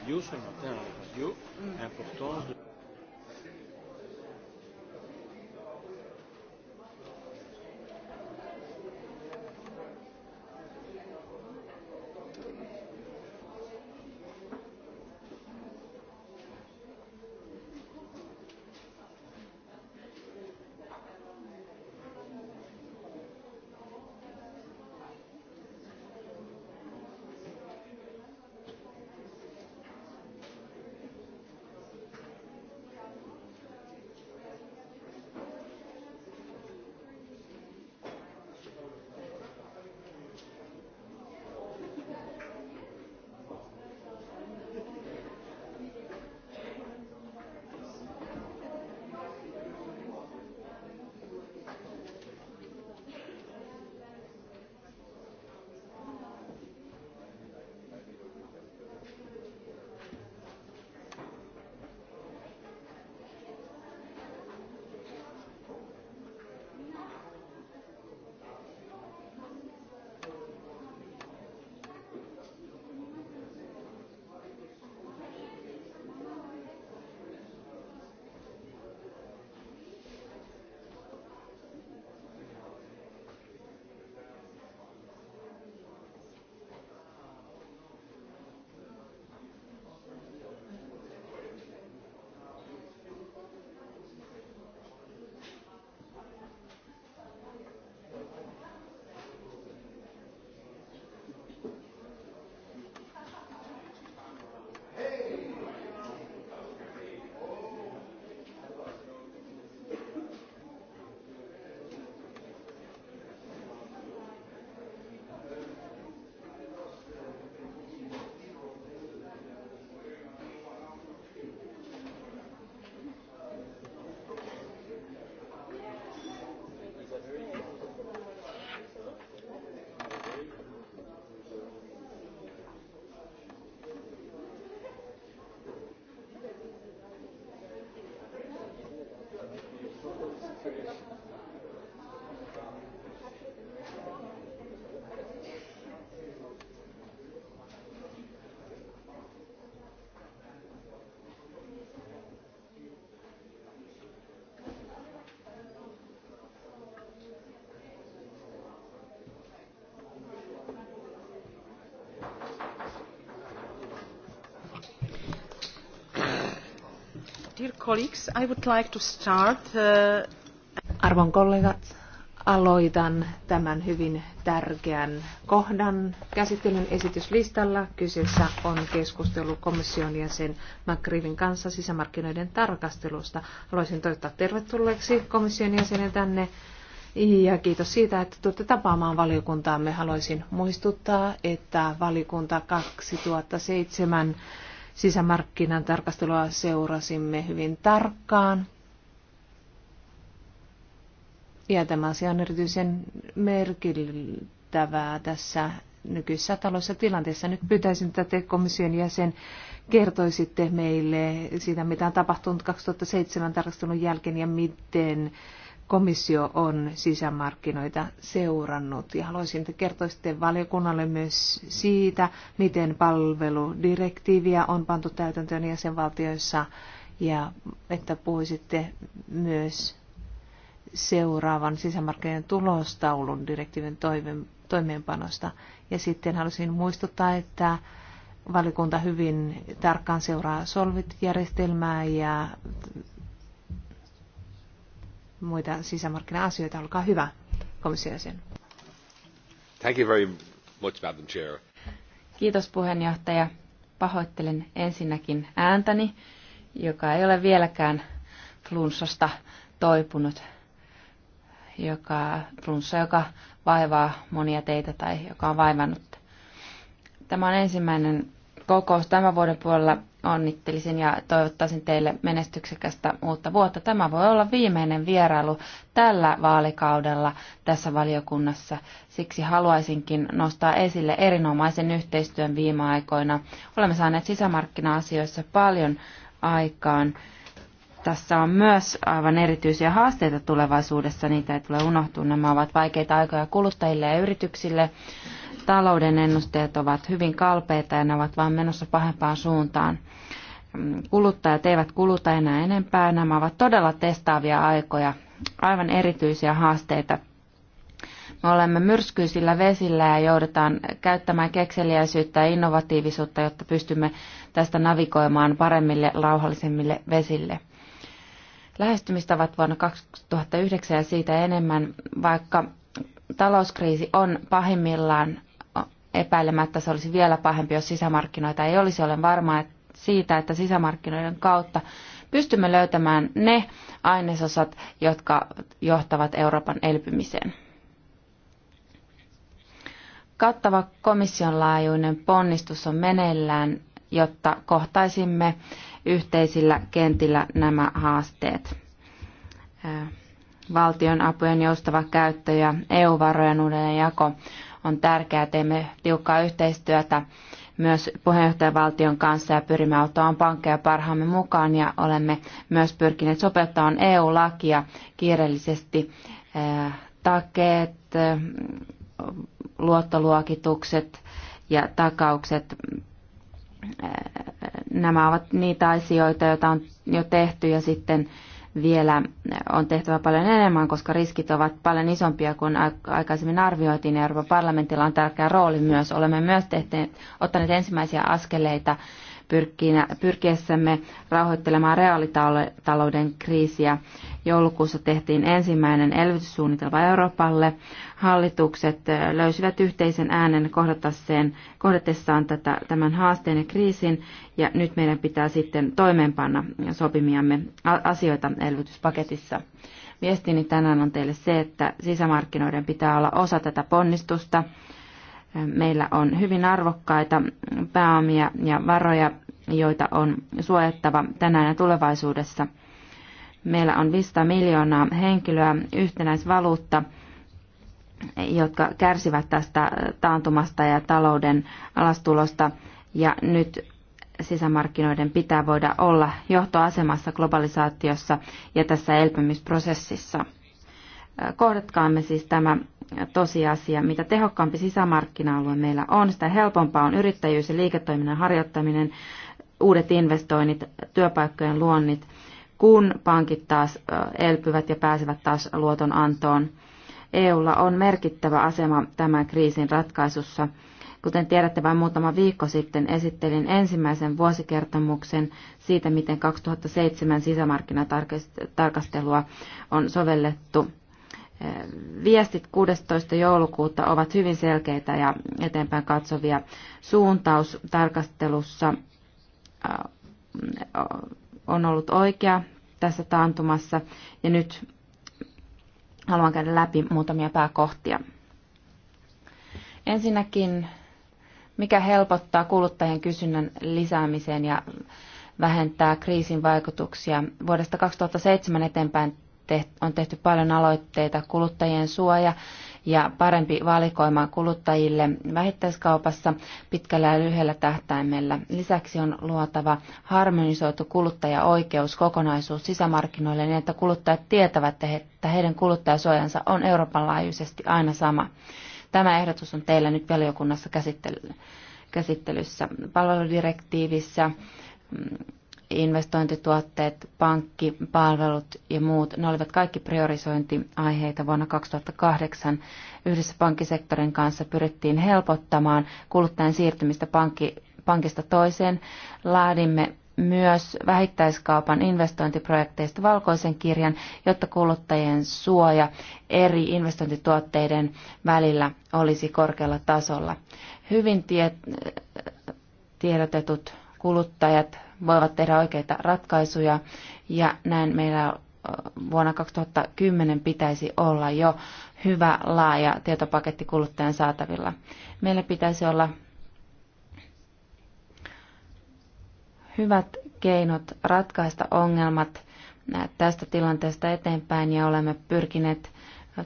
radio ce matin à la radio l'importance de Dear colleagues i would like to start the uh, Arvon kollegat, aloitan tämän hyvin tärkeän kohdan käsittelyn esityslistalla. Kyseessä on keskustelu komission jäsen McGrivin kanssa sisämarkkinoiden tarkastelusta. Haluaisin toivottaa tervetulleeksi komission jäsenen tänne. Ja kiitos siitä, että tulette tapaamaan valiokuntaa. Me Haluaisin muistuttaa, että valiokunta 2007 sisämarkkinan tarkastelua seurasimme hyvin tarkkaan ja tämä asia on erityisen merkittävää tässä nykyisessä talossa tilanteessa. Nyt pyytäisin, että te komission jäsen kertoisitte meille siitä, mitä on tapahtunut 2007 tarkastelun jälkeen ja miten komissio on sisämarkkinoita seurannut. Ja haluaisin, että kertoisitte valiokunnalle myös siitä, miten palveludirektiiviä on pantu täytäntöön jäsenvaltioissa ja että puhuisitte myös seuraavan sisämarkkinoiden tulostaulun direktiivin toimeenpanosta. Ja sitten halusin muistuttaa, että valikunta hyvin tarkkaan seuraa Solvit-järjestelmää ja muita sisämarkkina-asioita. Olkaa hyvä, komissiojäsen. Thank you very much, Madam Chair. Kiitos puheenjohtaja. Pahoittelen ensinnäkin ääntäni, joka ei ole vieläkään flunssasta toipunut joka, runsa, joka vaivaa monia teitä tai joka on vaivannut. Tämä on ensimmäinen kokous tämän vuoden puolella. Onnittelisin ja toivottaisin teille menestyksekästä uutta vuotta. Tämä voi olla viimeinen vierailu tällä vaalikaudella tässä valiokunnassa. Siksi haluaisinkin nostaa esille erinomaisen yhteistyön viime aikoina. Olemme saaneet sisämarkkina-asioissa paljon aikaan tässä on myös aivan erityisiä haasteita tulevaisuudessa, niitä ei tule unohtua. Nämä ovat vaikeita aikoja kuluttajille ja yrityksille. Talouden ennusteet ovat hyvin kalpeita ja ne ovat vain menossa pahempaan suuntaan. Kuluttajat eivät kuluta enää enempää. Nämä ovat todella testaavia aikoja, aivan erityisiä haasteita. Me olemme myrskyisillä vesillä ja joudutaan käyttämään kekseliäisyyttä ja innovatiivisuutta, jotta pystymme tästä navigoimaan paremmille, rauhallisemmille vesille lähestymistavat vuonna 2009 ja siitä enemmän, vaikka talouskriisi on pahimmillaan epäilemättä se olisi vielä pahempi, jos sisämarkkinoita ei olisi. Olen varma siitä, että sisämarkkinoiden kautta pystymme löytämään ne ainesosat, jotka johtavat Euroopan elpymiseen. Kattava komission laajuinen ponnistus on meneillään, jotta kohtaisimme yhteisillä kentillä nämä haasteet. Valtion apujen joustava käyttö ja EU-varojen jako on tärkeää. Teemme tiukkaa yhteistyötä myös puheenjohtajavaltion kanssa ja pyrimme auttamaan pankkeja parhaamme mukaan ja olemme myös pyrkineet sopeuttamaan EU-lakia kiireellisesti takeet, luottoluokitukset ja takaukset nämä ovat niitä asioita, joita on jo tehty ja sitten vielä on tehtävä paljon enemmän, koska riskit ovat paljon isompia kuin aikaisemmin arvioitiin. Euroopan parlamentilla on tärkeä rooli myös. Olemme myös tehneet, ottaneet ensimmäisiä askeleita pyrkiessämme rauhoittelemaan reaalitalouden kriisiä. Joulukuussa tehtiin ensimmäinen elvytyssuunnitelma Euroopalle. Hallitukset löysivät yhteisen äänen kohdatessaan tätä, tämän haasteen ja kriisin, ja nyt meidän pitää sitten toimeenpanna sopimiamme asioita elvytyspaketissa. Viestini tänään on teille se, että sisämarkkinoiden pitää olla osa tätä ponnistusta. Meillä on hyvin arvokkaita pääomia ja varoja, joita on suojattava tänään ja tulevaisuudessa. Meillä on 500 miljoonaa henkilöä yhtenäisvaluutta, jotka kärsivät tästä taantumasta ja talouden alastulosta. Ja nyt sisämarkkinoiden pitää voida olla johtoasemassa globalisaatiossa ja tässä elpymisprosessissa. Kohdatkaamme siis tämä tosiasia. Mitä tehokkaampi sisämarkkina-alue meillä on, sitä helpompaa on yrittäjyys ja liiketoiminnan harjoittaminen, uudet investoinnit, työpaikkojen luonnit, kun pankit taas elpyvät ja pääsevät taas luotonantoon. EUlla on merkittävä asema tämän kriisin ratkaisussa. Kuten tiedätte, vain muutama viikko sitten esittelin ensimmäisen vuosikertomuksen siitä, miten 2007 sisämarkkinatarkastelua on sovellettu viestit 16. joulukuuta ovat hyvin selkeitä ja eteenpäin katsovia. Suuntaus tarkastelussa on ollut oikea tässä taantumassa ja nyt haluan käydä läpi muutamia pääkohtia. Ensinnäkin, mikä helpottaa kuluttajien kysynnän lisäämiseen ja vähentää kriisin vaikutuksia. Vuodesta 2007 eteenpäin on tehty paljon aloitteita kuluttajien suoja ja parempi valikoima kuluttajille vähittäiskaupassa pitkällä ja lyhyellä tähtäimellä. Lisäksi on luotava harmonisoitu kuluttajaoikeuskokonaisuus sisämarkkinoille niin, että kuluttajat tietävät, että heidän kuluttajasuojansa on Euroopan laajuisesti aina sama. Tämä ehdotus on teillä nyt valiokunnassa käsittelyssä. Palveludirektiivissä mm, kaikki investointituotteet, pankkipalvelut ja muut, ne olivat kaikki priorisointiaiheita vuonna 2008. Yhdessä pankkisektorin kanssa pyrittiin helpottamaan kuluttajan siirtymistä pankki, pankista toiseen. Laadimme myös vähittäiskaupan investointiprojekteista valkoisen kirjan, jotta kuluttajien suoja eri investointituotteiden välillä olisi korkealla tasolla. Hyvin tie- tiedotetut kuluttajat voivat tehdä oikeita ratkaisuja ja näin meillä vuonna 2010 pitäisi olla jo hyvä laaja tietopaketti kuluttajan saatavilla. Meillä pitäisi olla hyvät keinot ratkaista ongelmat tästä tilanteesta eteenpäin ja olemme pyrkineet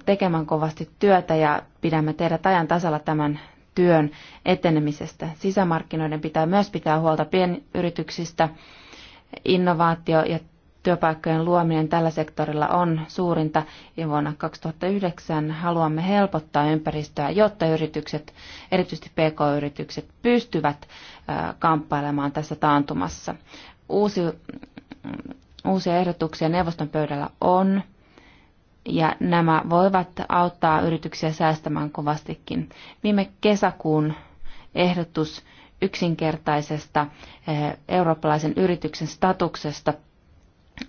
tekemään kovasti työtä ja pidämme teidät ajan tasalla tämän työn etenemisestä. Sisämarkkinoiden pitää myös pitää huolta pienyrityksistä. Innovaatio ja työpaikkojen luominen tällä sektorilla on suurinta ja vuonna 2009 haluamme helpottaa ympäristöä, jotta yritykset, erityisesti pk-yritykset, pystyvät kamppailemaan tässä taantumassa. Uusi, mm, uusia ehdotuksia neuvoston pöydällä on ja nämä voivat auttaa yrityksiä säästämään kovastikin. Viime kesäkuun ehdotus yksinkertaisesta eh, eurooppalaisen yrityksen statuksesta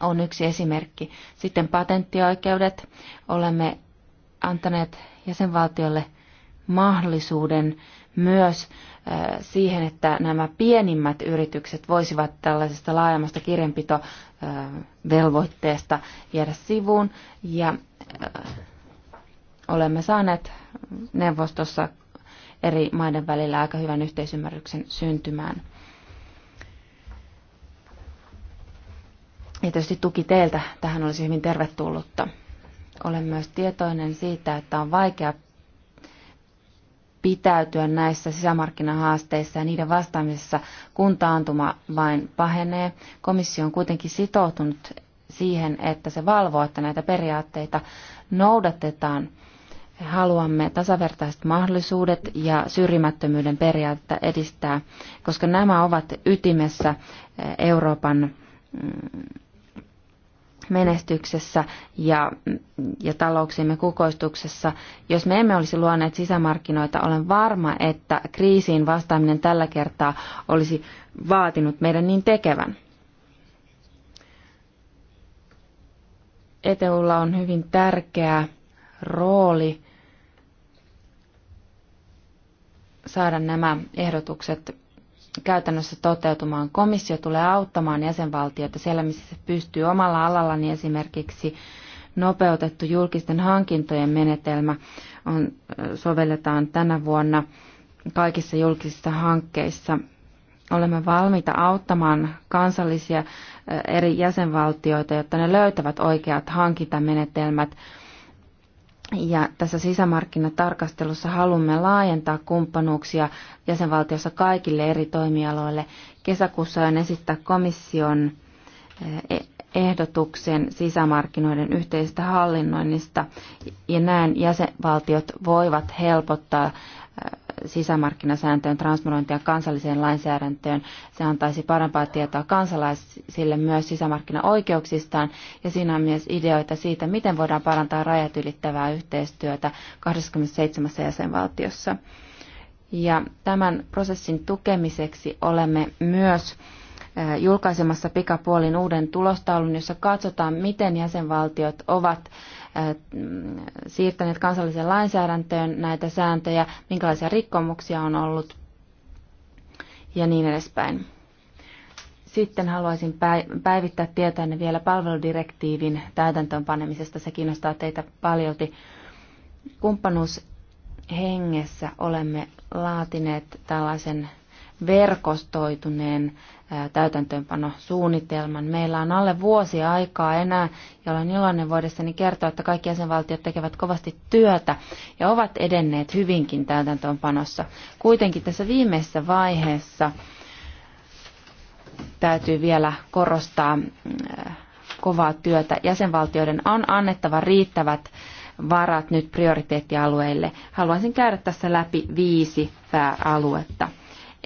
on yksi esimerkki. Sitten patenttioikeudet. Olemme antaneet jäsenvaltiolle mahdollisuuden myös siihen, että nämä pienimmät yritykset voisivat tällaisesta laajemmasta kirjanpitovelvoitteesta jäädä sivuun. Ja olemme saaneet neuvostossa eri maiden välillä aika hyvän yhteisymmärryksen syntymään. Ja tietysti tuki teiltä tähän olisi hyvin tervetullutta. Olen myös tietoinen siitä, että on vaikea pitäytyä näissä sisämarkkinahaasteissa ja niiden vastaamisessa, kun taantuma vain pahenee. Komissio on kuitenkin sitoutunut siihen, että se valvoo, että näitä periaatteita noudatetaan. Haluamme tasavertaiset mahdollisuudet ja syrjimättömyyden periaatetta edistää, koska nämä ovat ytimessä Euroopan mm, menestyksessä ja, ja talouksiemme kukoistuksessa. Jos me emme olisi luoneet sisämarkkinoita, olen varma, että kriisiin vastaaminen tällä kertaa olisi vaatinut meidän niin tekevän. ETUlla on hyvin tärkeä rooli saada nämä ehdotukset käytännössä toteutumaan. Komissio tulee auttamaan jäsenvaltioita siellä, missä se pystyy omalla alallani esimerkiksi nopeutettu julkisten hankintojen menetelmä on, sovelletaan tänä vuonna kaikissa julkisissa hankkeissa. Olemme valmiita auttamaan kansallisia eri jäsenvaltioita, jotta ne löytävät oikeat hankintamenetelmät ja tässä sisämarkkinatarkastelussa haluamme laajentaa kumppanuuksia jäsenvaltiossa kaikille eri toimialoille. Kesäkuussa on esittää komission eh, e, ehdotuksen sisämarkkinoiden yhteisestä hallinnoinnista ja näin jäsenvaltiot voivat helpottaa eh, sisämarkkinasääntöön transmorointia kansalliseen lainsäädäntöön. Se antaisi parempaa tietoa kansalaisille myös sisämarkkinaoikeuksistaan ja siinä on myös ideoita siitä, miten voidaan parantaa rajat ylittävää yhteistyötä 27 jäsenvaltiossa. Ja tämän prosessin tukemiseksi olemme myös Eh, julkaisemassa pikapuolin uuden tulostaulun, jossa katsotaan, miten jäsenvaltiot ovat eh, siirtäneet kansalliseen lainsäädäntöön näitä sääntöjä, minkälaisia rikkomuksia on ollut ja niin edespäin. Sitten haluaisin päivittää tietäenne vielä palveludirektiivin täytäntöönpanemisesta. Se kiinnostaa teitä paljolti. Kumppanuushengessä olemme laatineet tällaisen verkostoituneen täytäntöönpanosuunnitelman. Meillä on alle vuosi aikaa enää, ja olen iloinen voidessani kertoa, että kaikki jäsenvaltiot tekevät kovasti työtä ja ovat edenneet hyvinkin täytäntöönpanossa. Kuitenkin tässä viimeisessä vaiheessa täytyy vielä korostaa kovaa työtä. Jäsenvaltioiden on annettava riittävät varat nyt prioriteettialueille. Haluaisin käydä tässä läpi viisi pääaluetta.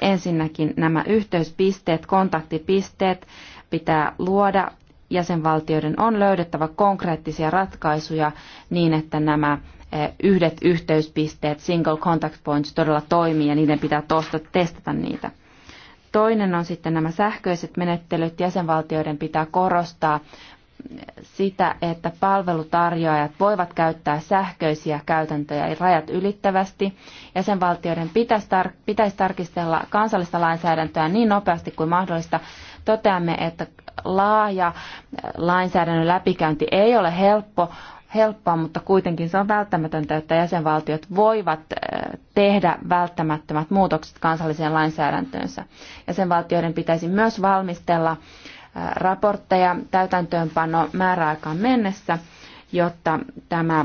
Ensinnäkin nämä yhteyspisteet, kontaktipisteet pitää luoda. Jäsenvaltioiden on löydettävä konkreettisia ratkaisuja niin, että nämä eh, yhdet yhteyspisteet, single contact points, todella toimii ja niiden pitää tosta, testata niitä. Toinen on sitten nämä sähköiset menettelyt. Jäsenvaltioiden pitää korostaa sitä, että palvelutarjoajat voivat käyttää sähköisiä käytäntöjä rajat ylittävästi. Jäsenvaltioiden pitäisi, tar- pitäisi tarkistella kansallista lainsäädäntöä niin nopeasti kuin mahdollista. Toteamme, että laaja äh, lainsäädännön läpikäynti ei ole helppo, helppoa, mutta kuitenkin se on välttämätöntä, että jäsenvaltiot voivat äh, tehdä välttämättömät muutokset kansalliseen lainsäädäntöönsä. Jäsenvaltioiden pitäisi myös valmistella äh, raportteja täytäntöönpano määräaikaan mennessä, jotta tämä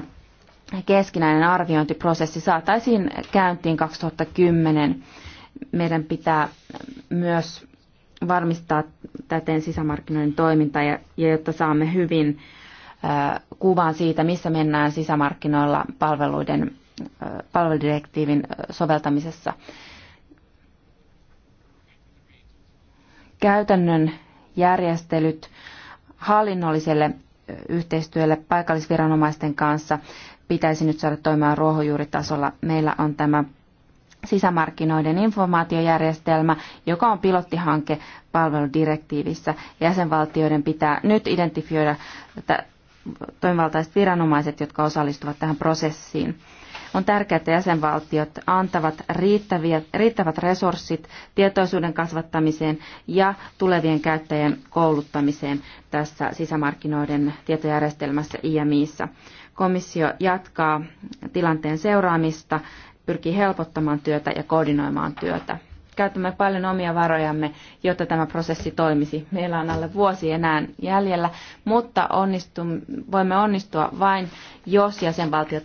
keskinäinen arviointiprosessi saataisiin käyntiin 2010. Meidän pitää myös varmistaa täten sisämarkkinoiden toiminta ja, ja jotta saamme hyvin kuvan siitä, missä mennään sisämarkkinoilla palveluiden, palveludirektiivin soveltamisessa. Käytännön järjestelyt hallinnolliselle yhteistyölle paikallisviranomaisten kanssa pitäisi nyt saada toimimaan ruohonjuuritasolla. Meillä on tämä sisämarkkinoiden informaatiojärjestelmä, joka on pilottihanke palveludirektiivissä. Jäsenvaltioiden pitää nyt identifioida toimivaltaiset viranomaiset, jotka osallistuvat tähän prosessiin. On tärkeää, että jäsenvaltiot antavat riittäviä, riittävät resurssit tietoisuuden kasvattamiseen ja tulevien käyttäjien kouluttamiseen tässä sisämarkkinoiden tietojärjestelmässä IMIissä. Komissio jatkaa tilanteen seuraamista, pyrkii helpottamaan työtä ja koordinoimaan työtä käytämme paljon omia varojamme, jotta tämä prosessi toimisi. Meillä on alle vuosi enää jäljellä, mutta onnistu, voimme onnistua vain, jos jäsenvaltiot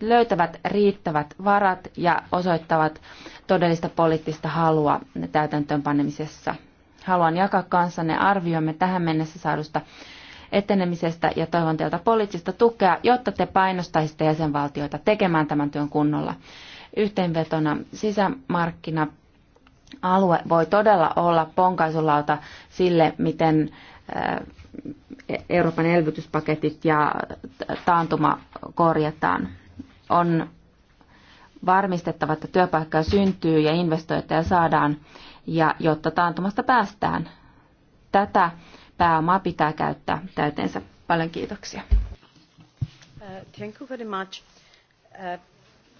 löytävät riittävät varat ja osoittavat todellista poliittista halua täytäntöönpanemisessa. Haluan jakaa kanssanne arviomme tähän mennessä saadusta etenemisestä ja toivon teiltä poliittista tukea, jotta te painostaisitte jäsenvaltioita tekemään tämän työn kunnolla. Yhteenvetona sisämarkkina alue voi todella olla ponkaisullauta sille, miten e- Euroopan elvytyspaketit ja taantuma korjataan. On varmistettava, että työpaikkoja syntyy ja investointeja saadaan, ja jotta taantumasta päästään. Tätä pääomaa pitää käyttää täyteensä. Paljon kiitoksia. Uh, thank you very much. Uh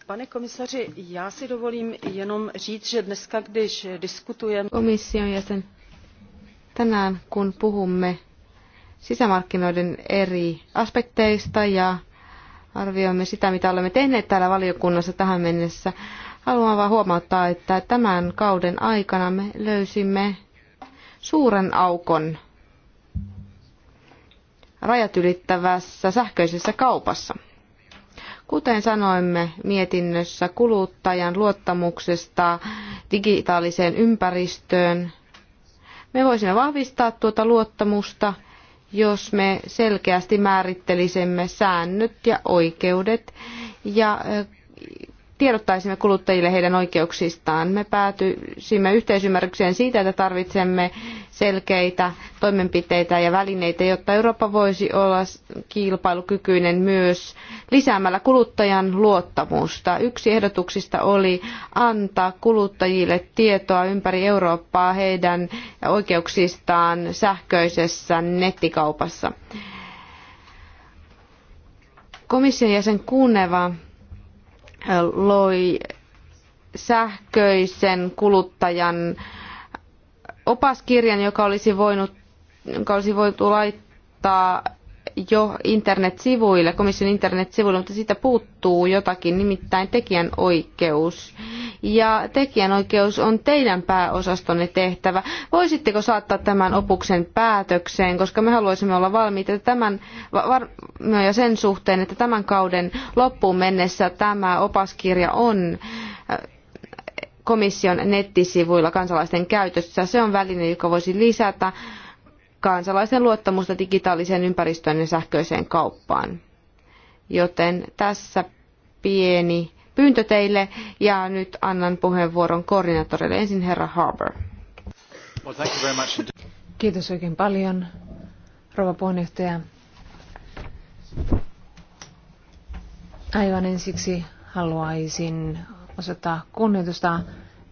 pane komisaři já si dovolím jenom říct že dnes když diskutujeme. tänään kun puhumme sisämarkkinoiden eri aspekteista ja arvioimme sitä mitä olemme tehneet täällä valiokunnassa tähän mennessä haluan vain huomauttaa että tämän kauden aikana me löysimme suuren aukon rajat ylittävässä sähköisessä kaupassa. Kuten sanoimme mietinnössä kuluttajan luottamuksesta digitaaliseen ympäristöön, me voisimme vahvistaa tuota luottamusta, jos me selkeästi määrittelisimme säännöt ja oikeudet ja tiedottaisimme kuluttajille heidän oikeuksistaan. Me päätyisimme yhteisymmärrykseen siitä, että tarvitsemme selkeitä toimenpiteitä ja välineitä, jotta Eurooppa voisi olla kilpailukykyinen myös lisäämällä kuluttajan luottamusta. Yksi ehdotuksista oli antaa kuluttajille tietoa ympäri Eurooppaa heidän oikeuksistaan sähköisessä nettikaupassa. Komission jäsen Kuneva loi sähköisen kuluttajan opaskirjan, joka olisi voinut joka olisi voitu laittaa jo internetsivuille, komission internetsivuille, mutta siitä puuttuu jotakin, nimittäin tekijänoikeus. Ja tekijänoikeus on teidän pääosastonne tehtävä. Voisitteko saattaa tämän opuksen päätökseen, koska me haluaisimme olla valmiita tämän, varmoja sen suhteen, että tämän kauden loppuun mennessä tämä opaskirja on äh, komission nettisivuilla kansalaisten käytössä. Se on väline, joka voisi lisätä kansalaisen luottamusta digitaaliseen ympäristöön ja sähköiseen kauppaan. Joten tässä pieni pyyntö teille ja nyt annan puheenvuoron koordinaattorille ensin herra Harbour. Kiitos oikein paljon, rouva puheenjohtaja. Aivan ensiksi haluaisin osoittaa kunnioitusta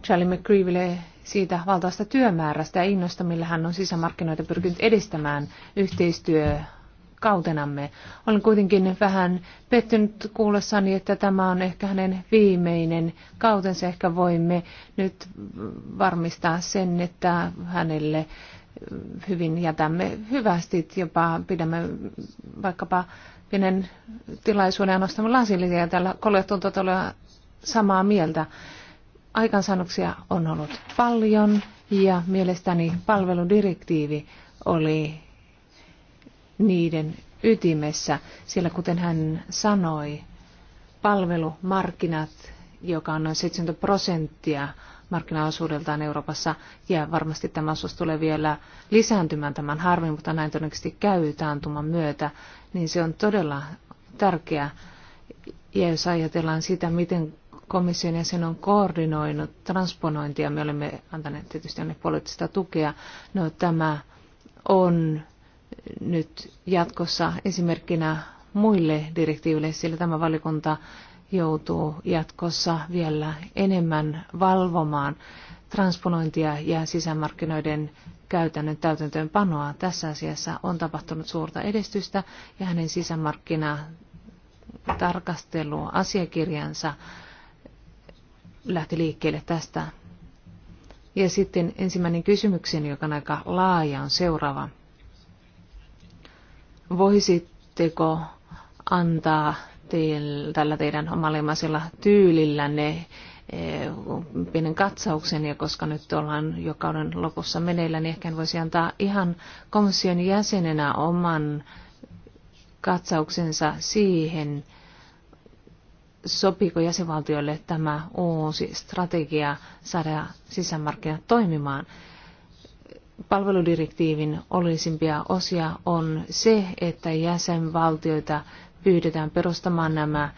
Charlie McCreeville, siitä valtaista työmäärästä ja innosta, millä hän on sisämarkkinoita pyrkinyt edistämään yhteistyö kautenamme. Olen kuitenkin vähän pettynyt kuullessani, että tämä on ehkä hänen viimeinen kautensa. Ehkä voimme nyt varmistaa sen, että hänelle hyvin jätämme hyvästi, jopa pidämme vaikkapa pienen tilaisuuden ja nostamme lasillisia. Täällä kollegat tuntuu olla samaa mieltä aikansaannoksia on ollut paljon ja mielestäni palveludirektiivi oli niiden ytimessä, sillä kuten hän sanoi, palvelumarkkinat, joka on noin 70 prosenttia markkinaosuudeltaan Euroopassa, ja varmasti tämä osuus tulee vielä lisääntymään tämän harvin, mutta näin todennäköisesti käy taantuman myötä, niin se on todella tärkeä. Ja jos ajatellaan sitä, miten komission jäsen on koordinoinut transponointia. Me olemme antaneet tietysti ne poliittista tukea. No, tämä on nyt jatkossa esimerkkinä muille direktiiville, sillä tämä valikunta joutuu jatkossa vielä enemmän valvomaan transponointia ja sisämarkkinoiden käytännön täytäntöönpanoa. Tässä asiassa on tapahtunut suurta edistystä ja hänen sisämarkkina tarkastelu asiakirjansa lähti liikkeelle tästä. Ja sitten ensimmäinen kysymykseni, joka on aika laaja, on seuraava. Voisitteko antaa teillä, tällä teidän omalimaisella tyylillänne eh, pienen katsauksen, ja koska nyt ollaan jo kauden lopussa meneillä, niin ehkä voisi antaa ihan komission jäsenenä oman katsauksensa siihen, sopiiko jäsenvaltioille tämä uusi strategia saada sisämarkkinat toimimaan. Palveludirektiivin olisimpia osia on se, että jäsenvaltioita pyydetään perustamaan nämä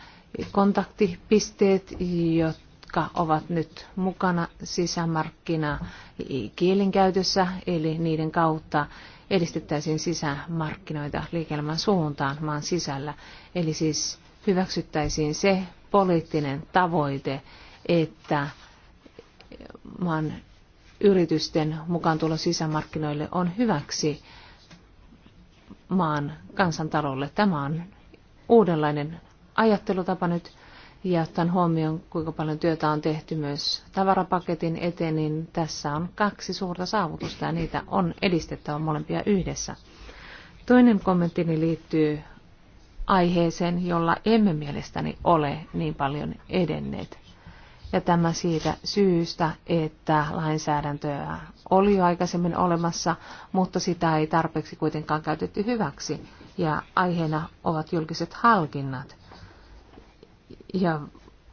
kontaktipisteet, jotka ovat nyt mukana sisämarkkina kielenkäytössä, eli niiden kautta edistettäisiin sisämarkkinoita liikelmän suuntaan maan sisällä. Eli siis hyväksyttäisiin se, poliittinen tavoite, että maan yritysten mukaan tulo sisämarkkinoille on hyväksi maan kansantalolle. Tämä on uudenlainen ajattelutapa nyt ja ottaen huomioon, kuinka paljon työtä on tehty myös tavarapaketin eteen, niin tässä on kaksi suurta saavutusta ja niitä on edistettävä molempia yhdessä. Toinen kommenttini liittyy aiheeseen, jolla emme mielestäni ole niin paljon edenneet. Ja tämä siitä syystä, että lainsäädäntöä oli jo aikaisemmin olemassa, mutta sitä ei tarpeeksi kuitenkaan käytetty hyväksi. Ja aiheena ovat julkiset halkinnat. Ja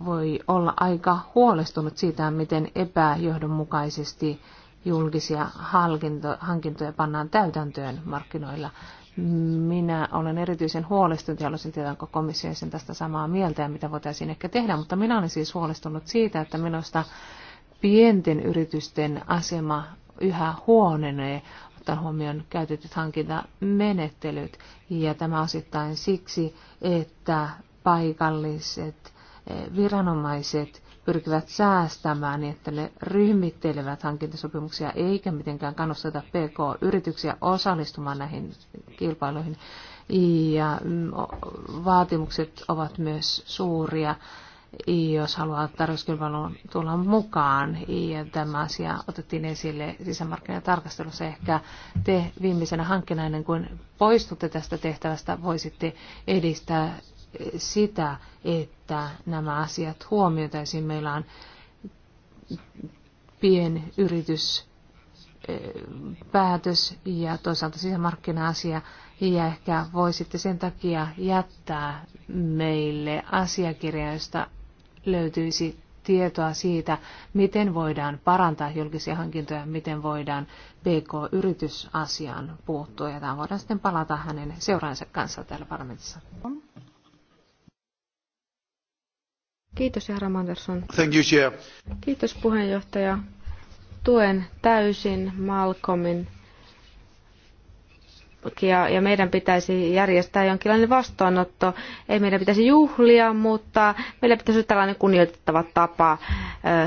voi olla aika huolestunut siitä, miten epäjohdonmukaisesti julkisia hankintoja pannaan täytäntöön markkinoilla. Minä olen erityisen huolestunut ja olisin tietää, onko komissio sen tästä samaa mieltä ja mitä voitaisiin ehkä tehdä, mutta minä olen siis huolestunut siitä, että minusta pienten yritysten asema yhä huononee, ottaen huomioon käytetyt hankintamenettelyt. Ja tämä osittain siksi, että paikalliset eh, viranomaiset pyrkivät säästämään niin, että ne ryhmittelevät hankintasopimuksia eikä mitenkään kannusteta PK-yrityksiä osallistumaan näihin kilpailuihin. Ja mm, vaatimukset ovat myös suuria, jos haluaa tarjouskilpailuun tulla mukaan. Ja tämä asia otettiin esille sisämarkkinatarkastelussa. Ehkä te viimeisenä hankkinainen, kun poistutte tästä tehtävästä voisitte edistää sitä, että nämä asiat huomioitaisiin. Meillä on pienyritys eh, päätös ja toisaalta sisämarkkina-asia ja ehkä voisitte sen takia jättää meille asiakirjoista löytyisi tietoa siitä, miten voidaan parantaa julkisia hankintoja, miten voidaan PK-yritysasiaan puuttua. Ja tämä voidaan sitten palata hänen seuraansa kanssa täällä parlamentissa. Kiitos, Jara Manderson. Thank you, Chair. Kiitos, puheenjohtaja. Tuen täysin Malcolmin ja, ja meidän pitäisi järjestää jonkinlainen vastaanotto. Ei meidän pitäisi juhlia, mutta meillä pitäisi olla tällainen kunnioitettava tapa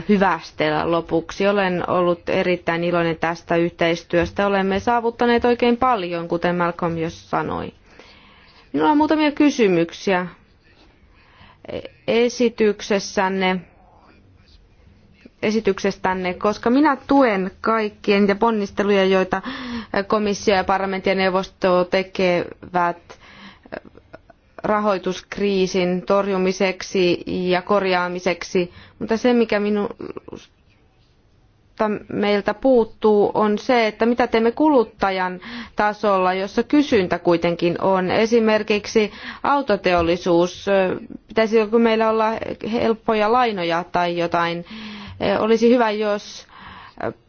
hyvästellä lopuksi. Olen ollut erittäin iloinen tästä yhteistyöstä. Olemme saavuttaneet oikein paljon, kuten Malcolm jo sanoi. Minulla on muutamia kysymyksiä esityksessänne esityksestänne, koska minä tuen kaikkia niitä ponnisteluja, joita komissio ja parlamentti ja neuvosto tekevät rahoituskriisin torjumiseksi ja korjaamiseksi. Mutta se, mikä minun meiltä puuttuu, on se, että mitä teemme kuluttajan tasolla, jossa kysyntä kuitenkin on. Esimerkiksi autoteollisuus, pitäisikö meillä olla helppoja lainoja tai jotain. Olisi hyvä, jos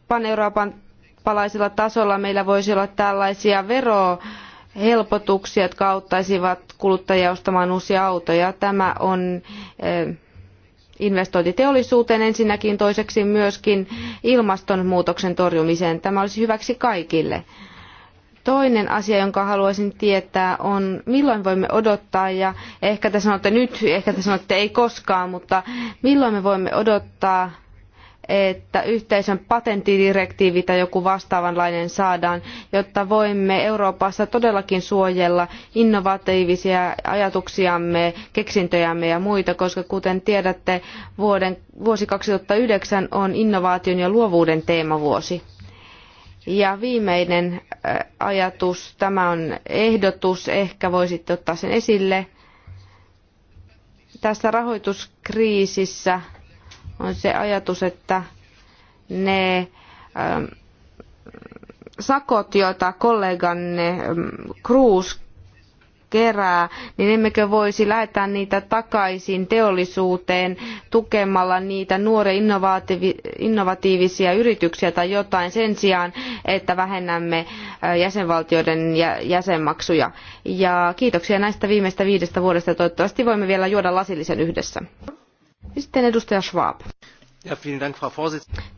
pan-Euroopan tasolla meillä voisi olla tällaisia verohelpotuksia, jotka auttaisivat kuluttajia ostamaan uusia autoja. Tämä on investointiteollisuuteen ensinnäkin, toiseksi myöskin ilmastonmuutoksen torjumiseen. Tämä olisi hyväksi kaikille. Toinen asia, jonka haluaisin tietää, on milloin voimme odottaa, ja ehkä te sanotte nyt, ehkä te sanotte ei koskaan, mutta milloin me voimme odottaa että yhteisön patenttidirektiivi tai joku vastaavanlainen saadaan, jotta voimme Euroopassa todellakin suojella innovatiivisia ajatuksiamme, keksintöjämme ja muita, koska kuten tiedätte, vuoden, vuosi 2009 on innovaation ja luovuuden teemavuosi. Ja viimeinen äh, ajatus, tämä on ehdotus, ehkä voisitte ottaa sen esille. Tässä rahoituskriisissä on se ajatus, että ne ähm, sakot, joita kolleganne ähm, Cruz kerää, niin emmekö voisi lähettää niitä takaisin teollisuuteen tukemalla niitä nuoria innovatiivisia yrityksiä tai jotain sen sijaan, että vähennämme äh, jäsenvaltioiden jäsenmaksuja. Ja kiitoksia näistä viimeistä viidestä vuodesta. Toivottavasti voimme vielä juoda lasillisen yhdessä. Sitten edustaja Schwab.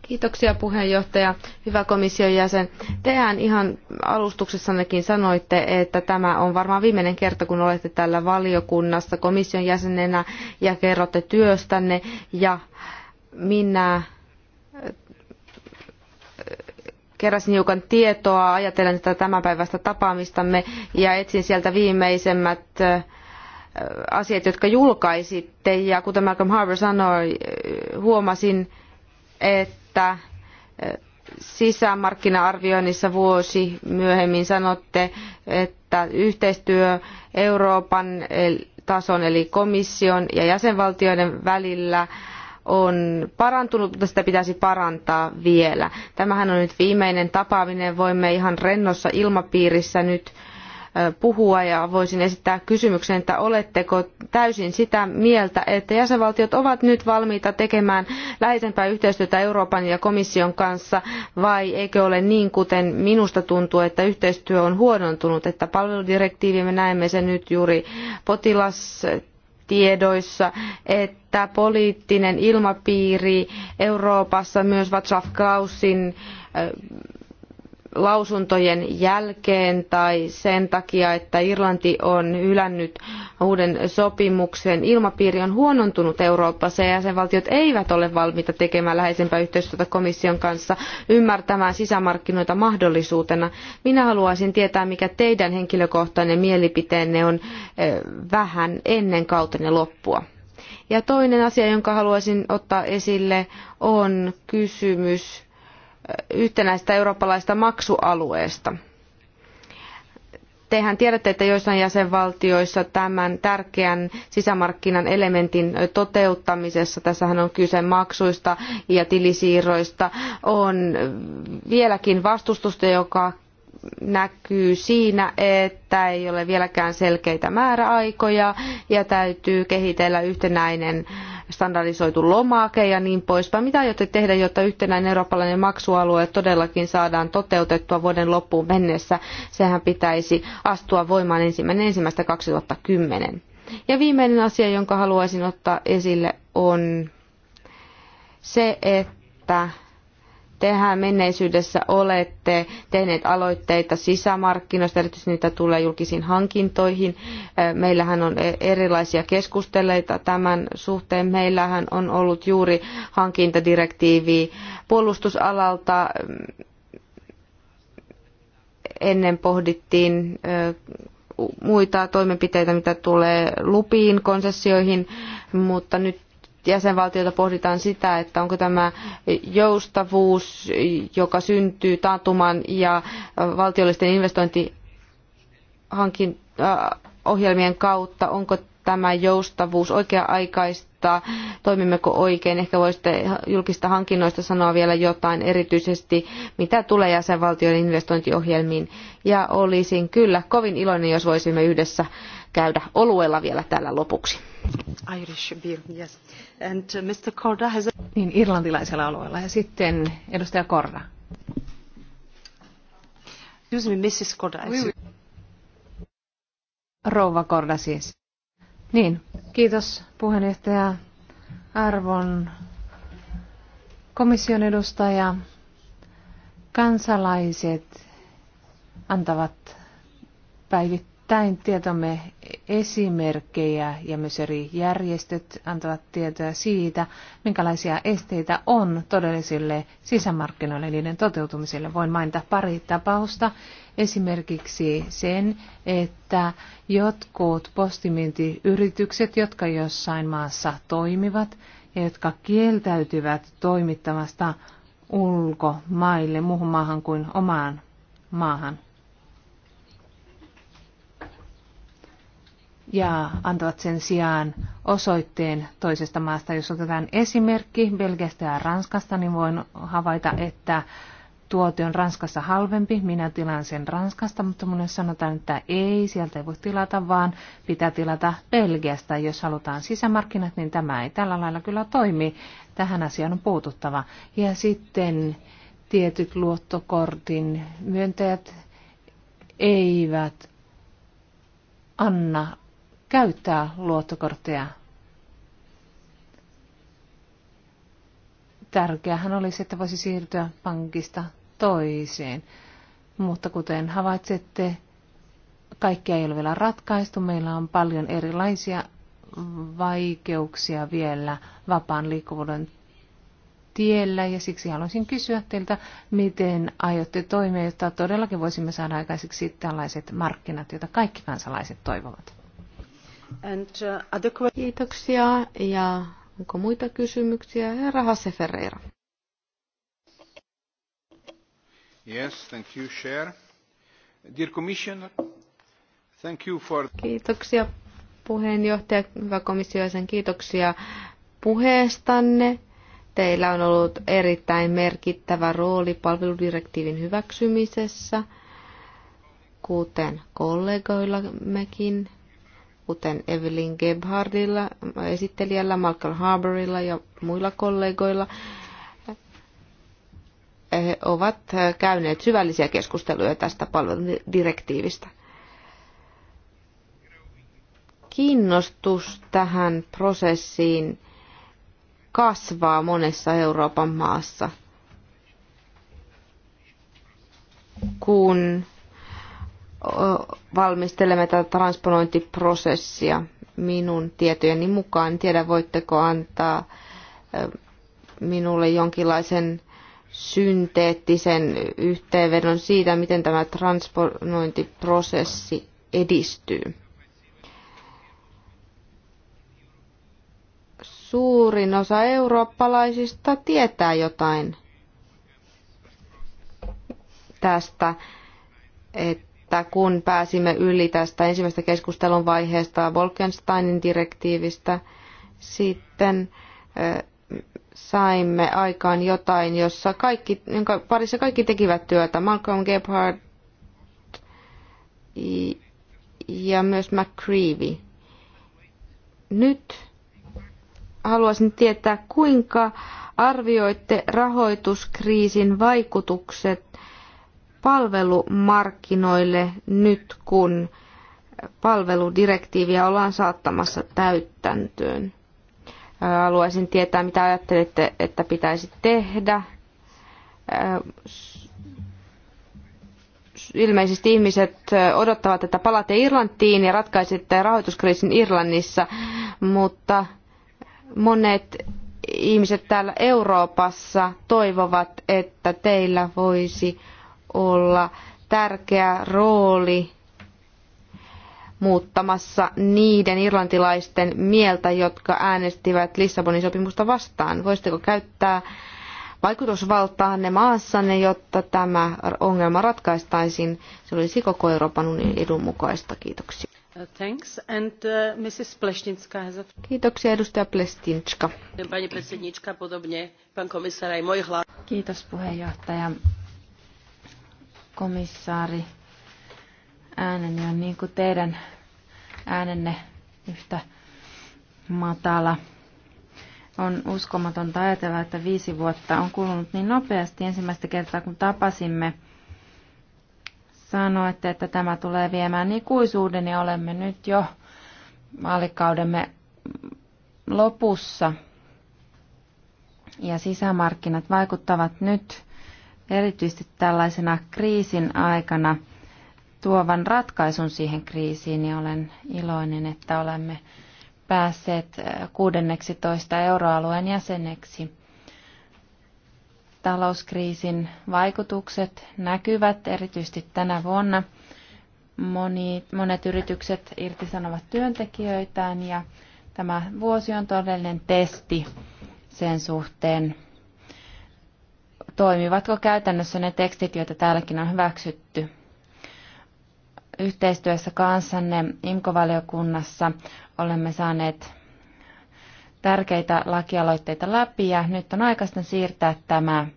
Kiitoksia puheenjohtaja. Hyvä komission jäsen. Tehän ihan alustuksessannekin sanoitte, että tämä on varmaan viimeinen kerta, kun olette tällä valiokunnassa komission jäsenenä ja kerrotte työstänne. Ja minä äh, keräsin hiukan tietoa ajatellen tätä tämänpäiväistä tapaamistamme ja etsin sieltä viimeisemmät äh, Äh, asiat, jotka julkaisitte. Ja kuten Malcolm Harbour sanoi, äh, huomasin, että äh, sisämarkkina-arvioinnissa vuosi myöhemmin sanotte, että yhteistyö Euroopan tason eli komission ja jäsenvaltioiden välillä on parantunut, mutta sitä pitäisi parantaa vielä. Tämähän on nyt viimeinen tapaaminen, voimme ihan rennossa ilmapiirissä nyt puhua ja voisin esittää kysymyksen, että oletteko täysin sitä mieltä, että jäsenvaltiot ovat nyt valmiita tekemään läheisempää yhteistyötä Euroopan ja komission kanssa vai eikö ole niin, kuten minusta tuntuu, että yhteistyö on huonontunut, että palveludirektiivi me näemme sen nyt juuri potilas tiedoissa, että poliittinen ilmapiiri Euroopassa myös Václav Klausin lausuntojen jälkeen tai sen takia, että Irlanti on hylännyt uuden sopimuksen. Ilmapiiri on huonontunut Euroopassa ja jäsenvaltiot eivät ole valmiita tekemään läheisempää yhteistyötä komission kanssa ymmärtämään sisämarkkinoita mahdollisuutena. Minä haluaisin tietää, mikä teidän henkilökohtainen mielipiteenne on eh, vähän ennen kautenne loppua. Ja toinen asia, jonka haluaisin ottaa esille, on kysymys yhtenäistä eurooppalaista maksualueesta. Tehän tiedätte, että joissain jäsenvaltioissa tämän tärkeän sisämarkkinan elementin toteuttamisessa, tässähän on kyse maksuista ja tilisiirroista, on vieläkin vastustusta, joka näkyy siinä, että ei ole vieläkään selkeitä määräaikoja ja täytyy kehitellä yhtenäinen standardisoitu lomake ja niin poispäin. Mitä aiotte tehdä, jotta yhtenäinen eurooppalainen maksualue todellakin saadaan toteutettua vuoden loppuun mennessä? Sehän pitäisi astua voimaan ensimmäinen ensimmäistä 2010. Ja viimeinen asia, jonka haluaisin ottaa esille, on se, että tehdään. menneisyydessä olette tehneet aloitteita sisämarkkinoista, erityisesti niitä tulee julkisiin hankintoihin. Meillähän on e, erilaisia keskusteleita tämän suhteen. Meillähän on ollut juuri hankintadirektiivi puolustusalalta. Ennen pohdittiin muita toimenpiteitä, mitä tulee lupiin, konsessioihin, mutta nyt jäsenvaltioita pohditaan sitä, että onko tämä joustavuus, joka syntyy taantuman ja valtiollisten investointiohjelmien äh, kautta, onko tämä joustavuus oikea-aikaista, toimimmeko oikein. Ehkä voisitte julkista hankinnoista sanoa vielä jotain erityisesti, mitä tulee jäsenvaltioiden investointiohjelmiin. Ja olisin kyllä kovin iloinen, jos voisimme yhdessä käydä oluella vielä tällä lopuksi. Irish beer, yes. And uh, Mr. Korda has a... Niin, irlantilaisella alueella. Ja sitten edustaja Korda. Excuse me, Mrs. Korda. Oui, Rouva Korda siis. Niin, kiitos puheenjohtaja Arvon komission edustaja. Kansalaiset antavat päivittäin päivittäin tietomme esimerkkejä ja myös eri järjestöt antavat tietoja siitä, minkälaisia esteitä on todellisille sisämarkkinoille ja niiden toteutumiselle. Voin mainita pari tapausta. Esimerkiksi sen, että jotkut postimintiyritykset, jotka jossain maassa toimivat ja jotka kieltäytyvät toimittamasta ulkomaille, muuhun maahan kuin omaan maahan, ja antavat sen sijaan osoitteen toisesta maasta. Jos otetaan esimerkki Belgiasta ja Ranskasta, niin voin havaita, että tuote on Ranskassa halvempi, minä tilaan sen Ranskasta, mutta minulle sanotaan, että ei, sieltä ei voi tilata, vaan pitää tilata Belgiasta. Jos halutaan sisämarkkinat, niin tämä ei tällä lailla kyllä toimi. Tähän asiaan on puututtava. Ja sitten tietyt luottokortin myöntäjät eivät anna käyttää luottokortteja. Tärkeähän olisi, että voisi siirtyä pankista toiseen. Mutta kuten havaitsette, kaikkea ei ole vielä ratkaistu. Meillä on paljon erilaisia vaikeuksia vielä vapaan liikkuvuuden tiellä ja siksi haluaisin kysyä teiltä, miten aiotte toimia, jotta todellakin voisimme saada aikaiseksi tällaiset markkinat, joita kaikki kansalaiset toivovat. Uh, kiitoksia. Ja onko muita kysymyksiä? Herra Hasse Ferreira. Yes, thank you, Chair. Dear Commissioner, thank you for... Kiitoksia puheenjohtaja, hyvä komissio sen kiitoksia puheestanne. Teillä on ollut erittäin merkittävä rooli palveludirektiivin hyväksymisessä, kuten kollegoillammekin kuten Evelyn Gebhardilla, esittelijällä, Malcolm Harbourilla ja muilla kollegoilla, he ovat käyneet syvällisiä keskusteluja tästä palveludirektiivistä. Kiinnostus tähän prosessiin kasvaa monessa Euroopan maassa, kun valmistelemme tätä transponointiprosessia minun tietojeni mukaan. Tiedä, voitteko antaa minulle jonkinlaisen synteettisen yhteenvedon siitä, miten tämä transponointiprosessi edistyy. Suurin osa eurooppalaisista tietää jotain tästä, että että kun pääsimme yli tästä ensimmäisestä keskustelun vaiheesta Wolkensteinin direktiivistä, sitten saimme aikaan jotain, jossa kaikki, jonka parissa kaikki tekivät työtä. Malcolm Gebhardt ja myös McCreevy. Nyt haluaisin tietää, kuinka arvioitte rahoituskriisin vaikutukset palvelumarkkinoille nyt, kun palveludirektiiviä ollaan saattamassa täyttäntöön. Haluaisin tietää, mitä ajattelette, että pitäisi tehdä. Ilmeisesti ihmiset odottavat, että palaatte Irlantiin ja ratkaisitte rahoituskriisin Irlannissa, mutta monet ihmiset täällä Euroopassa toivovat, että teillä voisi olla tärkeä rooli muuttamassa niiden irlantilaisten mieltä, jotka äänestivät Lissabonin sopimusta vastaan. Voisitteko käyttää vaikutusvaltaanne maassanne, jotta tämä ongelma ratkaistaisiin? Se olisi koko Euroopan unionin edun mukaista. Kiitoksia. Uh, thanks. And, uh, Mrs. Pleštinska has a... Kiitoksia edustaja Plestinska. Kiitos puheenjohtaja komissaari, ääneni on niin kuin teidän äänenne yhtä matala. On uskomatonta ajatella, että viisi vuotta on kulunut niin nopeasti ensimmäistä kertaa, kun tapasimme. Sanoitte, että tämä tulee viemään ikuisuuden ja olemme nyt jo vaalikaudemme lopussa. Ja sisämarkkinat vaikuttavat nyt erityisesti tällaisena kriisin aikana tuovan ratkaisun siihen kriisiin niin olen iloinen, että olemme päässeet 16 eh, euroalueen jäseneksi. Talouskriisin vaikutukset näkyvät erityisesti tänä vuonna. Moni, monet yritykset irtisanovat työntekijöitään ja tämä vuosi on todellinen testi sen suhteen, toimivatko käytännössä ne tekstit, joita täälläkin on hyväksytty. Yhteistyössä kanssanne IMKO-valiokunnassa olemme saaneet tärkeitä lakialoitteita läpi ja nyt on aikaista siirtää tämä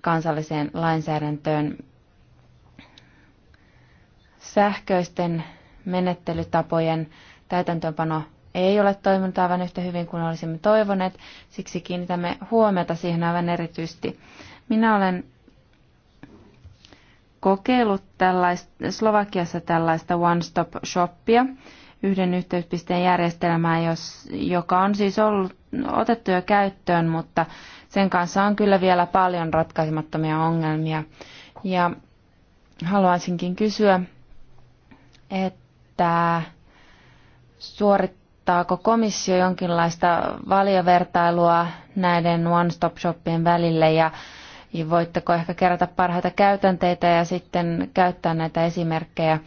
kansalliseen lainsäädäntöön sähköisten menettelytapojen täytäntöönpano ei ole toiminut aivan yhtä hyvin kuin olisimme toivoneet, siksi kiinnitämme huomiota siihen aivan erityisesti. Minä olen kokeillut tällaista, Slovakiassa tällaista one-stop-shoppia, yhden yhteyspisteen järjestelmää, jos, joka on siis ollut otettu jo käyttöön, mutta sen kanssa on kyllä vielä paljon ratkaisemattomia ongelmia. Ja haluaisinkin kysyä, että suorit noudattaako komissio jonkinlaista valiovertailua näiden one-stop-shoppien välille ja voitteko ehkä kerätä parhaita käytänteitä ja sitten käyttää näitä esimerkkejä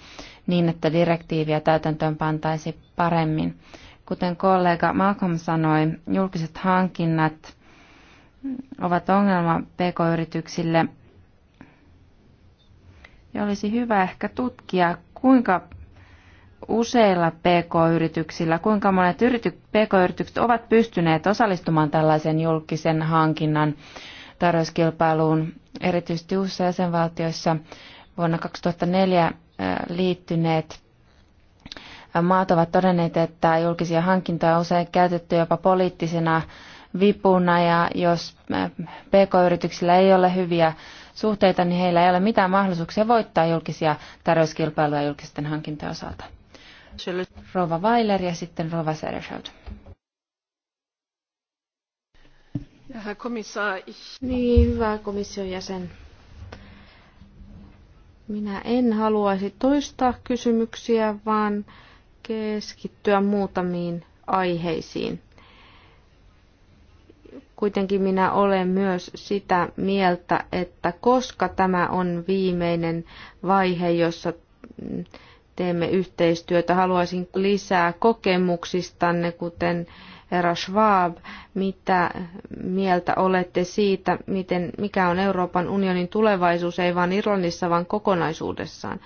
niin, että direktiiviä täytäntöön pantaisi paremmin. Kuten kollega Malcolm sanoi, julkiset hankinnat ovat ongelma pk-yrityksille. Ja olisi hyvä ehkä tutkia, kuinka useilla PK-yrityksillä, kuinka monet yrity- PK-yritykset ovat pystyneet osallistumaan tällaisen julkisen hankinnan tarjouskilpailuun, erityisesti uusissa jäsenvaltioissa vuonna 2004 äh, liittyneet äh, maat ovat todenneet, että julkisia hankintoja on usein käytetty jopa poliittisena vipuna ja jos äh, PK-yrityksillä ei ole hyviä suhteita, niin heillä ei ole mitään mahdollisuuksia voittaa julkisia tarjouskilpailuja julkisten hankintojen osalta. Rova Weiler ja sitten Rova Särefeld. Niin, hyvä komission jäsen. Minä en haluaisi toistaa kysymyksiä, vaan keskittyä muutamiin aiheisiin. Kuitenkin minä olen myös sitä mieltä, että koska tämä on viimeinen vaihe, jossa teemme yhteistyötä. Haluaisin lisää kokemuksistanne, kuten herra Schwab, mitä mieltä olette siitä, miten, mikä on Euroopan unionin tulevaisuus, ei vain Irlannissa, vaan kokonaisuudessaan.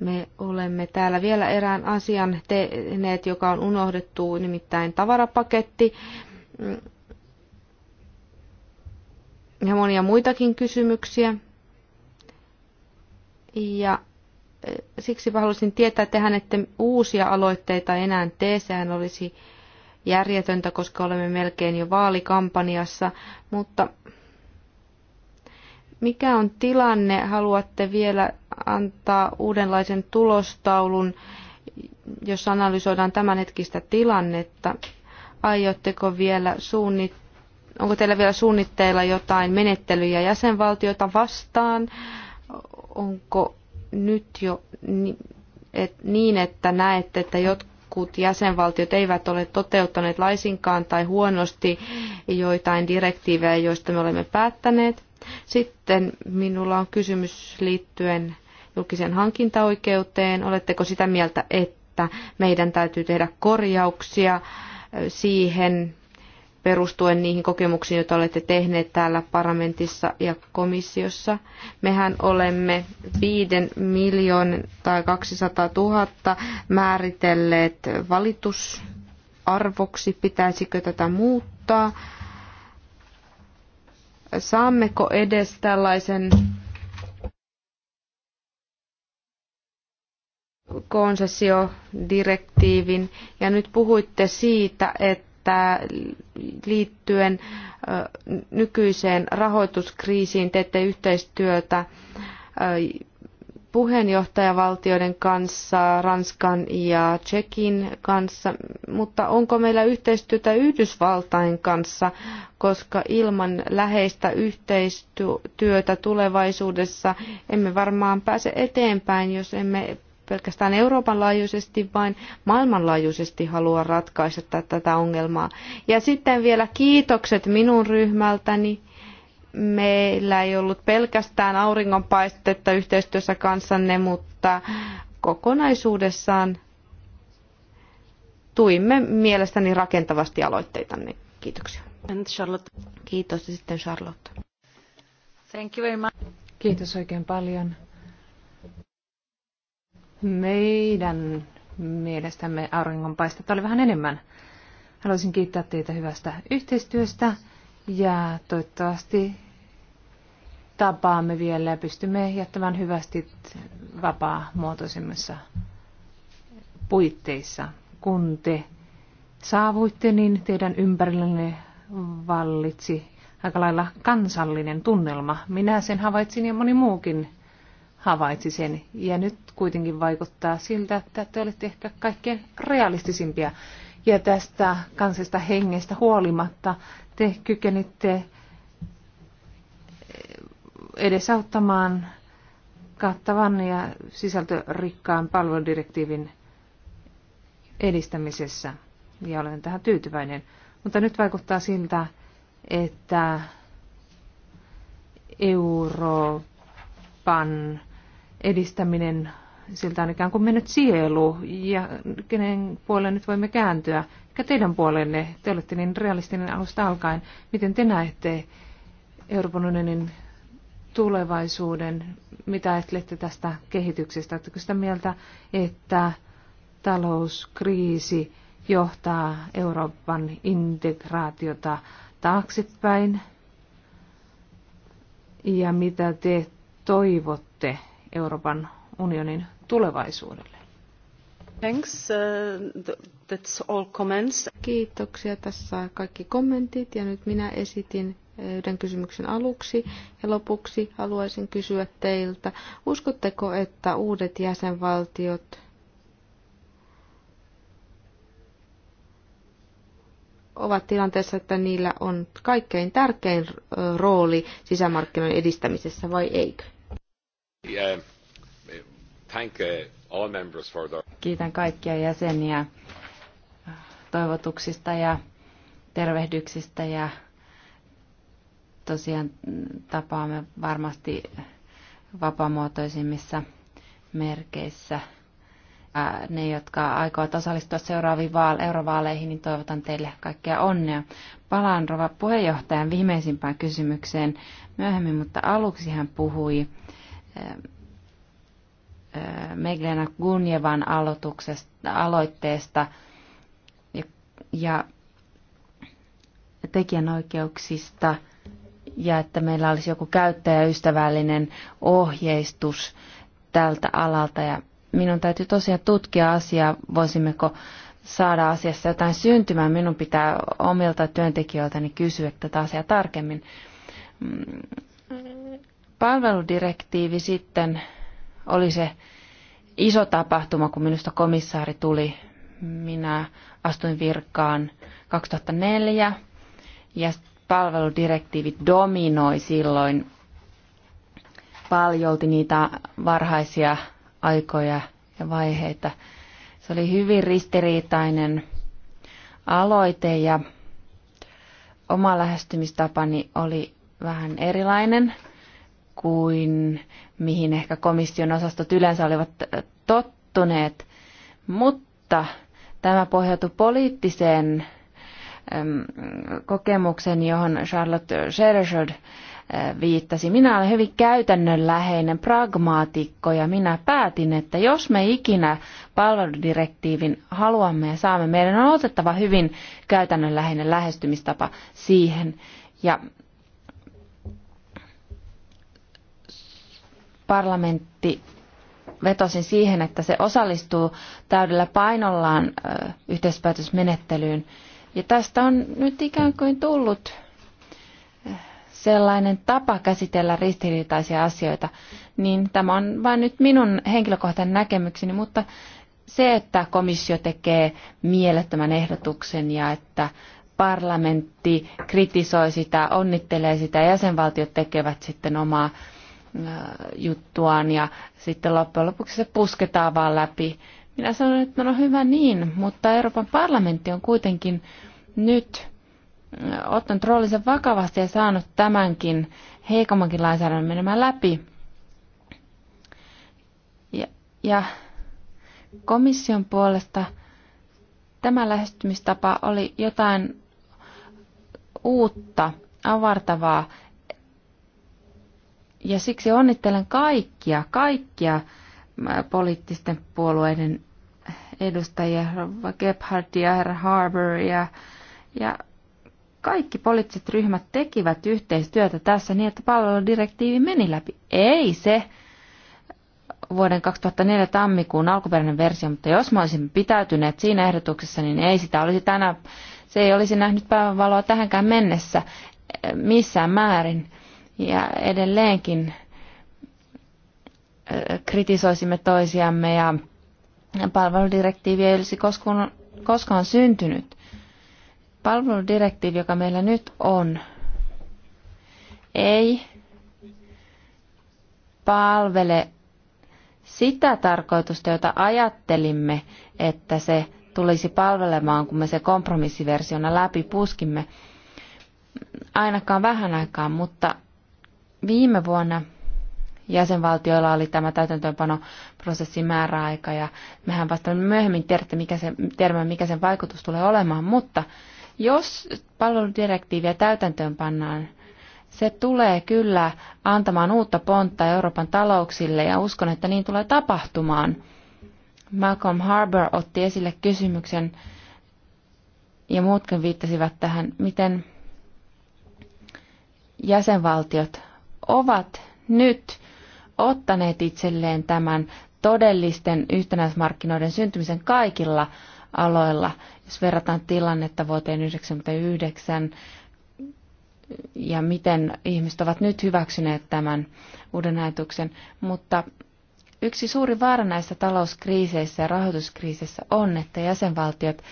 Me olemme täällä vielä erään asian tehneet, joka on unohdettu, nimittäin tavarapaketti ja monia muitakin kysymyksiä. Ja siksi haluaisin tietää, että tehän ette uusia aloitteita enää tee. Sehän olisi järjetöntä, koska olemme melkein jo vaalikampanjassa. Mutta mikä on tilanne? Haluatte vielä antaa uudenlaisen tulostaulun, jossa analysoidaan tämänhetkistä tilannetta. Aiotteko vielä suunnittaa? Onko teillä vielä suunnitteilla jotain menettelyjä jäsenvaltiota vastaan? Onko nyt jo niin, että näette, että jotkut jäsenvaltiot eivät ole toteuttaneet laisinkaan tai huonosti joitain direktiivejä, joista me olemme päättäneet. Sitten minulla on kysymys liittyen julkiseen hankintaoikeuteen. Oletteko sitä mieltä, että meidän täytyy tehdä korjauksia siihen perustuen niihin kokemuksiin, joita olette tehneet täällä parlamentissa ja komissiossa. Mehän olemme 5 miljoonan tai 200 000 määritelleet valitusarvoksi. Pitäisikö tätä muuttaa? Saammeko edes tällaisen konsessiodirektiivin? Ja nyt puhuitte siitä, että että liittyen nykyiseen rahoituskriisiin, teette yhteistyötä puheenjohtajavaltioiden kanssa, Ranskan ja Tsekin kanssa, mutta onko meillä yhteistyötä Yhdysvaltain kanssa, koska ilman läheistä yhteistyötä tulevaisuudessa emme varmaan pääse eteenpäin, jos emme pelkästään Euroopan laajuisesti, vaan maailmanlaajuisesti halua ratkaista tätä ongelmaa. Ja sitten vielä kiitokset minun ryhmältäni. Meillä ei ollut pelkästään auringonpaistetta yhteistyössä kanssanne, mutta kokonaisuudessaan tuimme mielestäni rakentavasti aloitteitanne. Kiitoksia. Kiitos ja sitten Charlotte. Thank you very much. Kiitos oikein paljon. Meidän mielestämme auringonpaistetta oli vähän enemmän. Haluaisin kiittää teitä hyvästä yhteistyöstä ja toivottavasti tapaamme vielä ja pystymme jättämään hyvästi vapaa muotoisemmissa puitteissa. Kun te saavuitte, niin teidän ympärillenne vallitsi aika lailla kansallinen tunnelma. Minä sen havaitsin ja moni muukin havaitsi sen. Ja nyt kuitenkin vaikuttaa siltä, että te olette ehkä kaikkein realistisimpia. Ja tästä kansesta hengestä huolimatta te kykenitte eh, edesauttamaan kattavan ja sisältörikkaan palveludirektiivin edistämisessä. Ja olen tähän tyytyväinen. Mutta nyt vaikuttaa siltä, että Euroopan edistäminen siltä on ikään kuin mennyt sielu, ja kenen puoleen nyt voimme kääntyä, ja teidän puolenne, te olette niin realistinen alusta alkaen, miten te näette Euroopan unionin tulevaisuuden, mitä ajattelette tästä kehityksestä, oletteko sitä mieltä, että talouskriisi johtaa Euroopan integraatiota taaksepäin, ja mitä te toivotte Euroopan unionin tulevaisuudelle. Thanks. Uh, that's all comments. Kiitoksia. Tässä kaikki kommentit ja nyt minä esitin uh, yhden kysymyksen aluksi ja lopuksi haluaisin kysyä teiltä, uskotteko, että uudet jäsenvaltiot ovat tilanteessa, että niillä on kaikkein tärkein uh, rooli sisämarkkinoiden edistämisessä vai eikö? Uh, Kiitän kaikkia jäseniä uh, toivotuksista ja tervehdyksistä ja tosiaan mm, tapaamme varmasti vapaamuotoisimmissa merkeissä. Ne, jotka aikovat osallistua seuraaviin vaale- eurovaaleihin, niin toivotan teille kaikkea onnea. Palaan rova puheenjohtajan viimeisimpään kysymykseen myöhemmin, mutta aluksi hän puhui Meglena Gunjevan aloitteesta ja, ja tekijänoikeuksista ja että meillä olisi joku käyttäjäystävällinen ohjeistus tältä alalta. Ja minun täytyy tosiaan tutkia asiaa, voisimmeko saada asiassa jotain syntymään. Minun pitää omilta työntekijöiltäni kysyä tätä asiaa tarkemmin. Mm, Palveludirektiivi sitten oli se iso tapahtuma, kun minusta komissaari tuli. Minä astuin virkaan 2004 ja palveludirektiivi dominoi silloin paljolti niitä varhaisia aikoja ja vaiheita. Se oli hyvin ristiriitainen aloite ja oma lähestymistapani oli vähän erilainen kuin mihin ehkä komission osastot yleensä olivat tottuneet. Mutta tämä pohjautui poliittiseen kokemuksen, johon Charlotte Sherrod viittasi. Minä olen hyvin käytännönläheinen pragmaatikko ja minä päätin, että jos me ikinä palveludirektiivin haluamme ja saamme, meidän on otettava hyvin käytännönläheinen lähestymistapa siihen. Ja parlamentti vetosi siihen, että se osallistuu täydellä painollaan yhteispäätösmenettelyyn. Ja tästä on nyt ikään kuin tullut sellainen tapa käsitellä ristiriitaisia asioita, niin tämä on vain nyt minun henkilökohtainen näkemykseni, mutta se, että komissio tekee mielettömän ehdotuksen ja että parlamentti kritisoi sitä, onnittelee sitä ja jäsenvaltiot tekevät sitten omaa Äh, juttuaan ja sitten loppujen lopuksi se pusketaan vaan läpi. Minä sanon, että no hyvä niin, mutta Euroopan parlamentti on kuitenkin nyt äh, ottanut roolinsa vakavasti ja saanut tämänkin heikommankin lainsäädännön menemään läpi. Ja, ja komission puolesta tämä lähestymistapa oli jotain uutta, avartavaa ja siksi onnittelen kaikkia, kaikkia poliittisten puolueiden edustajia, Gebhardt ja herra Harbour ja, ja kaikki poliittiset ryhmät tekivät yhteistyötä tässä niin, että palveludirektiivi meni läpi. Ei se vuoden 2004 tammikuun alkuperäinen versio, mutta jos me olisimme pitäytyneet siinä ehdotuksessa, niin ei sitä olisi tänä, se ei olisi nähnyt päivänvaloa tähänkään mennessä missään määrin. Ja edelleenkin kritisoisimme toisiamme ja palveludirektiivi ei olisi koskaan, koskaan syntynyt. Palveludirektiivi, joka meillä nyt on, ei palvele sitä tarkoitusta, jota ajattelimme, että se tulisi palvelemaan, kun me se kompromissiversiona läpi puskimme ainakaan vähän aikaa, mutta Viime vuonna jäsenvaltioilla oli tämä täytäntöönpanoprosessin määräaika ja mehän vasta myöhemmin tiedätte, mikä se, tiedämme, mikä sen vaikutus tulee olemaan, mutta jos palveludirektiiviä täytäntöön pannaan, se tulee kyllä antamaan uutta pontta Euroopan talouksille ja uskon, että niin tulee tapahtumaan. Malcolm Harbour otti esille kysymyksen ja muutkin viittasivat tähän, miten jäsenvaltiot ovat nyt ottaneet itselleen tämän todellisten yhtenäismarkkinoiden syntymisen kaikilla aloilla. Jos verrataan tilannetta vuoteen 1999 ja miten ihmiset ovat nyt hyväksyneet tämän uuden ajatuksen, mutta yksi suuri vaara näissä talouskriiseissä ja rahoituskriiseissä on, että jäsenvaltiot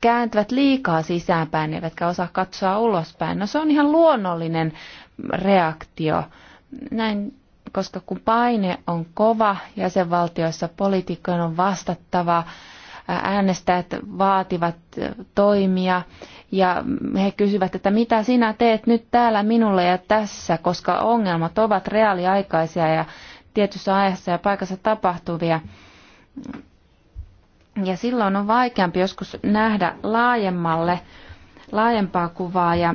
kääntyvät liikaa sisäänpäin, eivätkä osaa katsoa ulospäin. No se on ihan luonnollinen reaktio. Näin, koska kun paine on kova jäsenvaltioissa, poliitikkojen on vastattava, äänestäjät vaativat toimia ja he kysyvät, että mitä sinä teet nyt täällä minulle ja tässä, koska ongelmat ovat reaaliaikaisia ja tietyssä ajassa ja paikassa tapahtuvia. Ja silloin on vaikeampi joskus nähdä laajemmalle, laajempaa kuvaa ja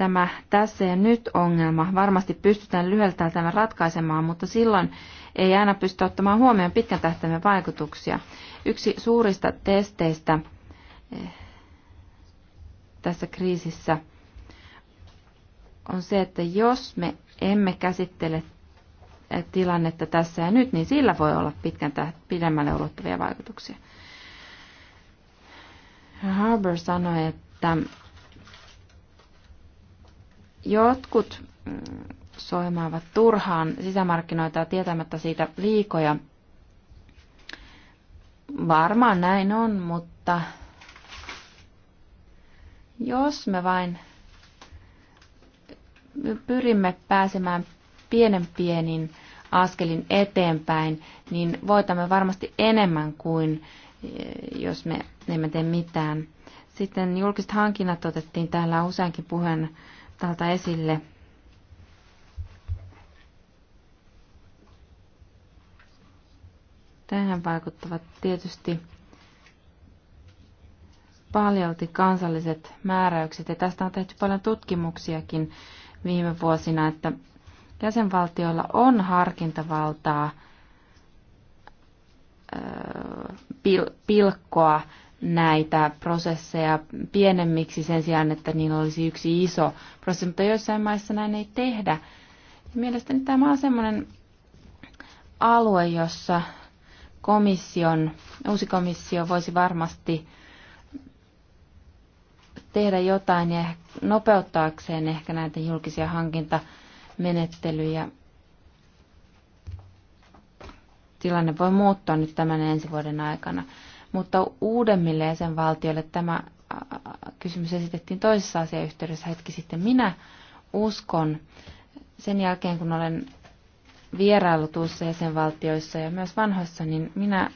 tämä tässä ja nyt ongelma varmasti pystytään lyhyeltä tämän ratkaisemaan, mutta silloin ei aina pysty ottamaan huomioon pitkän tähtäimen vaikutuksia. Yksi suurista testeistä eh, tässä kriisissä on se, että jos me emme käsittele eh, tilannetta tässä ja nyt, niin sillä voi olla pitkän pidemmälle ulottuvia vaikutuksia. Harbour sanoi, että Jotkut mm, soimaavat turhaan sisämarkkinoita tietämättä siitä liikoja. Varmaan näin on, mutta jos me vain pyrimme pääsemään pienen pienin askelin eteenpäin, niin voitamme varmasti enemmän kuin eh, jos me emme tee mitään. Sitten julkiset hankinnat otettiin täällä useankin puheen tältä esille. Tähän vaikuttavat tietysti paljolti kansalliset määräykset, ja tästä on tehty paljon tutkimuksiakin viime vuosina, että jäsenvaltioilla on harkintavaltaa pilkkoa näitä prosesseja pienemmiksi sen sijaan, että niillä olisi yksi iso prosessi, mutta joissain maissa näin ei tehdä. Ja mielestäni tämä on sellainen alue, jossa komission, uusi komissio voisi varmasti tehdä jotain ja nopeuttaakseen ehkä näitä julkisia hankintamenettelyjä. Tilanne voi muuttua nyt tämän ensi vuoden aikana mutta uudemmille jäsenvaltioille tämä kysymys esitettiin toisessa asiayhteydessä hetki sitten. Minä uskon sen jälkeen, kun olen vieraillut uusissa jäsenvaltioissa ja myös vanhoissa, niin minä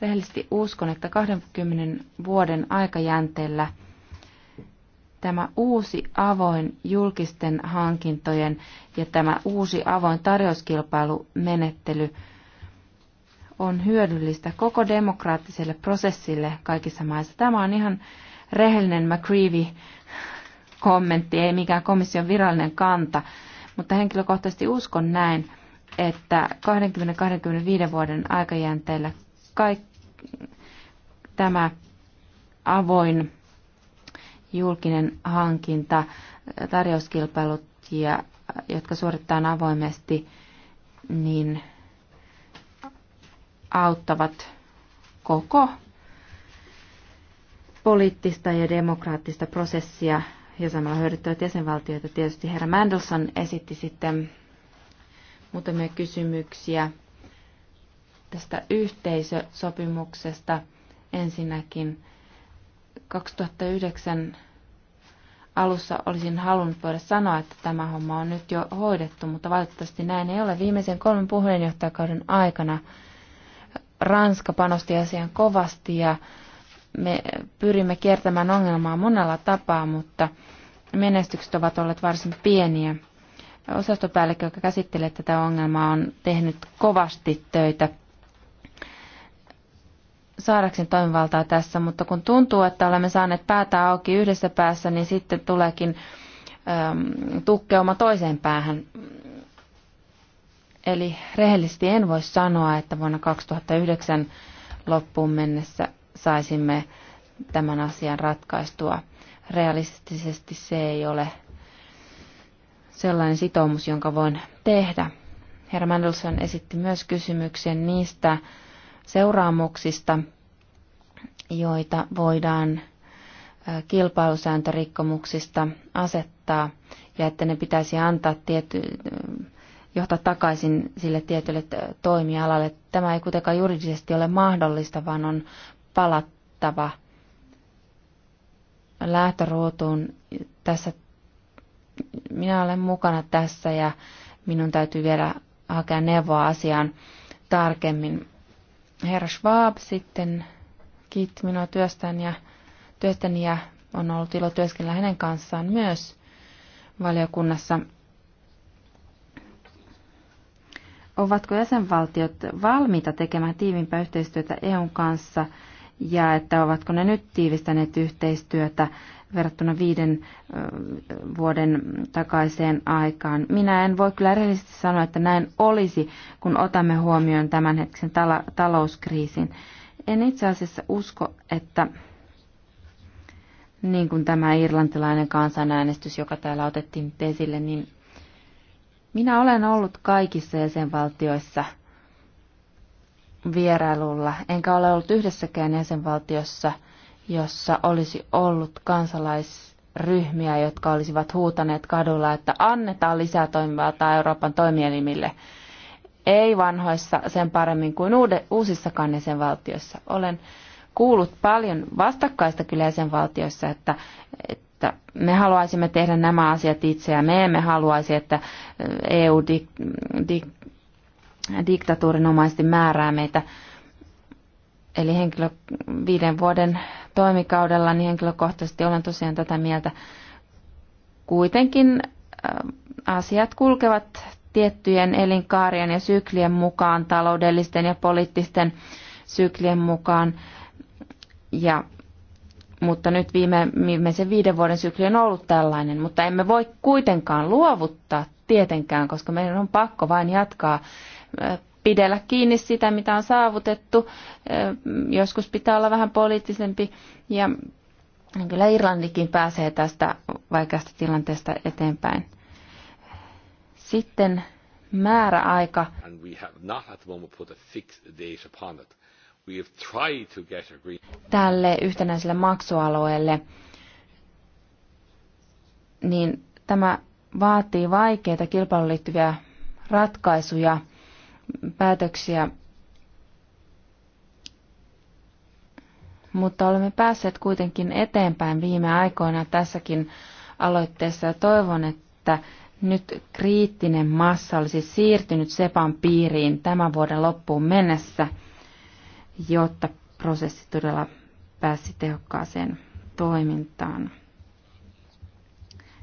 rehellisesti uskon, että 20 vuoden aikajänteellä tämä uusi avoin julkisten hankintojen ja tämä uusi avoin tarjouskilpailumenettely menettely on hyödyllistä koko demokraattiselle prosessille kaikissa maissa. Tämä on ihan rehellinen McCreevy kommentti, ei mikään komission virallinen kanta, mutta henkilökohtaisesti uskon näin, että 20-25 vuoden aikajänteellä kaikki tämä avoin julkinen hankinta, tarjouskilpailut, ja, jotka suoritetaan avoimesti, niin auttavat koko poliittista ja demokraattista prosessia ja samalla hyödyttävät jäsenvaltioita. Tietysti herra Mandelson esitti sitten muutamia kysymyksiä tästä yhteisösopimuksesta. Ensinnäkin 2009 alussa olisin halunnut voida sanoa, että tämä homma on nyt jo hoidettu, mutta valitettavasti näin ei ole. Viimeisen kolmen puheenjohtajakauden aikana Ranska panosti asian kovasti ja me pyrimme kiertämään ongelmaa monella tapaa, mutta menestykset ovat olleet varsin pieniä. Osastopäällikkö, joka käsittelee tätä ongelmaa, on tehnyt kovasti töitä saadakseen toimivaltaa tässä, mutta kun tuntuu, että olemme saaneet päätä auki yhdessä päässä, niin sitten tuleekin tukkeuma toiseen päähän. Eli rehellisesti en voi sanoa, että vuonna 2009 loppuun mennessä saisimme tämän asian ratkaistua. Realistisesti se ei ole sellainen sitoumus, jonka voin tehdä. Herra Mandelson esitti myös kysymyksen niistä seuraamuksista, joita voidaan kilpailusääntörikkomuksista asettaa ja että ne pitäisi antaa tietty, johtaa takaisin sille tietylle toimialalle. Tämä ei kuitenkaan juridisesti ole mahdollista, vaan on palattava lähtöruutuun. Tässä, minä olen mukana tässä ja minun täytyy vielä hakea neuvoa asiaan tarkemmin. Herra Schwab sitten kiitti minua työstäni ja, työstäni ja on ollut ilo työskennellä hänen kanssaan myös valiokunnassa. ovatko jäsenvaltiot valmiita tekemään tiivimpää yhteistyötä EUn kanssa ja että ovatko ne nyt tiivistäneet yhteistyötä verrattuna viiden vuoden takaiseen aikaan. Minä en voi kyllä rehellisesti sanoa, että näin olisi, kun otamme huomioon tämän hetken talouskriisin. En itse asiassa usko, että niin kuin tämä irlantilainen kansanäänestys, joka täällä otettiin esille, niin minä olen ollut kaikissa jäsenvaltioissa vierailulla, enkä ole ollut yhdessäkään jäsenvaltiossa, jossa olisi ollut kansalaisryhmiä, jotka olisivat huutaneet kadulla, että annetaan lisää toimivaltaa Euroopan toimielimille. Ei vanhoissa sen paremmin kuin uude, uusissakaan jäsenvaltioissa. Olen kuullut paljon vastakkaista kyllä jäsenvaltioissa, että, että että me haluaisimme tehdä nämä asiat itse ja me emme haluaisi, että äh, EU di, di, diktatuurinomaisesti määrää meitä. Eli henkilö, viiden vuoden toimikaudella niin henkilökohtaisesti olen tosiaan tätä mieltä. Kuitenkin äh, asiat kulkevat tiettyjen elinkaarien ja syklien mukaan, taloudellisten ja poliittisten syklien mukaan. Ja mutta nyt viime, viimeisen viiden vuoden sykli on ollut tällainen, mutta emme voi kuitenkaan luovuttaa tietenkään, koska meidän on pakko vain jatkaa pidellä kiinni sitä, mitä on saavutettu. Joskus pitää olla vähän poliittisempi ja kyllä Irlannikin pääsee tästä vaikeasta tilanteesta eteenpäin. Sitten määräaika. And we have not at the moment put a fixed date upon it tälle yhtenäiselle maksualueelle, niin tämä vaatii vaikeita kilpailuun liittyviä ratkaisuja, päätöksiä, mutta olemme päässeet kuitenkin eteenpäin viime aikoina tässäkin aloitteessa ja toivon, että nyt kriittinen massa olisi siirtynyt SEPAn piiriin tämän vuoden loppuun mennessä – jotta prosessi todella pääsi tehokkaaseen toimintaan.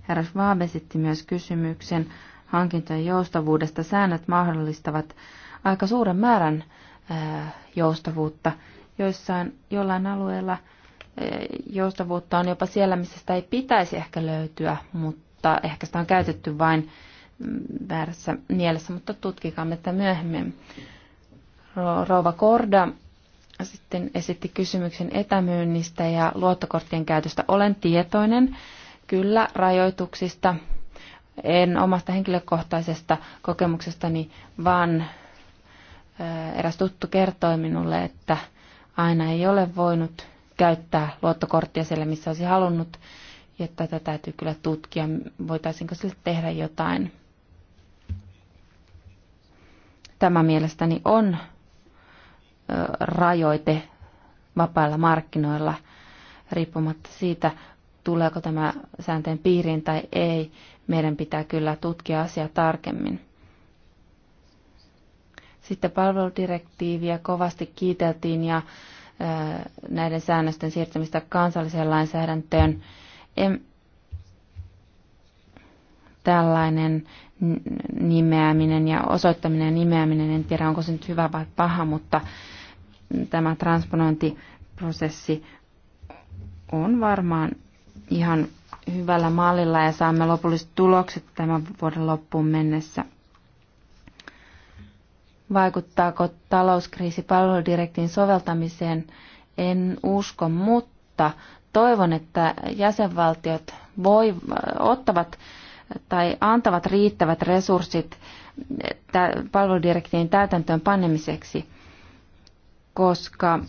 Herra Schwab esitti myös kysymyksen hankintojen joustavuudesta. Säännöt mahdollistavat aika suuren määrän joustavuutta. Joissain jollain alueella joustavuutta on jopa siellä, missä sitä ei pitäisi ehkä löytyä, mutta ehkä sitä on käytetty vain mm, väärässä mielessä, mutta tutkikaamme tätä myöhemmin. Rouva Korda sitten esitti kysymyksen etämyynnistä ja luottokorttien käytöstä. Olen tietoinen kyllä rajoituksista, en omasta henkilökohtaisesta kokemuksestani, vaan äh, eräs tuttu kertoi minulle, että aina ei ole voinut käyttää luottokorttia siellä, missä olisi halunnut, ja tätä täytyy kyllä tutkia, voitaisiinko sille tehdä jotain. Tämä mielestäni on rajoite vapailla markkinoilla riippumatta siitä, tuleeko tämä säänteen piiriin tai ei. Meidän pitää kyllä tutkia asiaa tarkemmin. Sitten palveludirektiiviä kovasti kiiteltiin ja näiden säännösten siirtämistä kansalliseen lainsäädäntöön. En, tällainen nimeäminen ja osoittaminen ja nimeäminen, en tiedä onko se nyt hyvä vai paha, mutta tämä transponointiprosessi on varmaan ihan hyvällä mallilla ja saamme lopulliset tulokset tämän vuoden loppuun mennessä. Vaikuttaako talouskriisi palveludirektin soveltamiseen? En usko, mutta toivon, että jäsenvaltiot voi, ottavat tai antavat riittävät resurssit palveludirektiin täytäntöön panemiseksi koska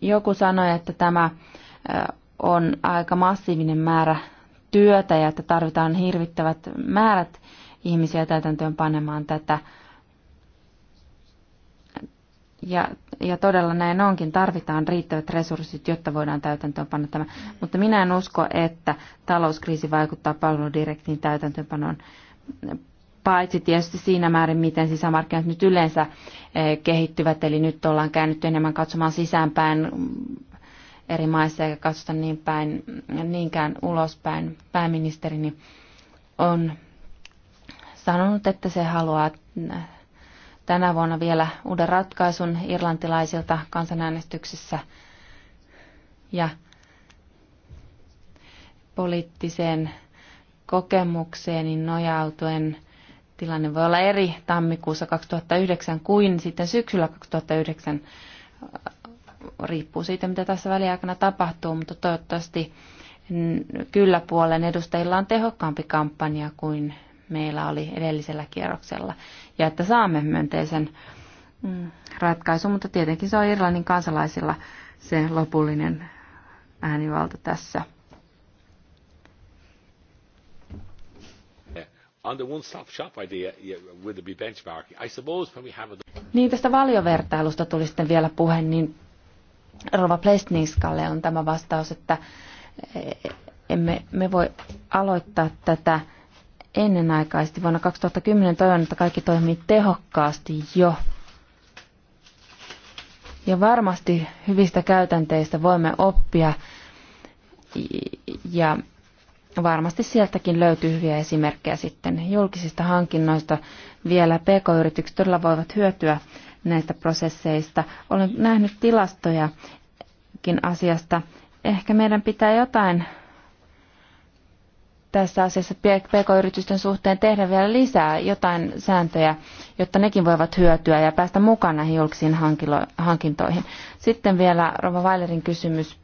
joku sanoi, että tämä on aika massiivinen määrä työtä ja että tarvitaan hirvittävät määrät ihmisiä täytäntöön panemaan tätä. Ja, ja todella näin onkin, tarvitaan riittävät resurssit, jotta voidaan täytäntöön panna tämä. Mutta minä en usko, että talouskriisi vaikuttaa palveludirektiin täytäntöönpanoon paitsi tietysti siinä määrin, miten sisämarkkinat nyt yleensä eh, kehittyvät, eli nyt ollaan käynyt enemmän katsomaan sisäänpäin mm, eri maissa eikä katsota niin päin, mm, niinkään ulospäin. Pääministerini niin on sanonut, että se haluaa mm, tänä vuonna vielä uuden ratkaisun irlantilaisilta kansanäänestyksessä ja poliittiseen kokemukseen nojautuen – tilanne voi olla eri tammikuussa 2009 kuin sitten syksyllä 2009. Riippuu siitä, mitä tässä väliaikana tapahtuu, mutta toivottavasti kyllä puolen edustajilla on tehokkaampi kampanja kuin meillä oli edellisellä kierroksella. Ja että saamme myönteisen mm, ratkaisun, mutta tietenkin se on Irlannin kansalaisilla se lopullinen äänivalta tässä. on the one stop shop idea with the benchmarking, I suppose when we have a... Niin tästä valiovertailusta tuli sitten vielä puhe, niin Rova Plesninskalle on tämä vastaus, että eh, emme me voi aloittaa tätä ennenaikaisesti. Vuonna 2010 toivon, että kaikki toimii tehokkaasti jo. Ja varmasti hyvistä käytänteistä voimme oppia ja varmasti sieltäkin löytyy hyviä esimerkkejä sitten julkisista hankinnoista. Vielä pk-yritykset todella voivat hyötyä näistä prosesseista. Olen nähnyt tilastojakin asiasta. Ehkä meidän pitää jotain tässä asiassa pk-yritysten suhteen tehdä vielä lisää jotain sääntöjä, jotta nekin voivat hyötyä ja päästä mukaan näihin julkisiin hankintoihin. Sitten vielä Rova Weilerin kysymys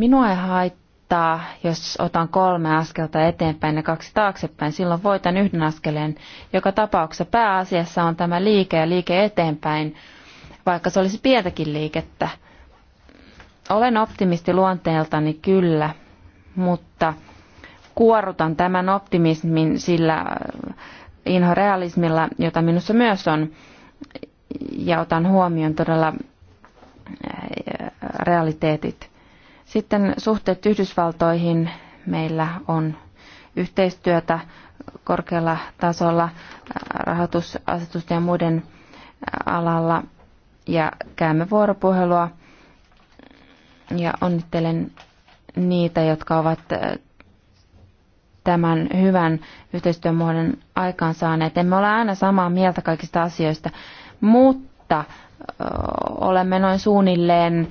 Minua ei haittaa, jos otan kolme askelta eteenpäin ja kaksi taaksepäin. Silloin voitan yhden askeleen. Joka tapauksessa pääasiassa on tämä liike ja liike eteenpäin, vaikka se olisi pientäkin liikettä. Olen optimisti luonteeltani kyllä, mutta kuorutan tämän optimismin sillä inhorealismilla, jota minussa myös on, ja otan huomioon todella realiteetit. Sitten suhteet Yhdysvaltoihin meillä on yhteistyötä korkealla tasolla äh, rahoitusasetusten ja muiden äh, alalla ja käymme vuoropuhelua ja onnittelen niitä, jotka ovat äh, tämän hyvän yhteistyömuodon saaneet. Emme ole aina samaa mieltä kaikista asioista, mutta olemme noin suunnilleen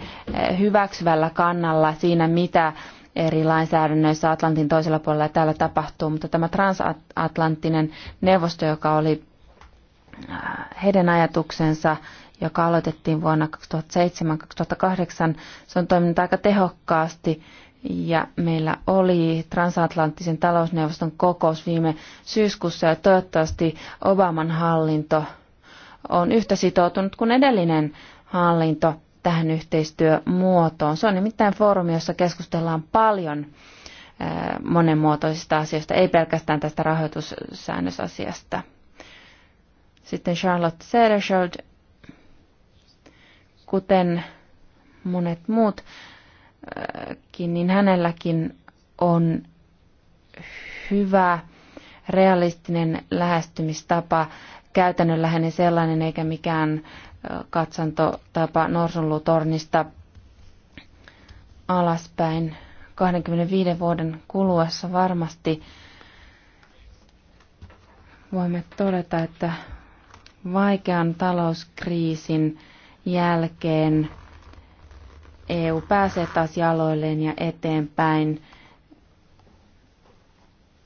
hyväksyvällä kannalla siinä, mitä eri lainsäädännöissä Atlantin toisella puolella ja täällä tapahtuu, mutta tämä transatlanttinen neuvosto, joka oli äh, heidän ajatuksensa, joka aloitettiin vuonna 2007-2008, se on toiminut aika tehokkaasti ja meillä oli transatlanttisen talousneuvoston kokous viime syyskuussa ja toivottavasti Obaman hallinto – on yhtä sitoutunut kuin edellinen hallinto tähän yhteistyömuotoon. Se on nimittäin foorumi, jossa keskustellaan paljon monenmuotoisista asioista, ei pelkästään tästä rahoitussäännösasiasta. Sitten Charlotte Sederschild, kuten monet muutkin, niin hänelläkin on hyvä realistinen lähestymistapa käytännönläheinen sellainen eikä mikään katsantotapa norsunluutornista alaspäin. 25 vuoden kuluessa varmasti voimme todeta, että vaikean talouskriisin jälkeen EU pääsee taas jaloilleen ja eteenpäin.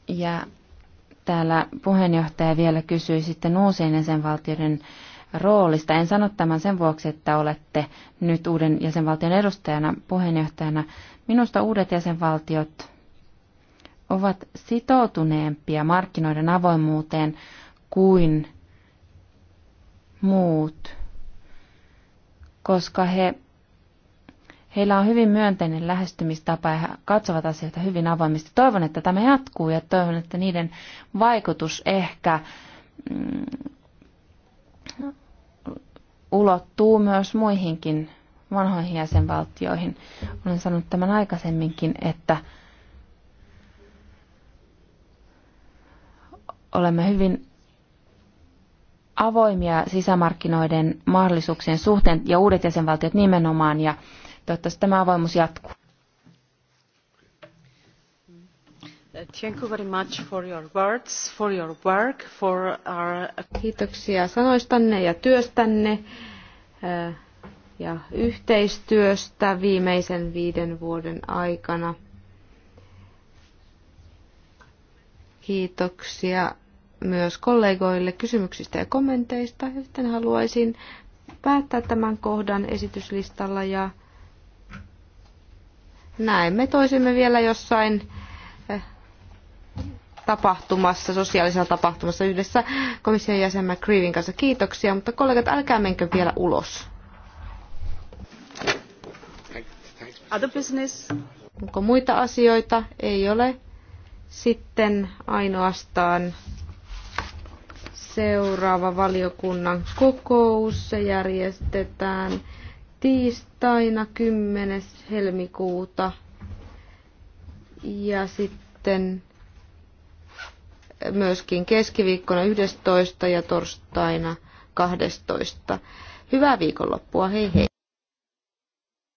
Ja Täällä puheenjohtaja vielä kysyi sitten uusien jäsenvaltioiden roolista. En sano tämän sen vuoksi, että olette nyt uuden jäsenvaltion edustajana, puheenjohtajana. Minusta uudet jäsenvaltiot ovat sitoutuneempia markkinoiden avoimuuteen kuin muut, koska he Heillä on hyvin myönteinen lähestymistapa ja he katsovat asioita hyvin avoimesti. Toivon, että tämä jatkuu ja toivon, että niiden vaikutus ehkä mm, ulottuu myös muihinkin vanhoihin jäsenvaltioihin. Olen sanonut tämän aikaisemminkin, että olemme hyvin avoimia sisämarkkinoiden mahdollisuuksien suhteen ja uudet jäsenvaltiot nimenomaan ja Toivottavasti tämä avoimuus jatkuu. Kiitoksia sanoistanne ja työstänne eh, ja yhteistyöstä viimeisen viiden vuoden aikana. Kiitoksia myös kollegoille kysymyksistä ja kommenteista. Sitten haluaisin päättää tämän kohdan esityslistalla ja näemme toisimme vielä jossain eh, tapahtumassa, sosiaalisella tapahtumassa yhdessä komission jäsen McCreevin kanssa. Kiitoksia, mutta kollegat, älkää menkö vielä ulos. Other business. Onko muita asioita? Ei ole. Sitten ainoastaan seuraava valiokunnan kokous. Se järjestetään tiistaina 10. helmikuuta ja sitten myöskin keskiviikkona 11 ja torstaina 12. Hyvää viikonloppua, hei hei!